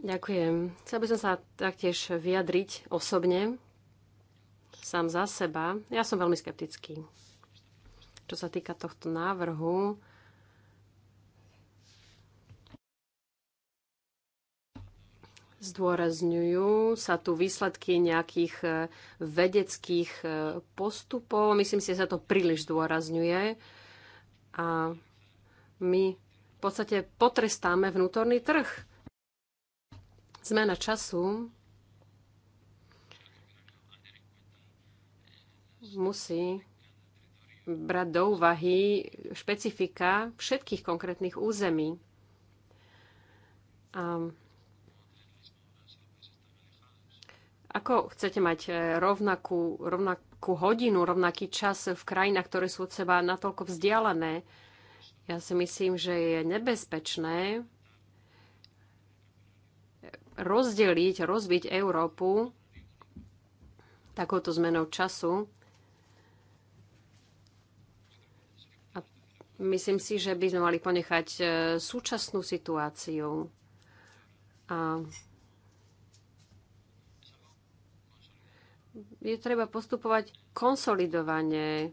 B: Ďakujem. Chcel by som sa taktiež vyjadriť osobne, sám za seba. Ja som veľmi skeptický. Čo sa týka tohto návrhu, zdôrazňujú sa tu výsledky nejakých e, vedeckých e, postupov. Myslím si, že sa to príliš zdôrazňuje. A my v podstate potrestáme vnútorný trh Zmena času musí brať do úvahy špecifika všetkých konkrétnych území. A Ako chcete mať e, rovnakú, rovnakú hodinu, rovnaký čas v krajinách, ktoré sú od seba natoľko vzdialené? Ja si myslím, že je nebezpečné rozdeliť, rozbiť Európu takouto zmenou času. A myslím si, že by sme mali ponechať e, súčasnú situáciu. A je treba postupovať konsolidovanie.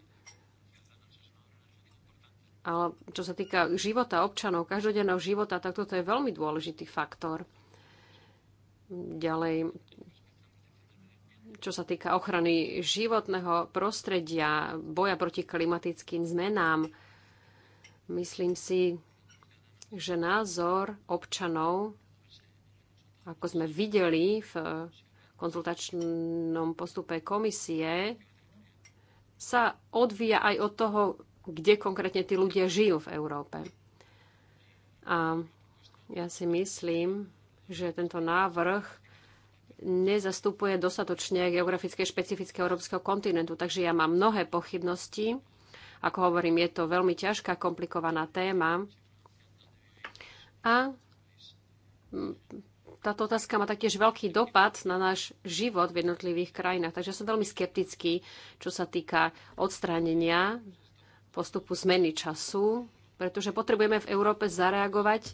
B: Ale čo sa týka života občanov, každodenného života, tak toto je veľmi dôležitý faktor. Ďalej, čo sa týka ochrany životného prostredia, boja proti klimatickým zmenám, myslím si, že názor občanov, ako sme videli v konzultačnom postupe komisie, sa odvíja aj od toho, kde konkrétne tí ľudia žijú v Európe. A ja si myslím, že tento návrh nezastupuje dostatočne geografické špecifické európskeho kontinentu. Takže ja mám mnohé pochybnosti. Ako hovorím, je to veľmi ťažká, komplikovaná téma. A táto otázka má taktiež veľký dopad na náš život v jednotlivých krajinách. Takže som veľmi skeptický, čo sa týka odstránenia postupu zmeny času, pretože potrebujeme v Európe zareagovať eh,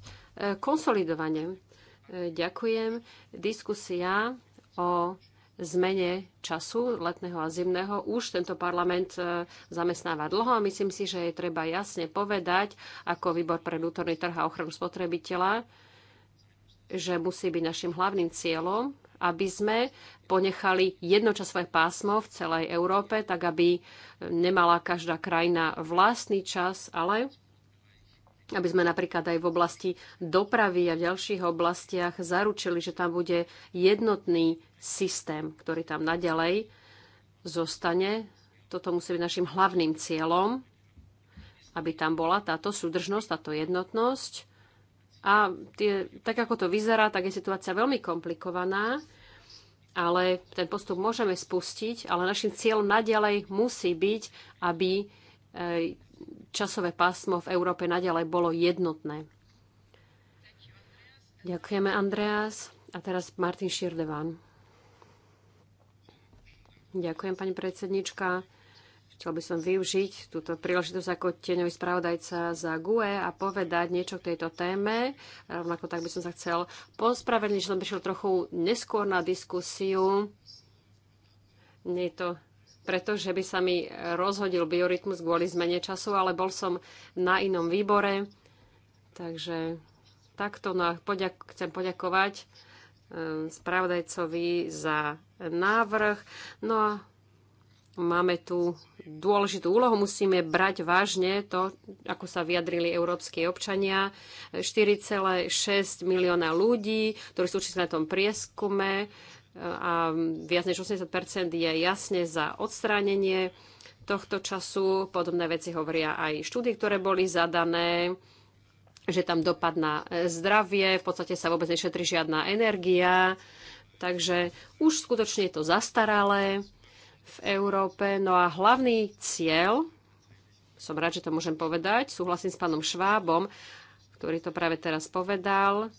B: konsolidovanie. Ďakujem. Diskusia o zmene času letného a zimného už tento parlament e, zamestnáva dlho a myslím si, že je treba jasne povedať ako výbor pre vnútorný trh a ochranu spotrebiteľa, že musí byť našim hlavným cieľom, aby sme ponechali jednočasové pásmo v celej Európe, tak aby nemala každá krajina vlastný čas, ale aby sme napríklad aj v oblasti dopravy a v ďalších oblastiach zaručili, že tam bude jednotný systém, ktorý tam naďalej zostane. Toto musí byť našim hlavným cieľom, aby tam bola táto súdržnosť, táto jednotnosť. A tie, tak ako to vyzerá, tak je situácia veľmi komplikovaná, ale ten postup môžeme spustiť, ale našim cieľom naďalej musí byť, aby e, časové pásmo v Európe naďalej bolo jednotné. Ďakujeme, Andreas. A teraz Martin Širdevan. Ďakujem, pani predsednička. Chcel by som využiť túto príležitosť ako tieňový spravodajca za GUE a povedať niečo k tejto téme. Rovnako tak by som sa chcel pospravedliť, že som prišiel trochu neskôr na diskusiu. Nie je to pretože by sa mi rozhodil biorytmus kvôli zmene času, ale bol som na inom výbore. Takže takto no, poďak- chcem poďakovať ehm, spravodajcovi za návrh. No a máme tu dôležitú úlohu. Musíme brať vážne to, ako sa vyjadrili európske občania. 4,6 milióna ľudí, ktorí sú na tom prieskume, a viac než 80 je jasne za odstránenie tohto času. Podobné veci hovoria aj štúdie, ktoré boli zadané, že tam dopad na e, zdravie, v podstate sa vôbec nešetri žiadna energia, takže už skutočne je to zastaralé v Európe. No a hlavný cieľ, som rád, že to môžem povedať, súhlasím s pánom Švábom, ktorý to práve teraz povedal,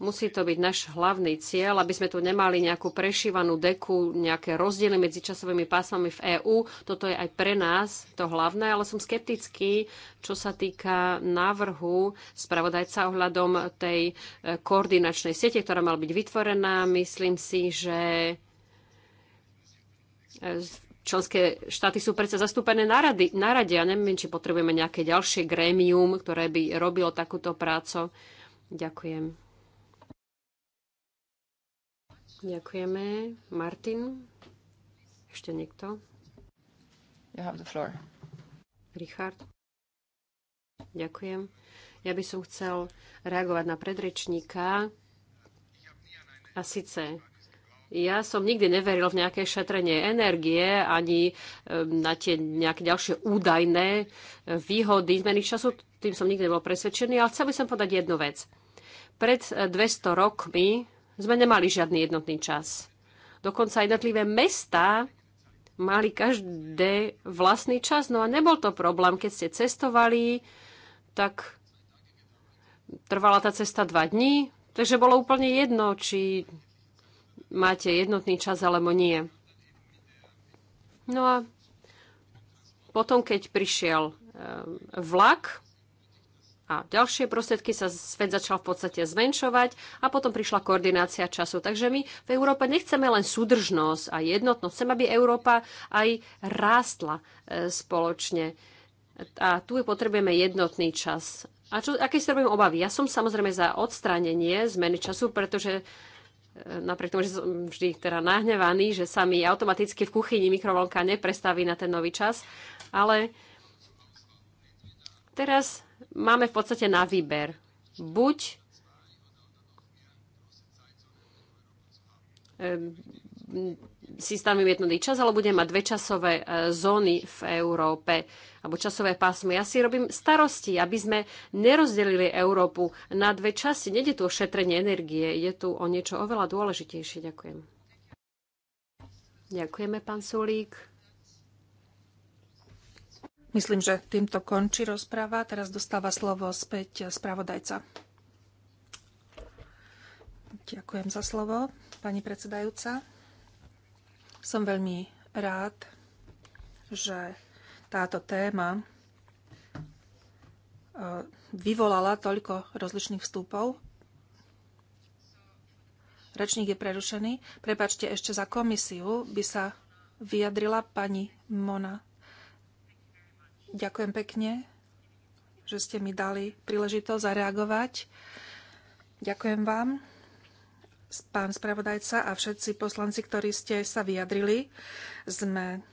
B: Musí to byť náš hlavný cieľ, aby sme tu nemali nejakú prešívanú deku, nejaké rozdiely medzi časovými pásmami v EÚ. Toto je aj pre nás to hlavné, ale som skeptický, čo sa týka návrhu spravodajca ohľadom tej e, koordinačnej siete, ktorá mala byť vytvorená. Myslím si, že e, členské štáty sú predsa zastúpené na, rady, na rade. Ja neviem, či potrebujeme nejaké ďalšie grémium, ktoré by robilo takúto prácu. Ďakujem. Ďakujeme. Martin? Ešte niekto? You have the floor. Richard? Ďakujem. Ja by som chcel reagovať na predrečníka. A síce, ja som nikdy neveril v nejaké šetrenie energie ani na tie nejaké ďalšie údajné eh, výhody zmeny času. Tým som nikdy nebol presvedčený, ale chcel by som podať jednu vec. Pred 200 eh, rokmi sme nemali žiadny jednotný čas. Dokonca jednotlivé mesta mali každé vlastný čas. No a nebol to problém, keď ste cestovali, tak trvala tá cesta dva dní, takže bolo úplne jedno, či máte jednotný čas alebo nie. No a potom, keď prišiel eh, vlak, a ďalšie prostriedky sa svet začal v podstate zmenšovať a potom prišla koordinácia času. Takže my v Európe nechceme len súdržnosť a jednotnosť, chceme, aby Európa aj rástla e, spoločne. A tu potrebujeme jednotný čas. A čo, aké si robím obavy? Ja som samozrejme za odstránenie zmeny času, pretože e, napriek tomu, že som vždy teda nahnevaný, že sa mi automaticky v kuchyni mikrovlnka neprestaví na ten nový čas, ale teraz máme v podstate na výber. Buď si ehm, stanovím jednotný čas, ale budem mať dve časové e, zóny v Európe alebo časové pásmy. Ja si robím starosti, aby sme nerozdelili Európu na dve časti. Nede tu o šetrenie energie, je tu o niečo oveľa dôležitejšie. Ďakujem. Ďakujeme, pán Sulík.
C: Myslím, že týmto končí rozpráva. Teraz dostáva slovo späť spravodajca. Ďakujem za slovo, pani predsedajúca. Som veľmi rád, že táto téma e, vyvolala toľko rozličných vstupov. Rečník je prerušený. Prepačte, ešte za komisiu by sa vyjadrila pani Mona Ďakujem pekne, že ste mi dali príležitosť zareagovať. Ďakujem vám, pán spravodajca a všetci poslanci, ktorí ste sa vyjadrili. Sme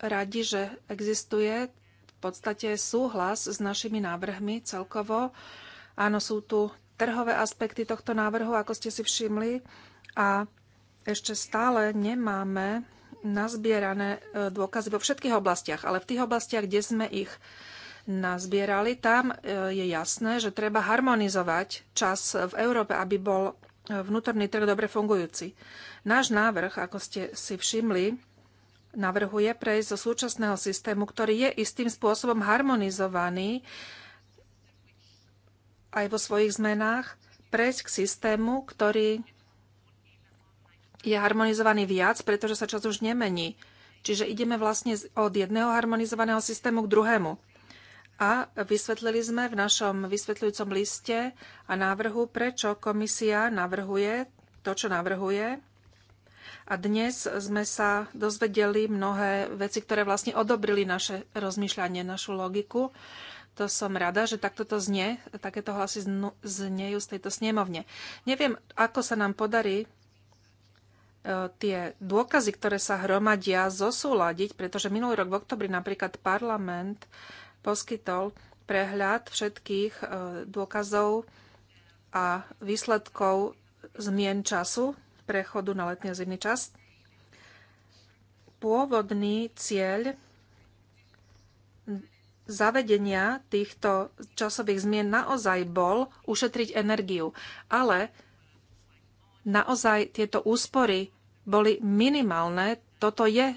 C: radi, že existuje v podstate súhlas s našimi návrhmi celkovo. Áno, sú tu trhové aspekty tohto návrhu, ako ste si všimli, a ešte stále nemáme nazbierané e, dôkazy vo všetkých oblastiach, ale v tých oblastiach, kde sme ich nazbierali, tam e, je jasné, že treba harmonizovať čas v Európe, aby bol e, vnútorný trh dobre fungujúci. Náš návrh, ako ste si všimli, navrhuje prejsť zo súčasného systému, ktorý je istým spôsobom harmonizovaný aj vo svojich zmenách, prejsť k systému, ktorý je harmonizovaný viac, pretože sa čas už nemení. Čiže ideme vlastne od jedného harmonizovaného systému k druhému. A vysvetlili sme v našom vysvetľujúcom liste a návrhu, prečo komisia navrhuje to, čo navrhuje. A dnes sme sa dozvedeli mnohé veci, ktoré vlastne odobrili naše rozmýšľanie, našu logiku. To som rada, že takto to znie, takéto hlasy znejú z tejto snemovne. Neviem, ako sa nám podarí tie dôkazy, ktoré sa hromadia, zosúľadiť, pretože minulý rok v oktobri napríklad parlament poskytol prehľad všetkých e, dôkazov a výsledkov zmien času, prechodu na letný a zimný čas. Pôvodný cieľ zavedenia týchto časových zmien naozaj bol ušetriť energiu, ale naozaj tieto úspory boli minimálne. Toto je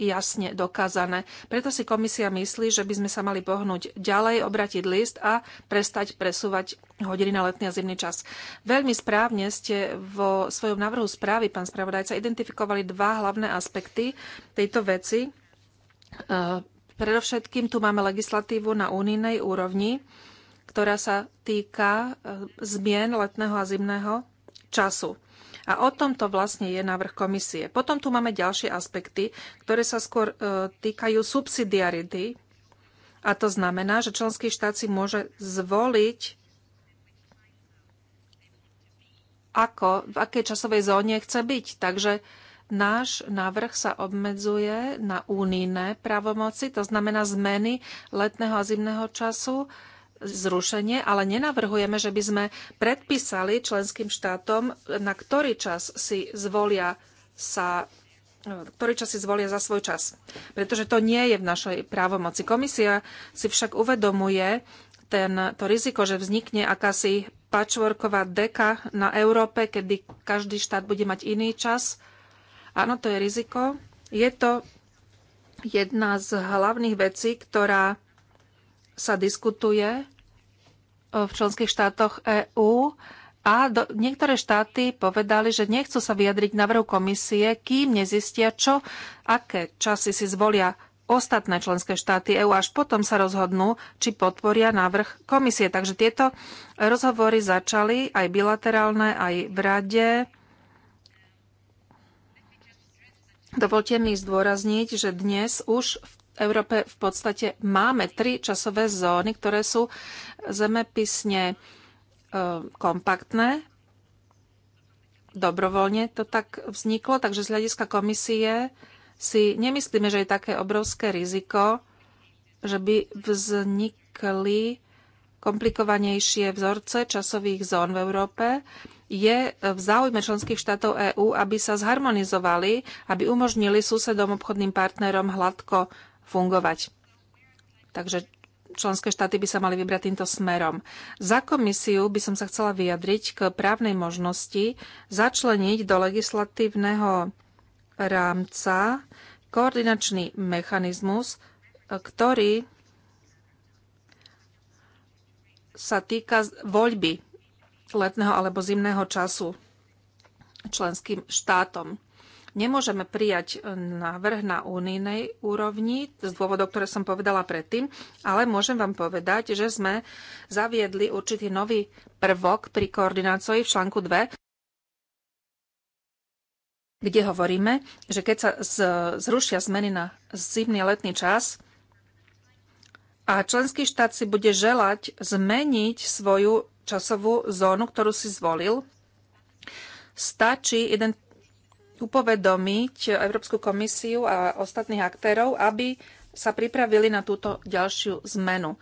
C: jasne dokázané. Preto si komisia myslí, že by sme sa mali pohnúť ďalej, obratiť list a prestať presúvať hodiny na letný a zimný čas. Veľmi správne ste vo svojom návrhu správy, pán spravodajca, identifikovali dva hlavné aspekty tejto veci. E, predovšetkým tu máme legislatívu na unijnej úrovni, ktorá sa týka e, zmien letného a zimného času. A o tomto vlastne je návrh komisie. Potom tu máme ďalšie aspekty, ktoré sa skôr e, týkajú subsidiarity. A to znamená, že členský štát si môže zvoliť ako, v akej časovej zóne chce byť. Takže náš návrh sa obmedzuje na únijné pravomoci, to znamená zmeny letného a zimného času zrušenie, ale nenavrhujeme, že by sme predpísali členským štátom, na ktorý čas si zvolia sa ktorý čas si zvolia za svoj čas. Pretože to nie je v našej právomoci. Komisia si však uvedomuje ten, to riziko, že vznikne akási pačvorková deka na Európe, kedy každý štát bude mať iný čas. Áno, to je riziko. Je to jedna z hlavných vecí, ktorá sa diskutuje e, v členských štátoch EÚ a do, niektoré štáty povedali, že nechcú sa vyjadriť návrhu komisie, kým nezistia, čo, aké časy si zvolia ostatné členské štáty EÚ, až potom sa rozhodnú, či podporia návrh komisie. Takže tieto rozhovory začali aj bilaterálne, aj v rade. Dovolte mi zdôrazniť, že dnes už v Európe v podstate máme tri časové zóny, ktoré sú zemepisne e, kompaktné. Dobrovoľne to tak vzniklo, takže z hľadiska komisie si nemyslíme, že je také obrovské riziko, že by vznikli komplikovanejšie vzorce časových zón v Európe, je v záujme členských štátov EÚ, aby sa zharmonizovali, aby umožnili susedom obchodným partnerom hladko fungovať. Takže členské štáty by sa mali vybrať týmto smerom. Za komisiu by som sa chcela vyjadriť k právnej možnosti začleniť do legislatívneho rámca koordinačný mechanizmus, ktorý sa týka voľby letného alebo zimného času členským štátom. Nemôžeme prijať návrh na unijnej úrovni z dôvodov, ktoré som povedala predtým, ale môžem vám povedať, že sme zaviedli určitý nový prvok pri koordinácii v článku 2 kde hovoríme, že keď sa zrušia zmeny na zimný a letný čas, a členský štát si bude želať zmeniť svoju časovú zónu, ktorú si zvolil, stačí jeden upovedomiť Európsku komisiu a ostatných aktérov, aby sa pripravili na túto ďalšiu zmenu.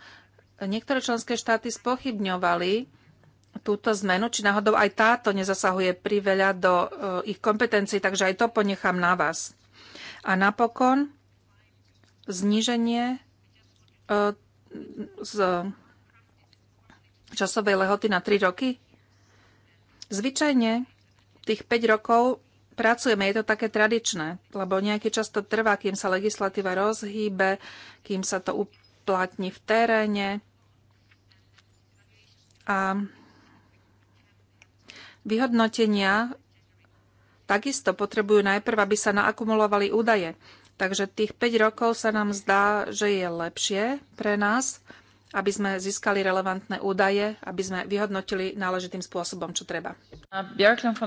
C: Niektoré členské štáty spochybňovali túto zmenu, či náhodou aj táto nezasahuje priveľa do eh, ich kompetencií, takže aj to ponechám na vás. A napokon zníženie eh, z časovej lehoty na 3 roky. Zvyčajne tých 5 rokov pracujeme. Je to také tradičné, lebo nejaký čas to trvá, kým sa legislatíva rozhýbe, kým sa to uplatní v teréne. A vyhodnotenia takisto potrebujú najprv, aby sa naakumulovali údaje. Takže tých 5 rokov sa nám zdá, že je lepšie pre nás, aby sme získali relevantné údaje, aby sme vyhodnotili náležitým spôsobom, čo treba. Ďakujeme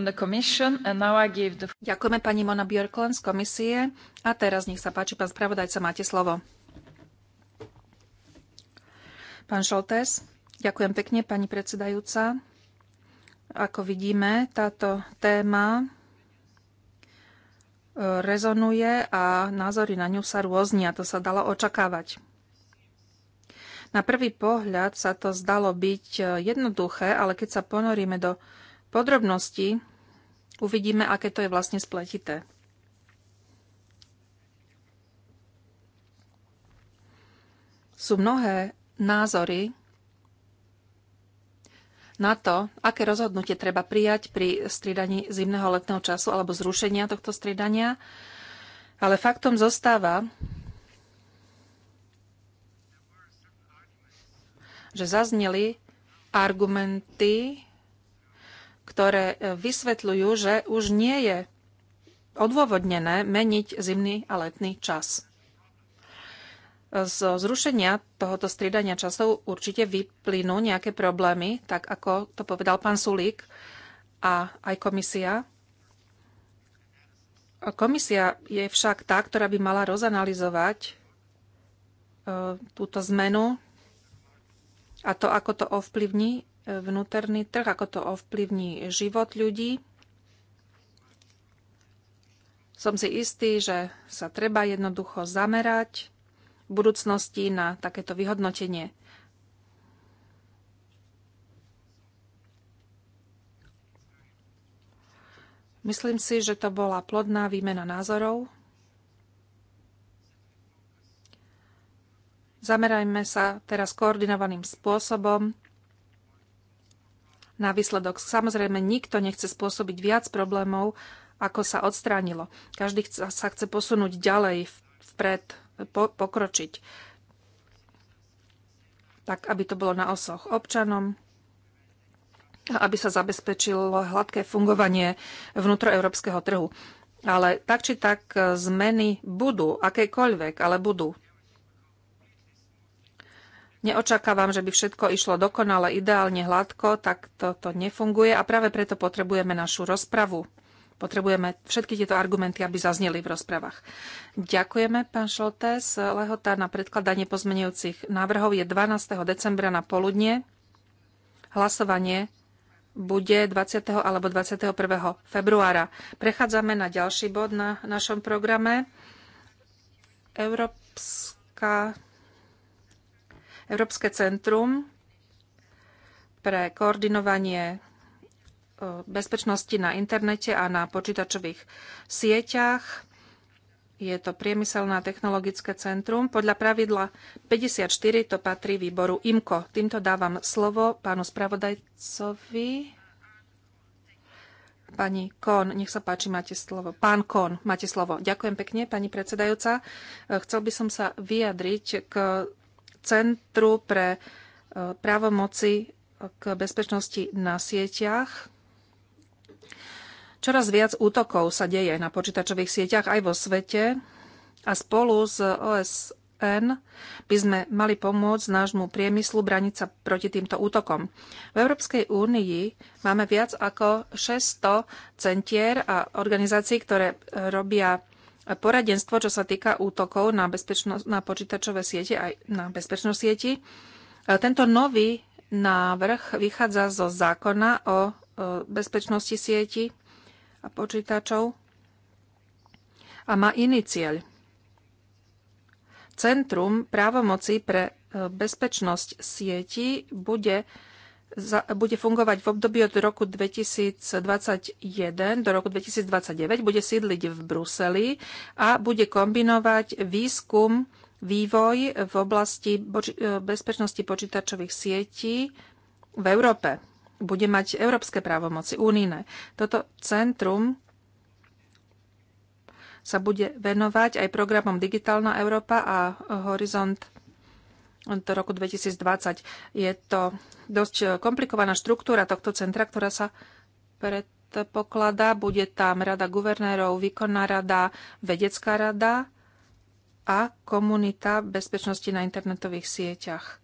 C: pani Mona Björklund z komisie. A teraz nech sa páči, pán spravodajca, máte slovo. Pán Šoltes, ďakujem pekne, pani predsedajúca. Ako vidíme, táto téma e, rezonuje a názory na ňu sa rôznia. To sa dalo očakávať. Na prvý pohľad sa to zdalo byť e, jednoduché, ale keď sa ponoríme do podrobností, uvidíme, aké to je vlastne spletité. Sú mnohé názory na to, aké rozhodnutie treba prijať pri striedaní zimného letného času alebo zrušenia tohto striedania, ale faktom zostáva, že zazneli argumenty, ktoré e, vysvetľujú, že už nie je odôvodnené meniť zimný a letný čas. Z zrušenia tohoto striedania časov určite vyplynú nejaké problémy, tak ako to povedal pán Sulík a aj komisia. Komisia je však tá, ktorá by mala rozanalizovať e, túto zmenu a to, ako to ovplyvní e, vnútorný trh, ako to ovplyvní život ľudí. Som si istý, že sa treba jednoducho zamerať v budúcnosti na takéto vyhodnotenie. Myslím si, že to bola plodná výmena názorov. Zamerajme sa teraz koordinovaným spôsobom na výsledok. Samozrejme, nikto nechce spôsobiť viac problémov, ako sa odstránilo. Každý sa chce posunúť ďalej, vpred, pokročiť. Tak, aby to bolo na osoch občanom a aby sa zabezpečilo hladké fungovanie vnútroeurópskeho trhu. Ale tak či tak zmeny budú, akékoľvek, ale budú. Neočakávam, že by všetko išlo dokonale, ideálne, hladko, tak toto to nefunguje a práve preto potrebujeme našu rozpravu. Potrebujeme všetky tieto argumenty, aby zazneli v rozpravách. Ďakujeme, pán Šoltés. Lehota na predkladanie pozmenujúcich návrhov je 12. decembra na poludne. Hlasovanie bude 20. alebo 21. februára. Prechádzame na ďalší bod na našom programe. Európska Európske centrum pre koordinovanie e, bezpečnosti na internete a na počítačových sieťach. Je to priemyselné a technologické centrum. Podľa pravidla 54 to patrí výboru IMKO. Týmto dávam slovo pánu spravodajcovi. Pani Kon, nech sa páči, máte slovo. Pán Kon, máte slovo. Ďakujem pekne, pani predsedajúca. E, chcel by som sa vyjadriť k Centru pre e, právomoci k bezpečnosti na sieťach. Čoraz viac útokov sa deje na počítačových sieťach aj vo svete a spolu s OSN by sme mali pomôcť nášmu priemyslu braniť sa proti týmto útokom. V Európskej únii máme viac ako 600 centier a organizácií, ktoré robia poradenstvo, čo sa týka útokov na, na počítačové siete aj na bezpečnosť sieti. Tento nový návrh vychádza zo zákona o bezpečnosti sieti a počítačov a má iný cieľ. Centrum právomoci pre e, bezpečnosť sieti bude bude fungovať v období od roku 2021 do roku 2029, bude sídliť v Bruseli a bude kombinovať výskum, vývoj v oblasti e, bezpečnosti počítačových sietí v Európe. Bude mať európske právomoci, unijné. Toto centrum sa bude venovať aj programom Digitálna Európa a Horizont do roku 2020. Je to dosť komplikovaná štruktúra tohto centra, ktorá sa predpokladá. Bude tam rada guvernérov, výkonná rada, vedecká rada a komunita bezpečnosti na internetových sieťach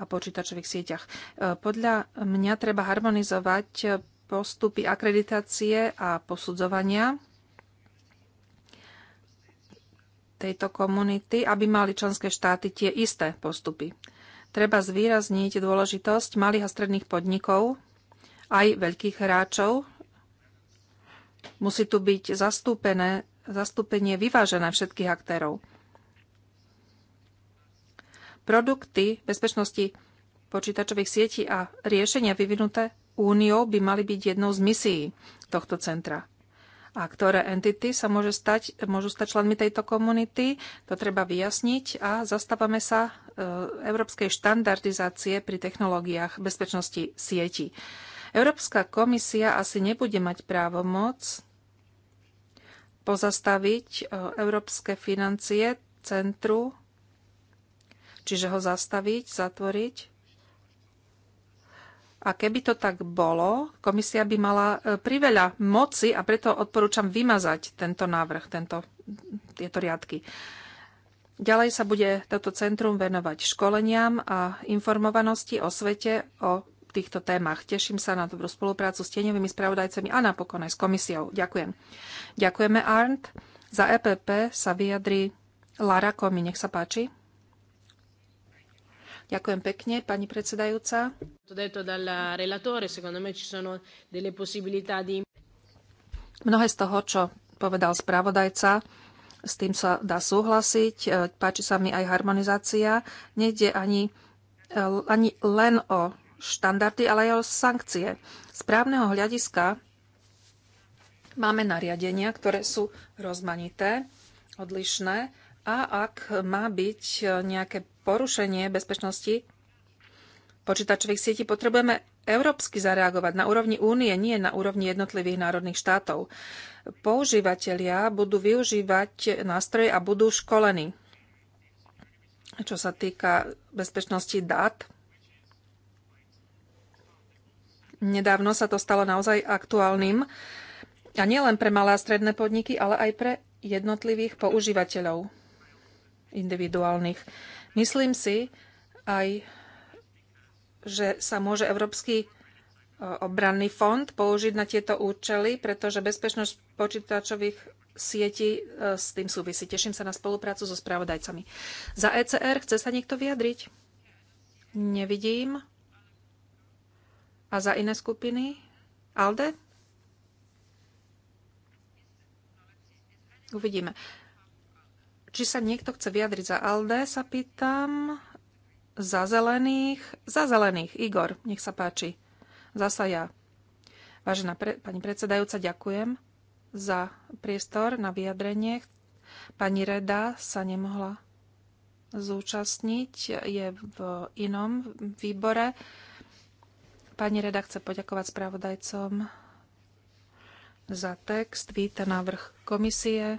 C: a počítačových sieťach. Podľa mňa treba harmonizovať postupy akreditácie a posudzovania tejto komunity, aby mali členské štáty tie isté postupy. Treba zvýrazniť dôležitosť malých a stredných podnikov, aj veľkých hráčov. Musí tu byť zastúpené, zastúpenie vyvážené všetkých aktérov. Produkty bezpečnosti počítačových sietí a riešenia vyvinuté úniou by mali byť jednou z misií tohto centra a ktoré entity sa môže stať, môžu stať členmi tejto komunity. To treba vyjasniť a zastávame sa e, európskej štandardizácie pri technológiách bezpečnosti sieti. Európska komisia asi nebude mať právomoc pozastaviť e, európske financie centru, čiže ho zastaviť, zatvoriť a keby to tak bolo, komisia by mala e, priveľa moci a preto odporúčam vymazať tento návrh, tento, tieto riadky. Ďalej sa bude toto centrum venovať školeniam a informovanosti o svete o týchto témach. Teším sa na dobrú spoluprácu s tieňovými spravodajcami a napokon aj s komisiou. Ďakujem. Ďakujeme, Arndt. Za EPP sa vyjadri Lara Komi. Nech sa páči. Ďakujem pekne, pani predsedajúca. Mnohé z toho, čo povedal spravodajca, s tým sa dá súhlasiť. E, páči sa mi aj harmonizácia. Nejde ani, e, ani len o štandardy, ale aj o sankcie. Z právneho hľadiska máme nariadenia, ktoré sú rozmanité, odlišné a ak má byť nejaké porušenie bezpečnosti počítačových sietí potrebujeme európsky zareagovať na úrovni únie, nie na úrovni jednotlivých národných štátov. Používateľia budú využívať nástroje a budú školení. Čo sa týka bezpečnosti dát, nedávno sa to stalo naozaj aktuálnym. A nielen pre malé a stredné podniky, ale aj pre jednotlivých používateľov individuálnych. Myslím si aj, že sa môže Európsky e, obranný fond použiť na tieto účely, pretože bezpečnosť počítačových sietí e, s tým súvisí. Teším sa na spoluprácu so spravodajcami. Za ECR chce sa niekto vyjadriť? Nevidím. A za iné skupiny? Alde? Uvidíme. Či sa niekto chce vyjadriť za Alde, sa pýtam. Za zelených. Za zelených. Igor, nech sa páči. Zasa ja. Vážená pre, pani predsedajúca, ďakujem za priestor na vyjadrenie. Pani Reda sa nemohla zúčastniť, je v inom výbore. Pani Reda chce poďakovať spravodajcom za text, Víte návrh komisie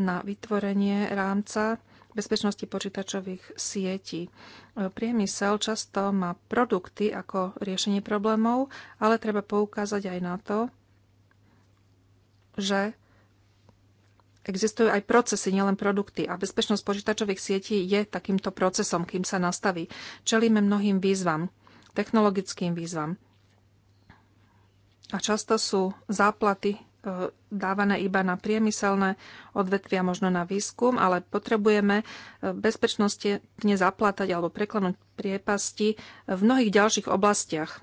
C: na vytvorenie rámca bezpečnosti počítačových sietí. E, priemysel často má produkty ako riešenie problémov, ale treba poukázať aj na to, že existujú aj procesy, nielen produkty. A bezpečnosť počítačových sietí je takýmto procesom, kým sa nastaví. Čelíme mnohým výzvam, technologickým výzvam. A často sú záplaty E, dávané iba na priemyselné odvetvia, možno na výskum, ale potrebujeme e, bezpečnosti nezaplatať alebo preklenúť priepasti v mnohých ďalších oblastiach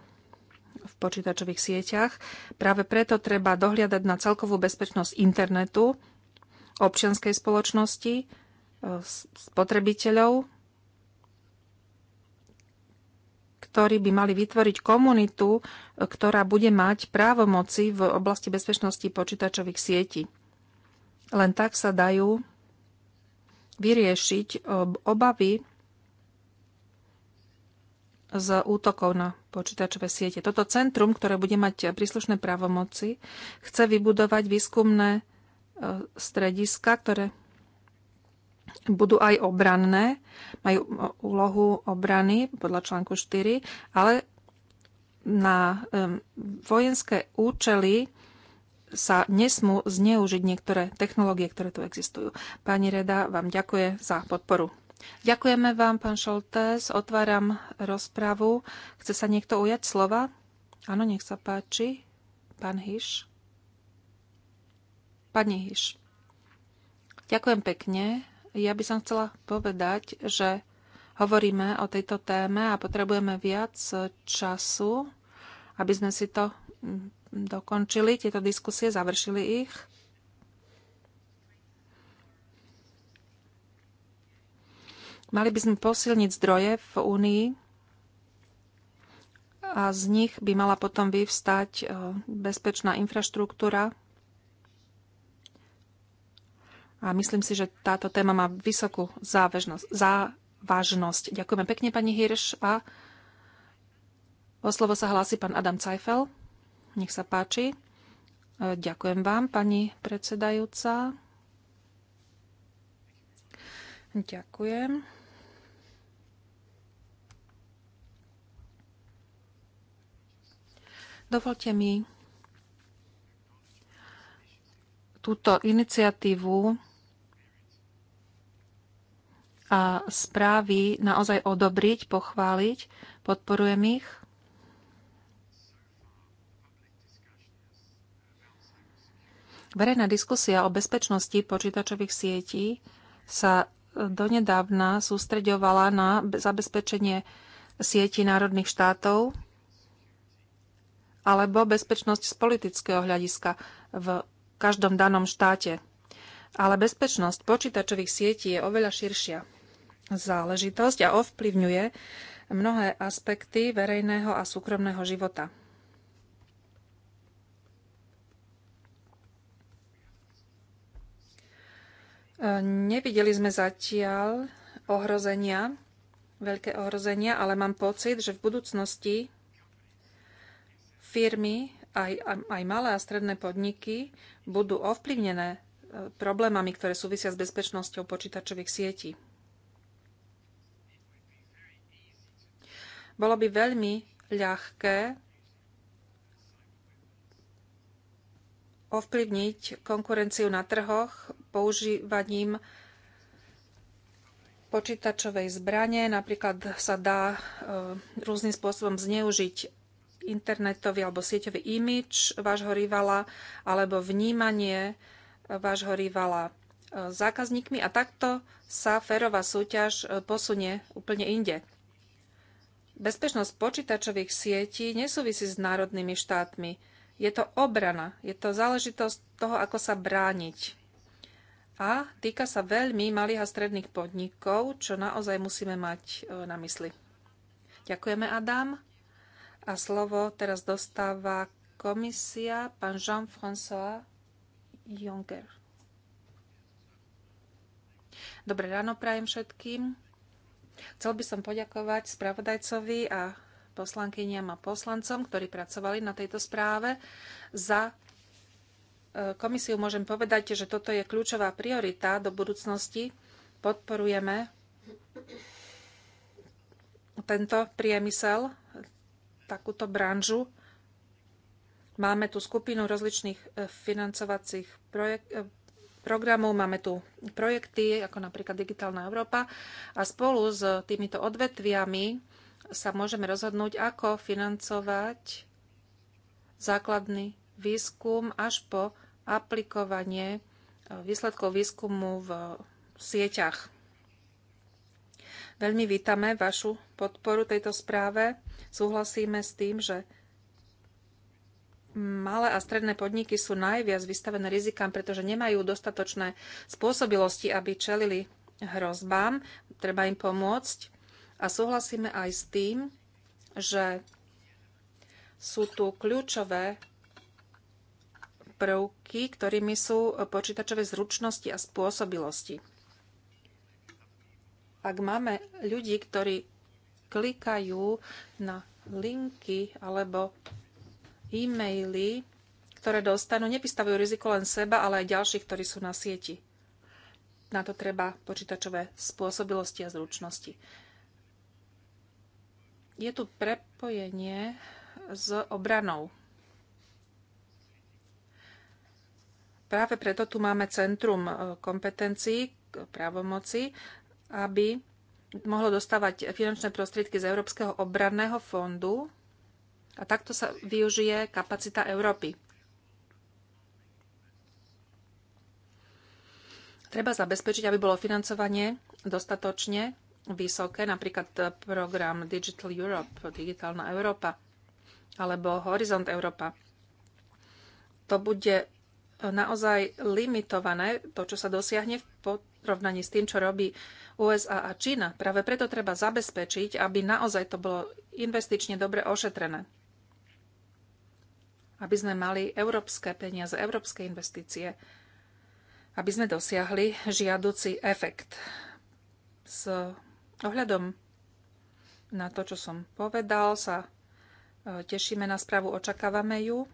C: v počítačových sieťach. Práve preto treba dohliadať na celkovú bezpečnosť internetu, občianskej spoločnosti, e, spotrebiteľov ktorí by mali vytvoriť komunitu, e, ktorá bude mať právomoci v oblasti bezpečnosti počítačových sietí. Len tak sa dajú vyriešiť e, obavy z útokov na počítačové siete. Toto centrum, ktoré bude mať príslušné právomoci, chce vybudovať výskumné e, strediska, ktoré budú aj obranné, majú úlohu obrany podľa článku 4, ale na vojenské účely sa nesmú zneužiť niektoré technológie, ktoré tu existujú. Pani Reda, vám ďakuje za podporu. Ďakujeme vám, pán Šoltés. Otváram rozpravu. Chce sa niekto ujať slova? Áno, nech sa páči. Pán Hiš. Pani Hiš. Ďakujem pekne ja by som chcela povedať, že hovoríme o tejto téme a potrebujeme viac času, aby sme si to mm, dokončili, tieto diskusie, završili ich. Mali by sme posilniť zdroje v Únii a z nich by mala potom vyvstať e, bezpečná infraštruktúra a myslím si, že táto téma má vysokú závažnosť. závažnosť. Ďakujeme pekne, pani Hirš. A o slovo sa hlási pán Adam Cajfel. Nech sa páči. E, ďakujem vám, pani predsedajúca. Ďakujem. Dovolte mi túto iniciatívu a správy naozaj odobriť, pochváliť. Podporujem ich. Verejná diskusia o bezpečnosti počítačových sietí sa donedávna sústreďovala na zabezpečenie sieti národných štátov alebo bezpečnosť z politického hľadiska v každom danom štáte. Ale bezpečnosť počítačových sietí je oveľa širšia záležitosť a ovplyvňuje mnohé aspekty verejného a súkromného života. Nevideli sme zatiaľ ohrozenia, veľké ohrozenia, ale mám pocit, že v budúcnosti firmy, aj, aj malé a stredné podniky budú ovplyvnené eh, problémami, ktoré súvisia s bezpečnosťou počítačových sietí. Bolo by veľmi ľahké ovplyvniť konkurenciu na trhoch používaním počítačovej zbrane. Napríklad sa dá e, rôznym spôsobom zneužiť internetový alebo sieťový imič vášho rivala alebo vnímanie vášho rivala e, zákazníkmi a takto sa férová súťaž e, posunie úplne inde. Bezpečnosť počítačových sietí nesúvisí s národnými štátmi. Je to obrana, je to záležitosť toho, ako sa brániť. A týka sa veľmi malých a stredných podnikov, čo naozaj musíme mať e, na mysli. Ďakujeme, Adam. A slovo teraz dostáva komisia pán Jean-François Juncker. Dobré ráno prajem všetkým. Chcel by som poďakovať spravodajcovi a poslankyniam a poslancom, ktorí pracovali na tejto správe. Za e, komisiu môžem povedať, že toto je kľúčová priorita do budúcnosti. Podporujeme tento priemysel, takúto branžu. Máme tu skupinu rozličných e, financovacích projektov. E, programov. Máme tu projekty, ako napríklad Digitálna Európa. A spolu s týmito odvetviami sa môžeme rozhodnúť, ako financovať základný výskum až po aplikovanie e, výsledkov výskumu v sieťach. Veľmi vítame vašu podporu tejto správe. Súhlasíme s tým, že Malé a stredné podniky sú najviac vystavené rizikám, pretože nemajú dostatočné spôsobilosti, aby čelili hrozbám. Treba im pomôcť. A súhlasíme aj s tým, že sú tu kľúčové prvky, ktorými sú počítačové zručnosti a spôsobilosti. Ak máme ľudí, ktorí klikajú na linky alebo e-maily, ktoré dostanú, nevystavujú riziko len seba, ale aj ďalších, ktorí sú na sieti. Na to treba počítačové spôsobilosti a zručnosti. Je tu prepojenie s obranou. Práve preto tu máme centrum e, kompetencií, právomoci, aby mohlo dostávať finančné prostriedky z Európskeho obranného fondu a takto sa využije kapacita Európy. Treba zabezpečiť, aby bolo financovanie dostatočne vysoké, napríklad program Digital Europe, Digitálna Európa, alebo Horizont Európa. To bude naozaj limitované, to, čo sa dosiahne v porovnaní s tým, čo robí USA a Čína. Práve preto treba zabezpečiť, aby naozaj to bolo investične dobre ošetrené aby sme mali európske peniaze, európske investície, aby sme dosiahli žiaduci efekt. S ohľadom na to, čo som povedal, sa e, tešíme na správu, očakávame ju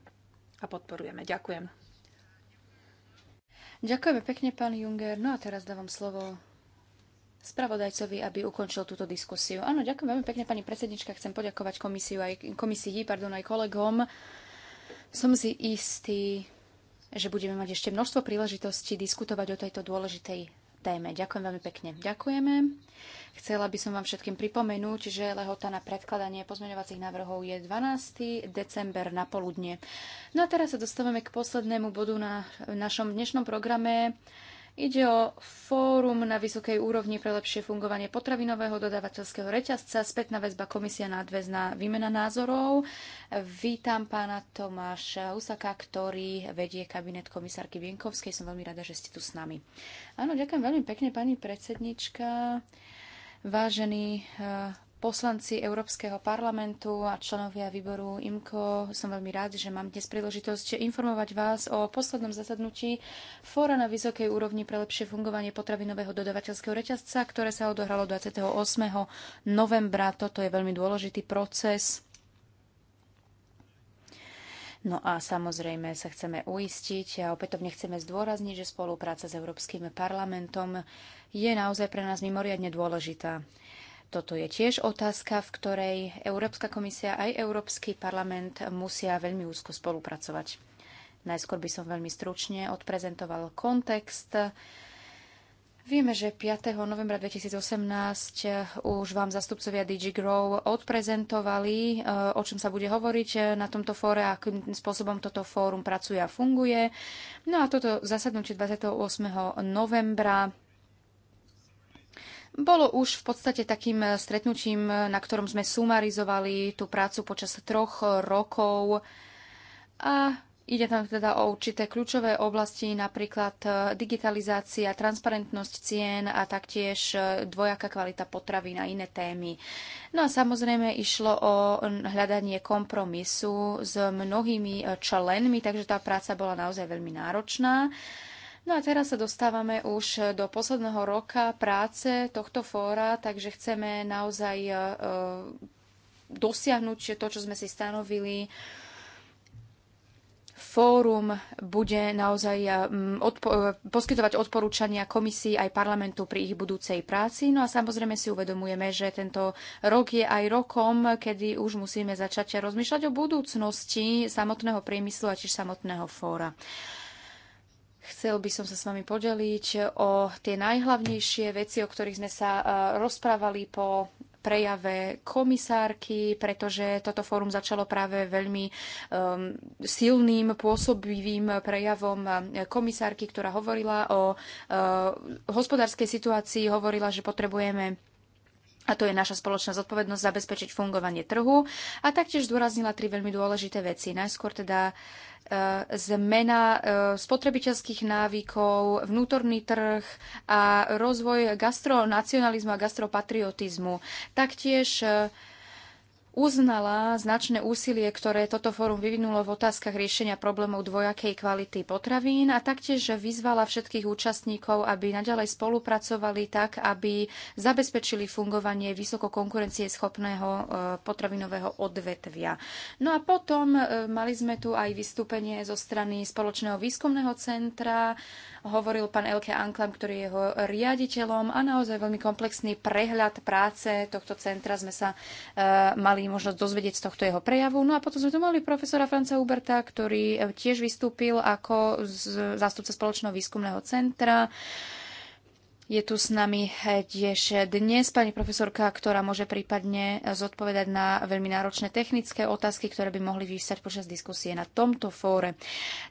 C: a podporujeme. Ďakujem.
A: Ďakujeme pekne, pán Junger. No a teraz dávam slovo spravodajcovi, aby ukončil túto diskusiu. Áno, ďakujem veľmi pekne, pani predsednička. Chcem poďakovať komisiu aj, komisii, pardon, aj kolegom som si istý, že budeme mať ešte množstvo príležitostí diskutovať o tejto dôležitej téme. Ďakujem veľmi pekne. Ďakujeme. Chcela by som vám všetkým pripomenúť, že lehota na predkladanie pozmeňovacích návrhov je 12. december na poludne. No a teraz sa dostávame k poslednému bodu na našom dnešnom programe Ide o fórum na vysokej úrovni pre lepšie fungovanie potravinového dodávateľského reťazca, spätná väzba komisia na nadväzná výmena názorov. Vítam pána Tomáša Husaka, ktorý vedie kabinet komisárky Vienkovskej. Som veľmi rada, že ste tu s nami. Áno, ďakujem veľmi pekne, pani predsednička. Vážení eh, poslanci Európskeho parlamentu a členovia výboru IMCO. Som veľmi rád, že mám dnes príležitosť informovať vás o poslednom zasadnutí fóra na vysokej úrovni pre lepšie fungovanie potravinového dodavateľského reťazca, ktoré sa odohralo 28. novembra. Toto je veľmi dôležitý proces. No a samozrejme sa chceme uistiť a opätovne chceme zdôrazniť, že spolupráca s Európskym parlamentom je naozaj pre nás mimoriadne dôležitá. Toto je tiež otázka, v ktorej Európska komisia aj Európsky parlament musia veľmi úzko spolupracovať. Najskôr by som veľmi stručne odprezentoval kontext. Vieme, že 5. novembra 2018 už vám zastupcovia DigiGrow odprezentovali, eh, o čom sa bude hovoriť eh, na tomto fóre, akým spôsobom toto fórum pracuje a funguje. No a toto zasadnutie 28. novembra bolo už v podstate takým eh, stretnutím, eh, na ktorom sme sumarizovali tú prácu počas troch rokov a ide tam teda o určité kľúčové oblasti, napríklad eh, digitalizácia, transparentnosť cien a taktiež dvojaká kvalita potravy na iné témy. No a samozrejme išlo o hľadanie kompromisu s mnohými členmi, takže tá práca bola naozaj veľmi náročná. No a teraz sa dostávame už do posledného roka práce tohto fóra, takže chceme naozaj e, e, dosiahnuť to, čo sme si stanovili. Fórum bude naozaj e, odpo- poskytovať odporúčania komisii aj parlamentu pri ich budúcej práci. No a samozrejme si uvedomujeme, že tento rok je aj rokom, kedy už musíme začať rozmýšľať o budúcnosti samotného priemyslu a tiež samotného fóra. Chcel by som sa s vami podeliť o tie najhlavnejšie veci, o ktorých sme sa e, rozprávali po prejave komisárky, pretože toto fórum začalo práve veľmi um, silným, pôsobivým prejavom e, komisárky, ktorá hovorila o uh, hospodárskej situácii, hovorila, že potrebujeme a to je naša spoločná zodpovednosť zabezpečiť fungovanie trhu. A taktiež zdôraznila tri veľmi dôležité veci. Najskôr teda e, zmena e, spotrebiteľských návykov, vnútorný trh a rozvoj gastronacionalizmu a gastropatriotizmu. Taktiež e, uznala značné úsilie, ktoré toto fórum vyvinulo v otázkach riešenia problémov dvojakej kvality potravín a taktiež vyzvala všetkých účastníkov, aby naďalej spolupracovali tak, aby zabezpečili fungovanie vysokokonkurencieschopného e, potravinového odvetvia. No a potom e, mali sme tu aj vystúpenie zo strany Spoločného výskumného centra. Hovoril pán Elke Anklam, ktorý je jeho riaditeľom a naozaj veľmi komplexný prehľad práce tohto centra sme sa e, mali mali možnosť dozvedieť z tohto jeho prejavu. No a potom sme tu mali profesora Franca Huberta, ktorý e, tiež vystúpil ako zástupca Spoločného výskumného centra je tu s nami tiež dnes pani profesorka, ktorá môže prípadne zodpovedať na veľmi náročné technické otázky, ktoré by mohli vystať počas diskusie na tomto fóre.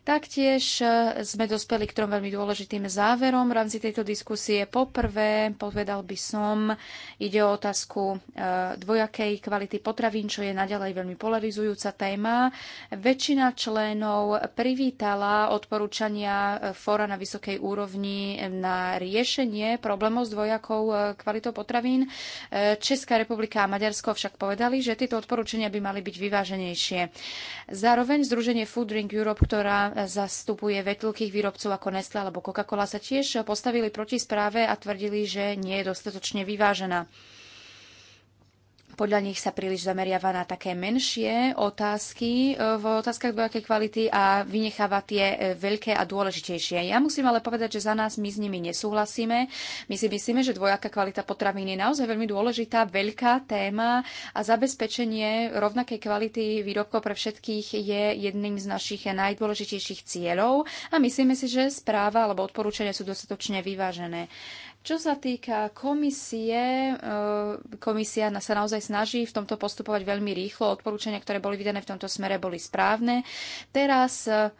A: Taktiež sme dospeli k trom veľmi dôležitým záverom v rámci tejto diskusie. Poprvé, povedal by som, ide o otázku e, dvojakej kvality potravín, čo je naďalej veľmi polarizujúca téma. Väčšina členov privítala odporúčania fóra na vysokej úrovni na riešenie je problémov s dvojakou e, kvalitou potravín. E, Česká republika a Maďarsko však povedali, že tieto odporúčania by mali byť vyváženejšie. Zároveň Združenie Food Drink Europe, ktorá e, zastupuje vetľkých výrobcov ako Nestle alebo Coca-Cola, sa tiež postavili proti správe a tvrdili, že nie je dostatočne vyvážená podľa nich sa príliš zameriava na také menšie otázky e, v otázkach dvojakej kvality a vynecháva tie e, veľké a dôležitejšie. Ja musím ale povedať, že za nás my s nimi nesúhlasíme. My si myslíme, že dvojaká kvalita potravín je naozaj veľmi dôležitá, veľká téma a zabezpečenie rovnakej kvality výrobkov pre všetkých je jedným z našich najdôležitejších cieľov a myslíme si, že správa alebo odporúčania sú dostatočne vyvážené. Čo sa týka komisie, e, komisia sa naozaj snaží v tomto postupovať veľmi rýchlo. Odporúčania, ktoré boli vydané v tomto smere, boli správne. Teraz e,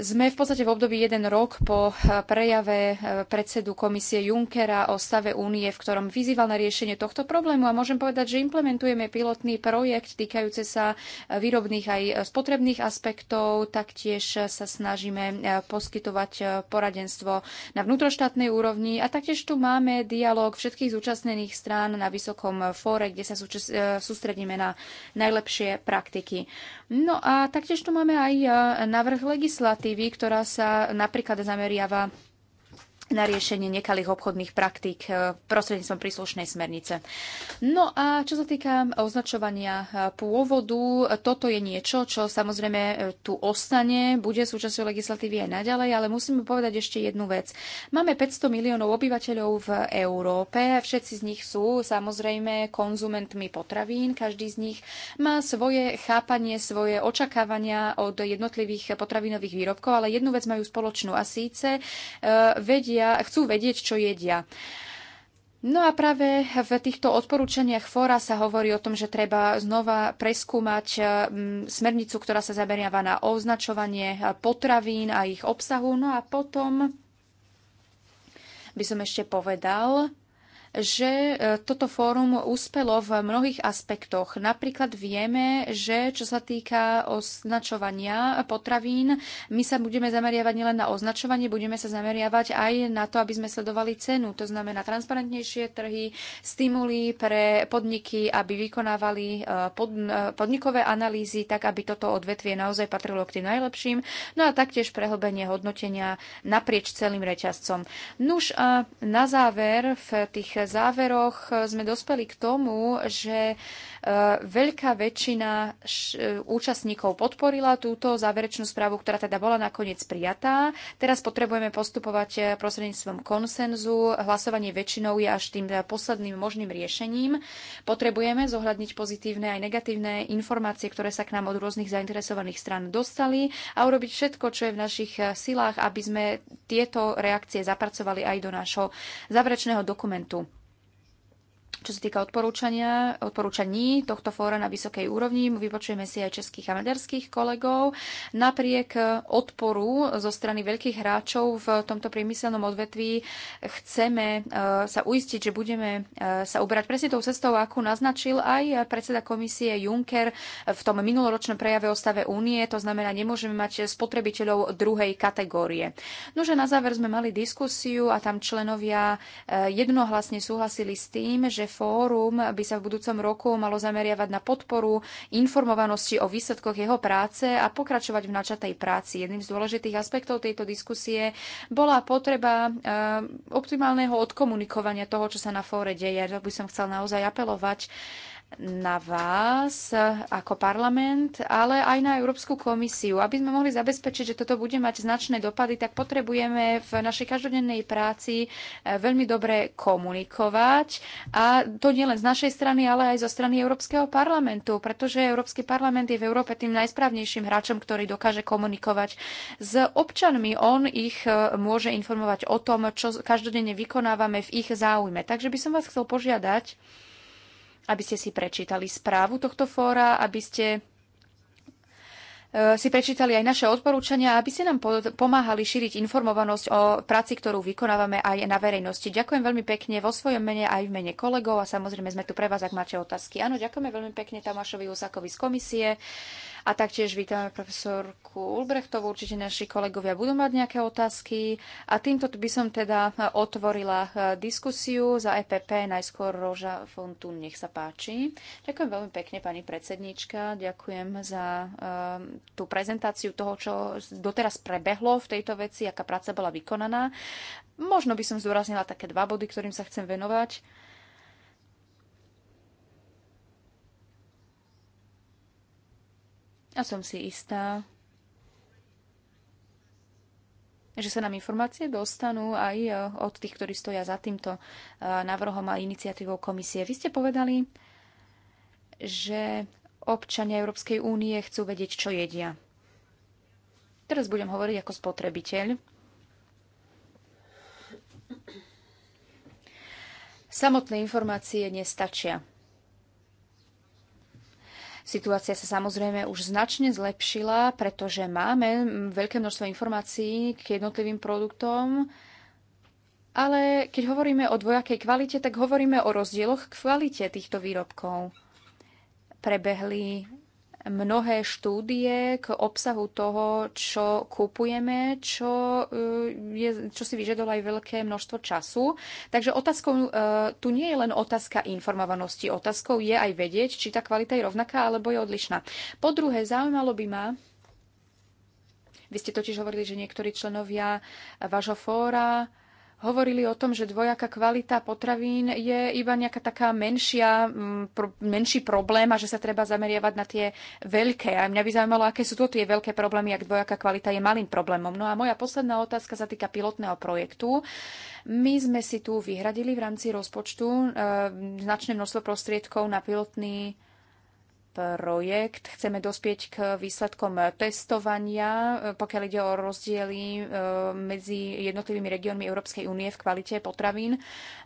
A: sme v podstate v období jeden rok po eh, prejave eh, predsedu komisie Junckera o stave únie, v ktorom vyzýval na riešenie tohto problému a môžem povedať, že implementujeme pilotný projekt týkajúce sa eh, výrobných aj spotrebných aspektov, taktiež sa snažíme poskytovať poradenstvo na vnútroštátnej úrovni a taktiež tu máme dialog všetkých zúčastnených strán na vysokom fóre, kde sa sústredíme na najlepšie praktiky. No a taktiež tu máme aj návrh legislatívy legislatívy, ktorá sa napríklad zameriava na riešenie nekalých obchodných praktík eh, prostredníctvom príslušnej smernice. No a čo sa týka eh, označovania eh, pôvodu, toto je niečo, čo samozrejme tu ostane, bude súčasťou legislatívy aj naďalej, ale musíme povedať ešte jednu vec. Máme 500 miliónov obyvateľov v Európe, všetci z nich sú samozrejme konzumentmi potravín, každý z nich má svoje chápanie, svoje očakávania od jednotlivých potravinových výrobkov, ale jednu vec majú spoločnú a síce vedia, vedia, chcú vedieť, čo jedia. No a práve v týchto odporúčaniach fóra sa hovorí o tom, že treba znova preskúmať smernicu, ktorá sa zameriava na označovanie potravín a ich obsahu. No a potom by som ešte povedal, že e, toto fórum úspelo v mnohých aspektoch. Napríklad vieme, že čo sa týka označovania potravín, my sa budeme zameriavať nielen na označovanie, budeme sa zameriavať aj na to, aby sme sledovali cenu. To znamená transparentnejšie trhy, stimuly pre podniky, aby vykonávali e, pod, e, podnikové analýzy, tak aby toto odvetvie naozaj patrilo k tým najlepším. No a taktiež prehlbenie hodnotenia naprieč celým reťazcom. Nuž a na záver v tých záveroch e, sme dospeli k tomu, že e, veľká väčšina e, účastníkov podporila túto záverečnú správu, ktorá teda bola nakoniec prijatá. Teraz potrebujeme postupovať prostredníctvom konsenzu. Hlasovanie väčšinou je až tým posledným možným riešením. Potrebujeme zohľadniť pozitívne aj negatívne informácie, ktoré sa k nám od rôznych zainteresovaných strán dostali a urobiť všetko, čo je v našich silách, aby sme tieto reakcie zapracovali aj do nášho záverečného dokumentu. Čo sa týka odporúčania, odporúčaní tohto fóra na vysokej úrovni, vypočujeme si aj českých a maďarských kolegov. Napriek odporu zo strany veľkých hráčov v tomto priemyselnom odvetví chceme e, sa uistiť, že budeme e, sa uberať presne tou cestou, akú naznačil aj predseda komisie Juncker v tom minuloročnom prejave o stave únie. To znamená, nemôžeme mať spotrebiteľov druhej kategórie. Nože na záver sme mali diskusiu a tam členovia e, jednohlasne súhlasili s tým, že fórum by sa v budúcom roku malo zameriavať na podporu informovanosti o výsledkoch jeho práce a pokračovať v načatej práci. Jedným z dôležitých aspektov tejto diskusie bola potreba eh, optimálneho odkomunikovania toho, čo sa na fóre deje. To by som chcel naozaj apelovať na vás ako parlament, ale aj na Európsku komisiu. Aby sme mohli zabezpečiť, že toto bude mať značné dopady, tak potrebujeme v našej každodennej práci e, veľmi dobre komunikovať. A to nie len z našej strany, ale aj zo strany Európskeho parlamentu, pretože Európsky parlament je v Európe tým najsprávnejším hráčom, ktorý dokáže komunikovať s občanmi. On ich e, môže informovať o tom, čo každodenne vykonávame v ich záujme. Takže by som vás chcel požiadať, aby ste si prečítali správu tohto fóra, aby ste Eh, si prečítali aj naše odporúčania, aby ste nám pomáhali šíriť informovanosť o práci, ktorú vykonávame aj na verejnosti. Ďakujem veľmi pekne vo svojom mene aj v mene kolegov a samozrejme sme tu pre vás, ak máte otázky. Áno, ďakujeme veľmi pekne Tamášovi Usakovi z komisie a taktiež vítame profesorku Ulbrechtovú. Určite naši kolegovia budú mať nejaké otázky a týmto by som teda eh, otvorila eh, diskusiu za EPP, najskôr Roža Fontún, nech sa páči. Ďakujem veľmi pekne, pani predsednička, ďakujem za tú prezentáciu toho, čo doteraz prebehlo v tejto veci, aká práca bola vykonaná. Možno by som zdôraznila také dva body, ktorým sa chcem venovať. A som si istá, že sa nám informácie dostanú aj e, od tých, ktorí stoja za týmto e, návrhom a iniciatívou komisie. Vy ste povedali, že občania Európskej únie chcú vedieť, čo jedia. Teraz budem hovoriť ako spotrebiteľ. Samotné informácie nestačia. Situácia sa samozrejme už značne zlepšila, pretože máme veľké množstvo informácií k jednotlivým produktom, ale keď hovoríme o dvojakej kvalite, tak hovoríme o rozdieloch k kvalite týchto výrobkov prebehli mnohé štúdie k obsahu toho, čo kupujeme, čo, e, je, čo si vyžadovalo aj veľké množstvo času. Takže otázkou e, tu nie je len otázka informovanosti. Otázkou je aj vedieť, či tá kvalita je rovnaká alebo je odlišná. Po druhé, zaujímalo by ma, vy ste totiž hovorili, že niektorí členovia vášho fóra hovorili o tom, že dvojaká kvalita potravín je iba nejaká taká menšia, mm, menší problém a že sa treba zameriavať na tie veľké. A mňa by zaujímalo, aké sú to tie veľké problémy, ak dvojaká kvalita je malým problémom. No a moja posledná otázka sa týka pilotného projektu. My sme si tu vyhradili v rámci rozpočtu e, značné množstvo prostriedkov na pilotný projekt. Chceme dospieť k výsledkom testovania, pokiaľ ide o rozdiely e, medzi jednotlivými regiónmi Európskej únie v kvalite potravín.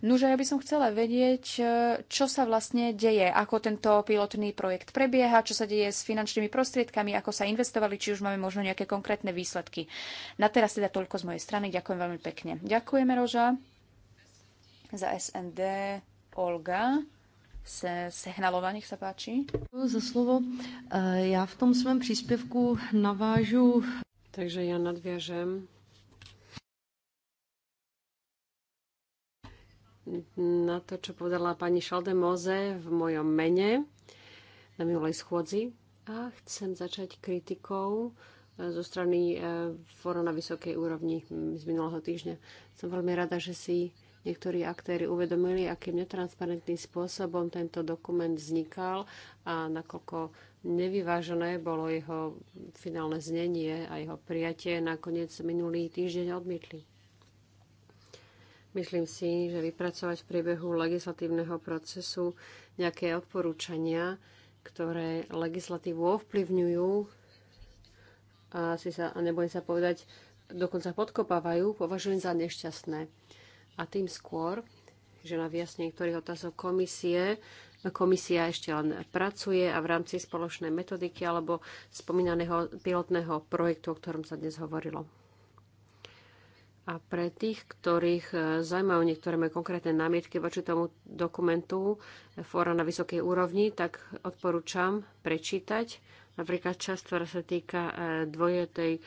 A: Nuže, ja by som chcela vedieť, e, čo sa vlastne deje, ako tento pilotný projekt prebieha, čo sa deje s finančnými prostriedkami, ako sa investovali, či už máme možno nejaké konkrétne výsledky. Na teraz teda toľko z mojej strany. Ďakujem veľmi pekne. Ďakujeme, Roža, za SND. Olga se
B: sehnalova, nech sa páči.
A: Za slovo. E, ja v tom svém príspevku navážu...
B: Takže ja nadviažem na to, čo povedala pani Šaldemoze v mojom mene na minulej schôdzi. A chcem začať kritikou e, zo strany e, fóra na vysokej úrovni z minulého týždňa. Som veľmi rada, že si niektorí aktéry uvedomili, akým netransparentným spôsobom tento dokument vznikal a nakoľko nevyvážené bolo jeho finálne znenie a jeho prijatie nakoniec minulý týždeň odmietli. Myslím si, že vypracovať v priebehu legislatívneho procesu nejaké odporúčania, ktoré legislatívu ovplyvňujú a si sa, nebojím sa povedať, dokonca podkopávajú, považujem za nešťastné a tým skôr, že na viac niektorých otázok komisie komisia ešte len pracuje a v rámci spoločnej metodiky alebo spomínaného pilotného projektu, o ktorom sa dnes hovorilo. A pre tých, ktorých e, zaujímajú niektoré moje konkrétne námietky voči tomu dokumentu e, Fóra na vysokej úrovni, tak odporúčam prečítať napríklad časť, ktorá sa týka e, dvojetej e,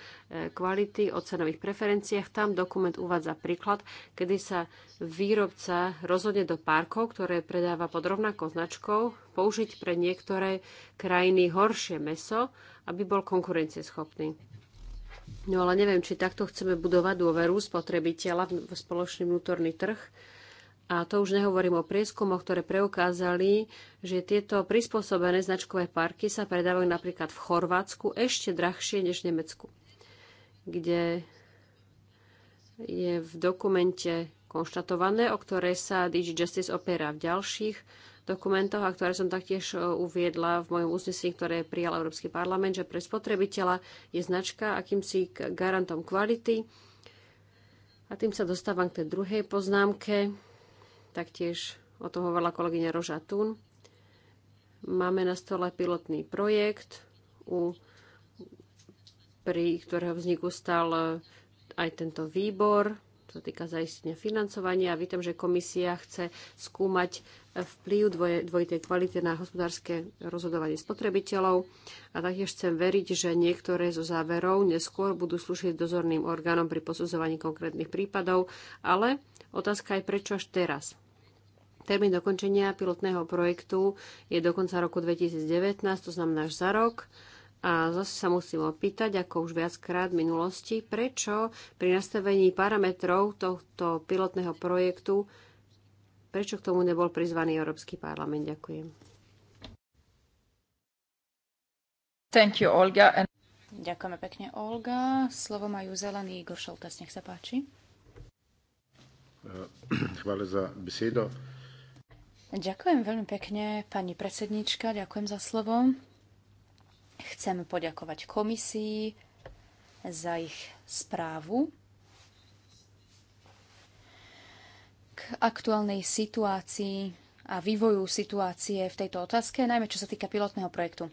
B: kvality o cenových preferenciách. Tam dokument uvádza príklad, kedy sa výrobca rozhodne do párkov, ktoré predáva pod rovnakou značkou, použiť pre niektoré krajiny horšie meso, aby bol konkurencieschopný. No ale neviem, či takto chceme budovať dôveru spotrebiteľa v spoločný vnútorný trh. A to už nehovorím o prieskumoch, ktoré preukázali, že tieto prispôsobené značkové parky sa predávajú napríklad v Chorvátsku ešte drahšie než v Nemecku, kde je v dokumente konštatované, o ktorej sa DG Justice opiera v ďalších dokumentoch a ktoré som taktiež e, uviedla v mojom uznesení, ktoré prijal Európsky parlament, že pre spotrebiteľa je značka akýmsi garantom kvality. A tým sa dostávam k tej druhej poznámke taktiež o tom hovorila kolegyňa Roža Máme na stole pilotný projekt, u, pri ktorého vzniku stal eh, aj tento výbor, čo týka zaistenia financovania. A vítam, že komisia chce skúmať eh, vplyv dvoje, dvojitej kvality na hospodárske rozhodovanie spotrebiteľov. A taktiež chcem veriť, že niektoré zo záverov neskôr budú slúžiť dozorným orgánom pri posudzovaní konkrétnych prípadov. Ale otázka je, prečo až teraz? Termín dokončenia pilotného projektu je do konca roku 2019, to znamená až za rok. A zase sa musím opýtať, ako už viackrát v minulosti, prečo pri nastavení parametrov tohto pilotného projektu, prečo k tomu nebol prizvaný Európsky parlament. Ďakujem. Thank you, Olga. And... Ďakujeme pekne, Olga. Slovo majú zelený Igor Šoltes,
A: nech sa páči.
B: Eh, hvala za besedo.
A: Ďakujem veľmi pekne, pani predsednička, ďakujem za slovo. Chcem poďakovať komisii za ich správu k aktuálnej situácii a vývoju situácie v tejto otázke, najmä čo sa týka pilotného projektu. E,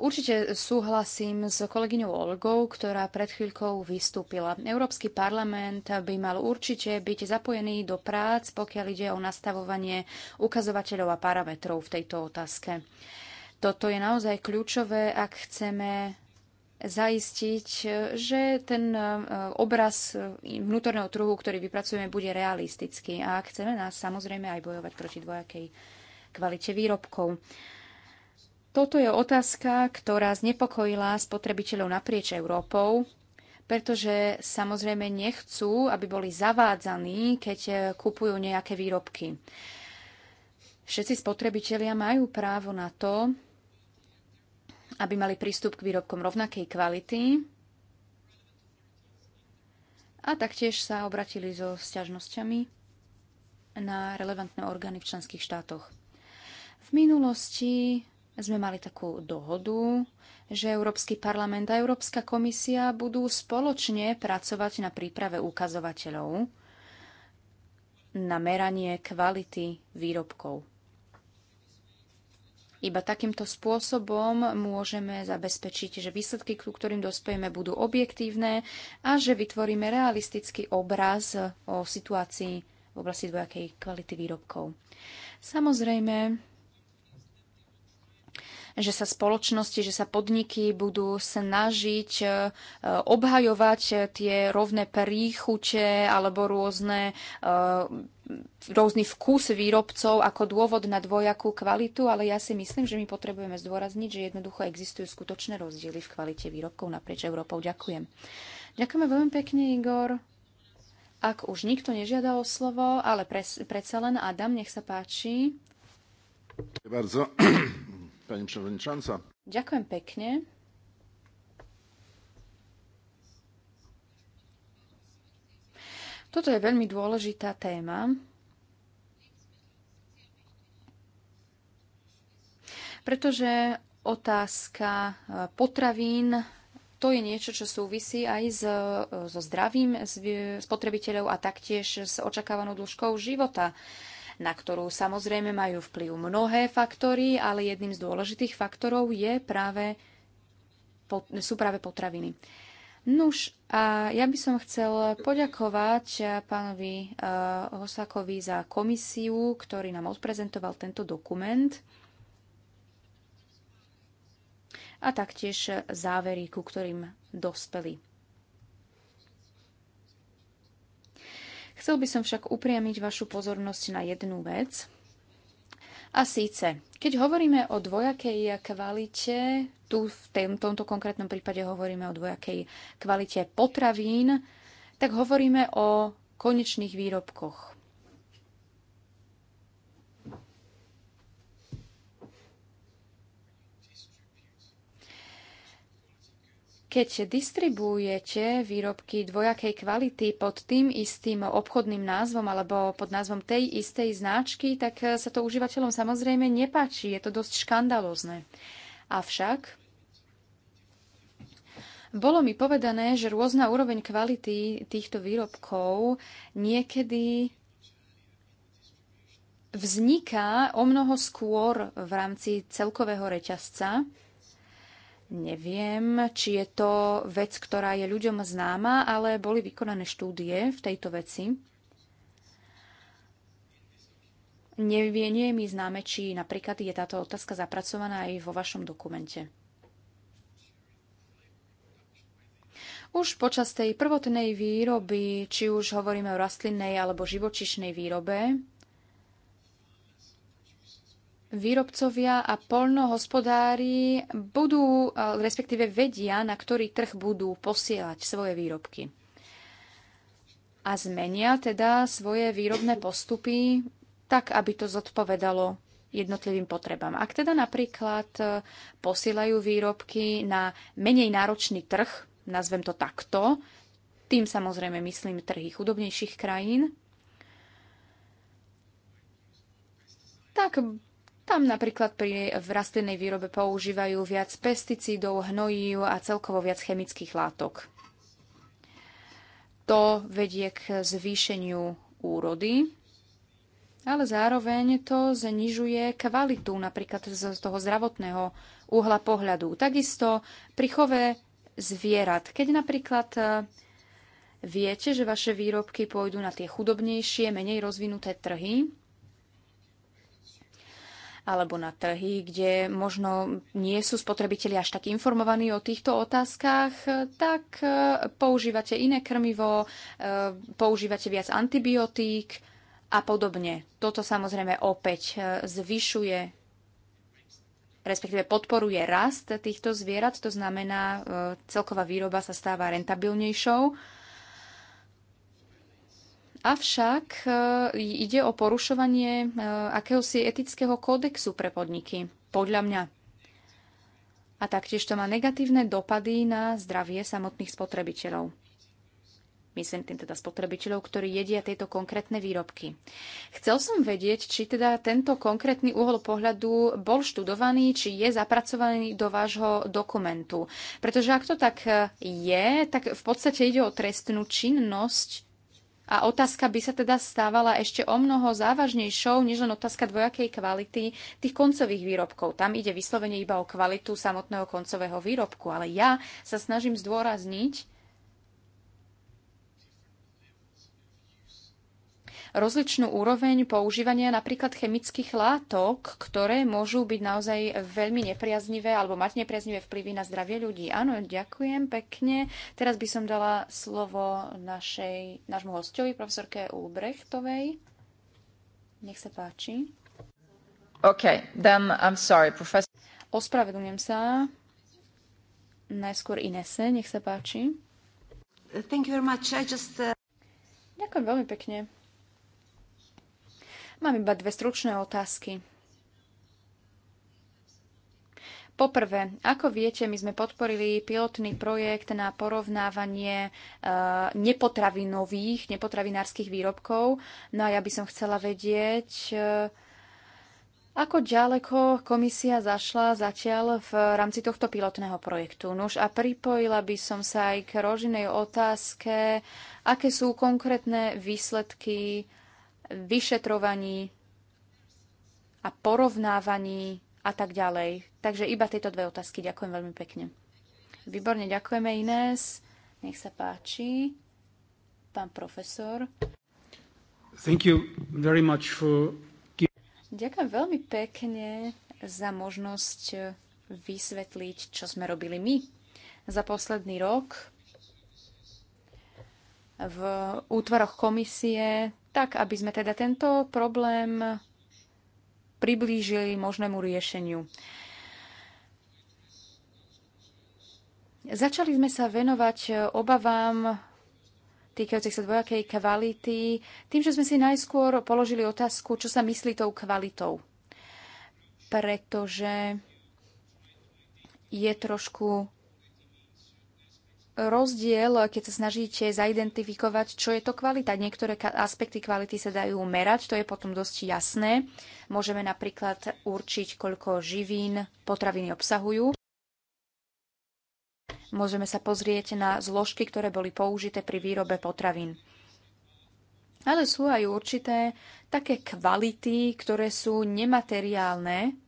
A: určite súhlasím s kolegyňou Olgou, ktorá pred chvíľkou vystúpila. Európsky parlament by mal určite byť zapojený do prác, pokiaľ ide o nastavovanie ukazovateľov a parametrov v tejto otázke. Toto je naozaj kľúčové, ak chceme zaistiť, e, že ten e, obraz e, vnútorného trhu, ktorý vypracujeme, bude realistický. A chceme nás samozrejme aj bojovať proti dvojakej kvalite výrobkov. Toto je otázka, ktorá znepokojila spotrebiteľov naprieč Európou, pretože samozrejme nechcú, aby boli zavádzaní, keď kupujú nejaké výrobky. Všetci spotrebitelia majú právo na to, aby mali prístup k výrobkom rovnakej kvality a taktiež sa obratili so sťažnosťami na relevantné orgány v členských štátoch. V minulosti sme mali takú dohodu, že Európsky parlament a Európska komisia budú spoločne pracovať na príprave ukazovateľov na meranie kvality výrobkov. Iba takýmto spôsobom môžeme zabezpečiť, že výsledky, ku ktorým dospejeme, budú objektívne a že vytvoríme realistický obraz o situácii v oblasti dvojakej kvality výrobkov. Samozrejme, že sa spoločnosti, že sa podniky budú snažiť e, obhajovať tie rovné príchuče alebo rôzne e, rôzny vkus výrobcov ako dôvod na dvojakú kvalitu, ale ja si myslím, že my potrebujeme zdôrazniť, že jednoducho existujú skutočné rozdiely v kvalite výrobkov naprieč Európou. Ďakujem. Ďakujeme veľmi pekne, Igor. Ak už nikto nežiada o slovo, ale pres, predsa len Adam, nech sa páči.
C: Ďakujem bardzo pani przewodnicząca.
A: Ďakujem pekne. Toto je veľmi dôležitá téma. Pretože otázka eh, potravín to je niečo, čo súvisí aj so, eh, so zdravím spotrebiteľov a taktiež s očakávanou dĺžkou života na ktorú samozrejme majú vplyv mnohé faktory, ale jedným z dôležitých faktorov je práve, sú práve potraviny. Nuž, a ja by som chcel poďakovať pánovi e, Hosakovi za komisiu, ktorý nám odprezentoval tento dokument a taktiež závery, ku ktorým dospeli. Chcel by som však upriamiť vašu pozornosť na jednu vec. A síce, keď hovoríme o dvojakej kvalite, tu v tomto konkrétnom prípade hovoríme o dvojakej kvalite potravín, tak hovoríme o konečných výrobkoch. Keď distribuujete výrobky dvojakej kvality pod tým istým obchodným názvom alebo pod názvom tej istej značky, tak eh, sa to užívateľom samozrejme nepáči. Je to dosť škandalózne. Avšak bolo mi povedané, že rôzna úroveň kvality týchto výrobkov niekedy vzniká o mnoho skôr v rámci celkového reťazca Neviem, či je to vec, ktorá je ľuďom známa, ale boli vykonané štúdie v tejto veci. Nevie, nie je mi známe, či napríklad je táto otázka zapracovaná aj vo vašom dokumente. Už počas tej prvotnej výroby, či už hovoríme o rastlinnej alebo živočišnej výrobe, výrobcovia a polnohospodári budú, eh, respektíve vedia, na ktorý trh budú posielať svoje výrobky. A zmenia teda svoje výrobné postupy tak, aby to zodpovedalo jednotlivým potrebám. Ak teda napríklad eh, posielajú výrobky na menej náročný trh, nazvem to takto, tým samozrejme myslím trhy chudobnejších krajín, tak tam napríklad pri, v rastlinnej výrobe používajú viac pesticídov, hnojív a celkovo viac chemických látok. To vedie k zvýšeniu úrody, ale zároveň to znižuje kvalitu napríklad z toho zdravotného uhla pohľadu. Takisto pri chove zvierat. Keď napríklad e, viete, že vaše výrobky pôjdu na tie chudobnejšie, menej rozvinuté trhy, alebo na trhy, kde možno nie sú spotrebitelia až tak informovaní o týchto otázkach, tak e, používate iné krmivo, e, používate viac antibiotík a podobne. Toto samozrejme opäť e, zvyšuje respektíve podporuje rast týchto zvierat, to znamená, celková výroba sa stáva rentabilnejšou Avšak e, ide o porušovanie e, akéhosi etického kódexu pre podniky, podľa mňa. A taktiež to má negatívne dopady na zdravie samotných spotrebiteľov. Myslím tým teda spotrebiteľov, ktorí jedia tieto konkrétne výrobky. Chcel som vedieť, či teda tento konkrétny uhol pohľadu bol študovaný, či je zapracovaný do vášho dokumentu. Pretože ak to tak e, je, tak v podstate ide o trestnú činnosť, a otázka by sa teda stávala ešte o mnoho závažnejšou, než len otázka dvojakej kvality tých koncových výrobkov. Tam ide vyslovene iba o kvalitu samotného koncového výrobku. Ale ja sa snažím zdôrazniť, rozličnú úroveň používania napríklad chemických látok, ktoré môžu byť naozaj veľmi nepriaznivé alebo mať nepriaznivé vplyvy na zdravie ľudí. Áno, ďakujem pekne. Teraz by som dala slovo našej, nášmu hostovi, profesorke Ulbrechtovej. Nech sa páči. OK, then I'm sorry, profesor. Ospravedlňujem sa. Najskôr Inese, nech sa páči. Thank you very much. I just, uh... Ďakujem veľmi pekne. Mám iba dve stručné otázky. Poprvé, ako viete, my sme podporili pilotný projekt na porovnávanie e, nepotravinových, nepotravinárskych výrobkov. No a ja by som chcela vedieť, e, ako ďaleko komisia zašla zatiaľ v rámci tohto pilotného projektu. Nuž a pripojila by som sa aj k Rožinej otázke, aké sú konkrétne výsledky vyšetrovaní a porovnávaní a tak ďalej. Takže iba tieto dve otázky. Ďakujem veľmi pekne. Výborne, ďakujeme Inés. Nech sa páči. Pán profesor. Thank you very much for... Ďakujem veľmi pekne za možnosť vysvetliť, čo sme robili my za posledný rok v útvaroch komisie tak aby sme teda tento problém priblížili možnému riešeniu. Začali sme sa venovať obavám týkajúcich sa dvojakej kvality, tým, že sme si najskôr položili otázku, čo sa myslí tou kvalitou. Pretože je trošku rozdiel, keď sa snažíte zaidentifikovať, čo je to kvalita. Niektoré aspekty kvality sa dajú merať, to je potom dosť jasné. Môžeme napríklad určiť, koľko živín potraviny obsahujú. Môžeme sa pozrieť na zložky, ktoré boli použité pri výrobe potravín. Ale sú aj určité také kvality, ktoré sú nemateriálne,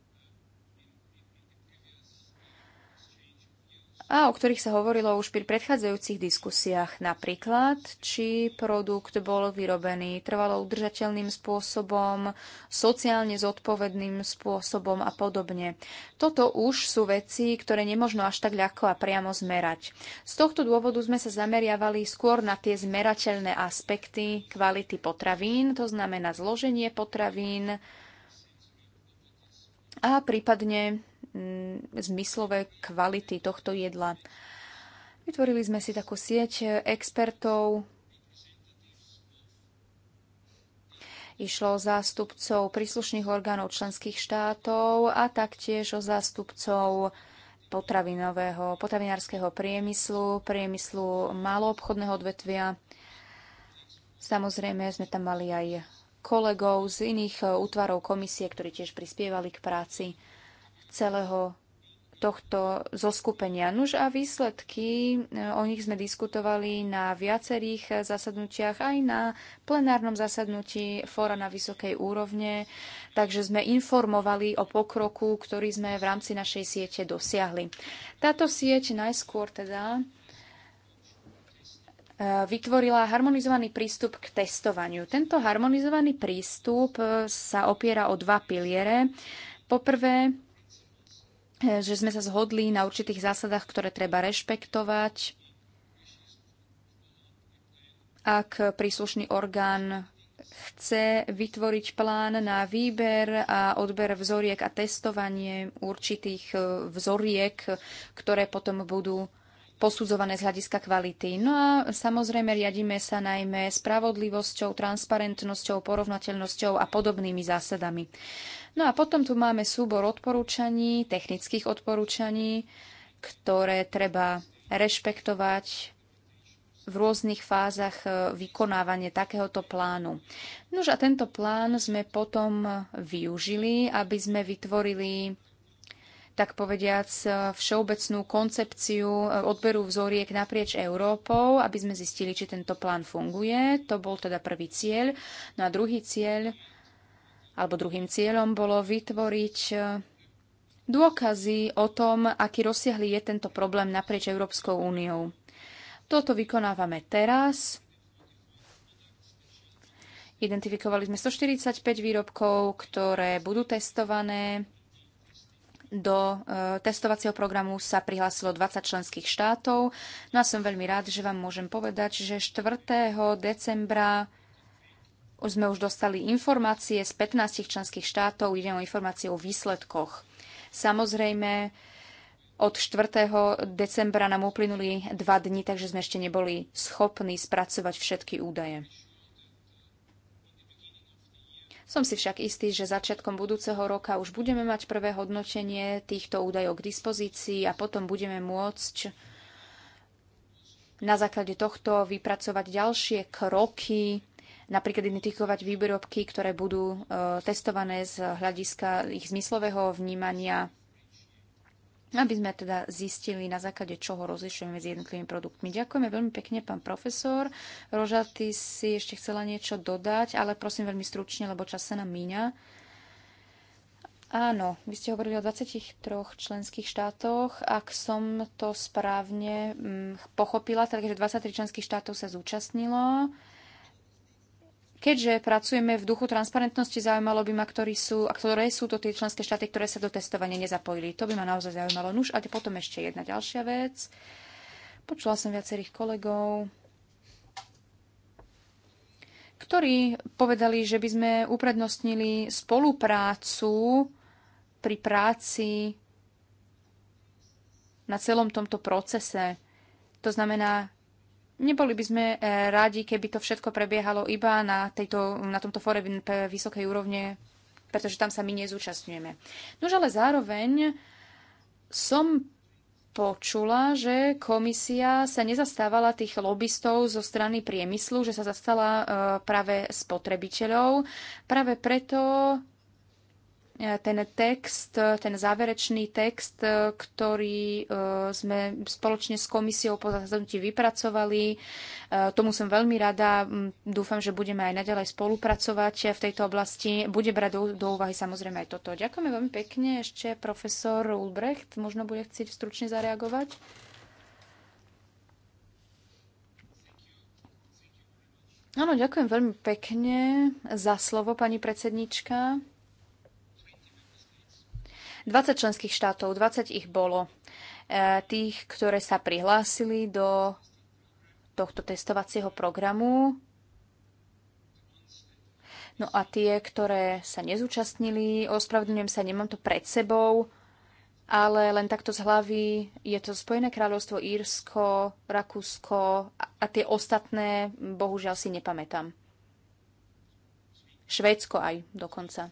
A: a o ktorých sa hovorilo už pri predchádzajúcich diskusiách. Napríklad, či produkt bol vyrobený trvalo udržateľným spôsobom, sociálne zodpovedným spôsobom a podobne. Toto už sú veci, ktoré nemožno až tak ľahko a priamo zmerať. Z tohto dôvodu sme sa zameriavali skôr na tie zmerateľné aspekty kvality potravín, to znamená zloženie potravín a prípadne Mm, zmyslové kvality tohto jedla. Vytvorili sme si takú sieť expertov, Išlo o zástupcov príslušných orgánov členských štátov a taktiež o zástupcov potravinového, potravinárskeho priemyslu, priemyslu maloobchodného odvetvia. Samozrejme, sme tam mali aj kolegov z iných útvarov komisie, ktorí tiež prispievali k práci celého tohto zoskupenia. Nuž a výsledky, e, o nich sme diskutovali na viacerých zasadnutiach, aj na plenárnom zasadnutí fóra na vysokej úrovne, takže sme informovali o pokroku, ktorý sme v rámci našej siete dosiahli. Táto sieť najskôr teda e, vytvorila harmonizovaný prístup k testovaniu. Tento harmonizovaný prístup e, sa opiera o dva piliere. Poprvé, Eh, že sme sa zhodli na určitých zásadách, ktoré treba rešpektovať, ak príslušný orgán chce vytvoriť plán na výber a odber vzoriek a testovanie určitých eh, vzoriek, ktoré potom budú posudzované z hľadiska kvality. No a samozrejme riadíme sa najmä spravodlivosťou, transparentnosťou, porovnateľnosťou a podobnými zásadami. No a potom tu máme súbor odporúčaní, technických odporúčaní, ktoré treba rešpektovať v rôznych fázach e, vykonávanie takéhoto plánu. Nož a tento plán sme potom využili, aby sme vytvorili tak povediac e, všeobecnú koncepciu e, odberu vzoriek naprieč Európou, aby sme zistili, či tento plán funguje. To bol teda prvý cieľ. No a druhý cieľ alebo druhým cieľom bolo vytvoriť e, dôkazy o tom, aký rozsiahly je tento problém naprieč Európskou úniou. Toto vykonávame teraz. Identifikovali sme 145 výrobkov, ktoré budú testované. Do e, testovacieho programu sa prihlásilo 20 členských štátov. No a som veľmi rád, že vám môžem povedať, že 4. decembra už sme už dostali informácie z 15 členských štátov, ide o informácie o výsledkoch. Samozrejme, od 4. decembra nám uplynuli dva dni, takže sme ešte neboli schopní spracovať všetky údaje. Som si však istý, že začiatkom budúceho roka už budeme mať prvé hodnotenie týchto údajov k dispozícii a potom budeme môcť na základe tohto vypracovať ďalšie kroky napríklad identifikovať výrobky, ktoré budú e, testované z hľadiska ich zmyslového vnímania, aby sme teda zistili, na základe čoho rozlišujeme medzi jednotlivými produktmi. Ďakujeme veľmi pekne, pán profesor. Roža, ty si ešte chcela niečo dodať, ale prosím veľmi stručne, lebo čas sa nám míňa. Áno, vy ste hovorili o 23 členských štátoch. Ak som to správne mm, pochopila, takže 23 členských štátov sa zúčastnilo. Keďže pracujeme v duchu transparentnosti, zaujímalo by ma, ktorí sú, a ktoré sú to tie členské štáty, ktoré sa do testovania nezapojili. To by ma naozaj zaujímalo. Nuž a potom ešte jedna ďalšia vec. Počula som viacerých kolegov, ktorí povedali, že by sme uprednostnili spoluprácu pri práci na celom tomto procese. To znamená, Neboli by sme e, radi, keby to všetko prebiehalo iba na, tejto, na tomto fóre vysokej úrovne, pretože tam sa my nezúčastňujeme. Nož ale zároveň som počula, že komisia sa nezastávala tých lobbystov zo strany priemyslu, že sa zastala e, práve spotrebiteľov. Práve preto E, ten text, e, ten záverečný text, e, ktorý sme spoločne s komisiou po zasadnutí vypracovali. Tomu som veľmi rada. Dúfam, že budeme aj naďalej spolupracovať v tejto oblasti. Bude brať do, do úvahy samozrejme aj toto. Ďakujeme veľmi pekne. Ešte profesor Ulbrecht možno bude chcieť stručne zareagovať. Áno, ďakujem veľmi pekne za slovo, pani predsednička. 20 členských štátov, 20 ich bolo. E, tých, ktoré sa prihlásili do tohto testovacieho programu. No a tie, ktoré sa nezúčastnili, ospravedlňujem sa, nemám to pred sebou, ale len takto z hlavy je to Spojené kráľovstvo, Írsko, Rakúsko a tie ostatné, bohužiaľ si nepamätám. Švédsko aj dokonca.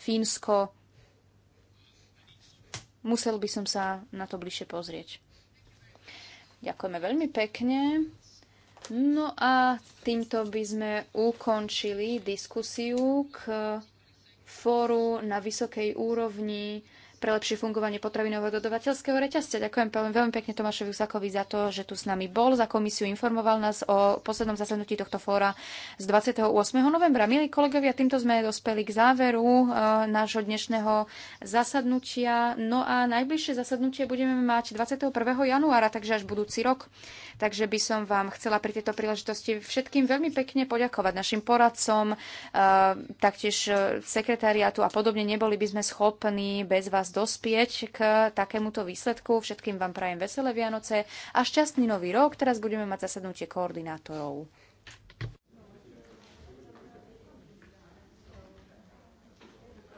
A: Fínsko, Musel by som sa na to bližšie pozrieť. Ďakujeme veľmi pekne. No a týmto by sme ukončili diskusiu k fóru na vysokej úrovni pre lepšie fungovanie potravinového dodavateľského reťazca. Ďakujem veľmi pekne Tomášovi Usakovi za to, že tu s nami bol, za komisiu informoval nás o poslednom zasadnutí tohto fóra z 28. novembra. Milí kolegovia, týmto sme dospeli k záveru e, nášho dnešného zasadnutia. No a najbližšie zasadnutie budeme mať 21. januára, takže až budúci rok. Takže by som vám chcela pri tejto príležitosti všetkým veľmi pekne poďakovať našim poradcom, e, taktiež e, sekretariátu a podobne. Neboli by sme schopní bez vás nás dospieť k takémuto výsledku. Všetkým vám prajem veselé Vianoce a šťastný nový rok. Teraz budeme mať zasadnutie koordinátorov.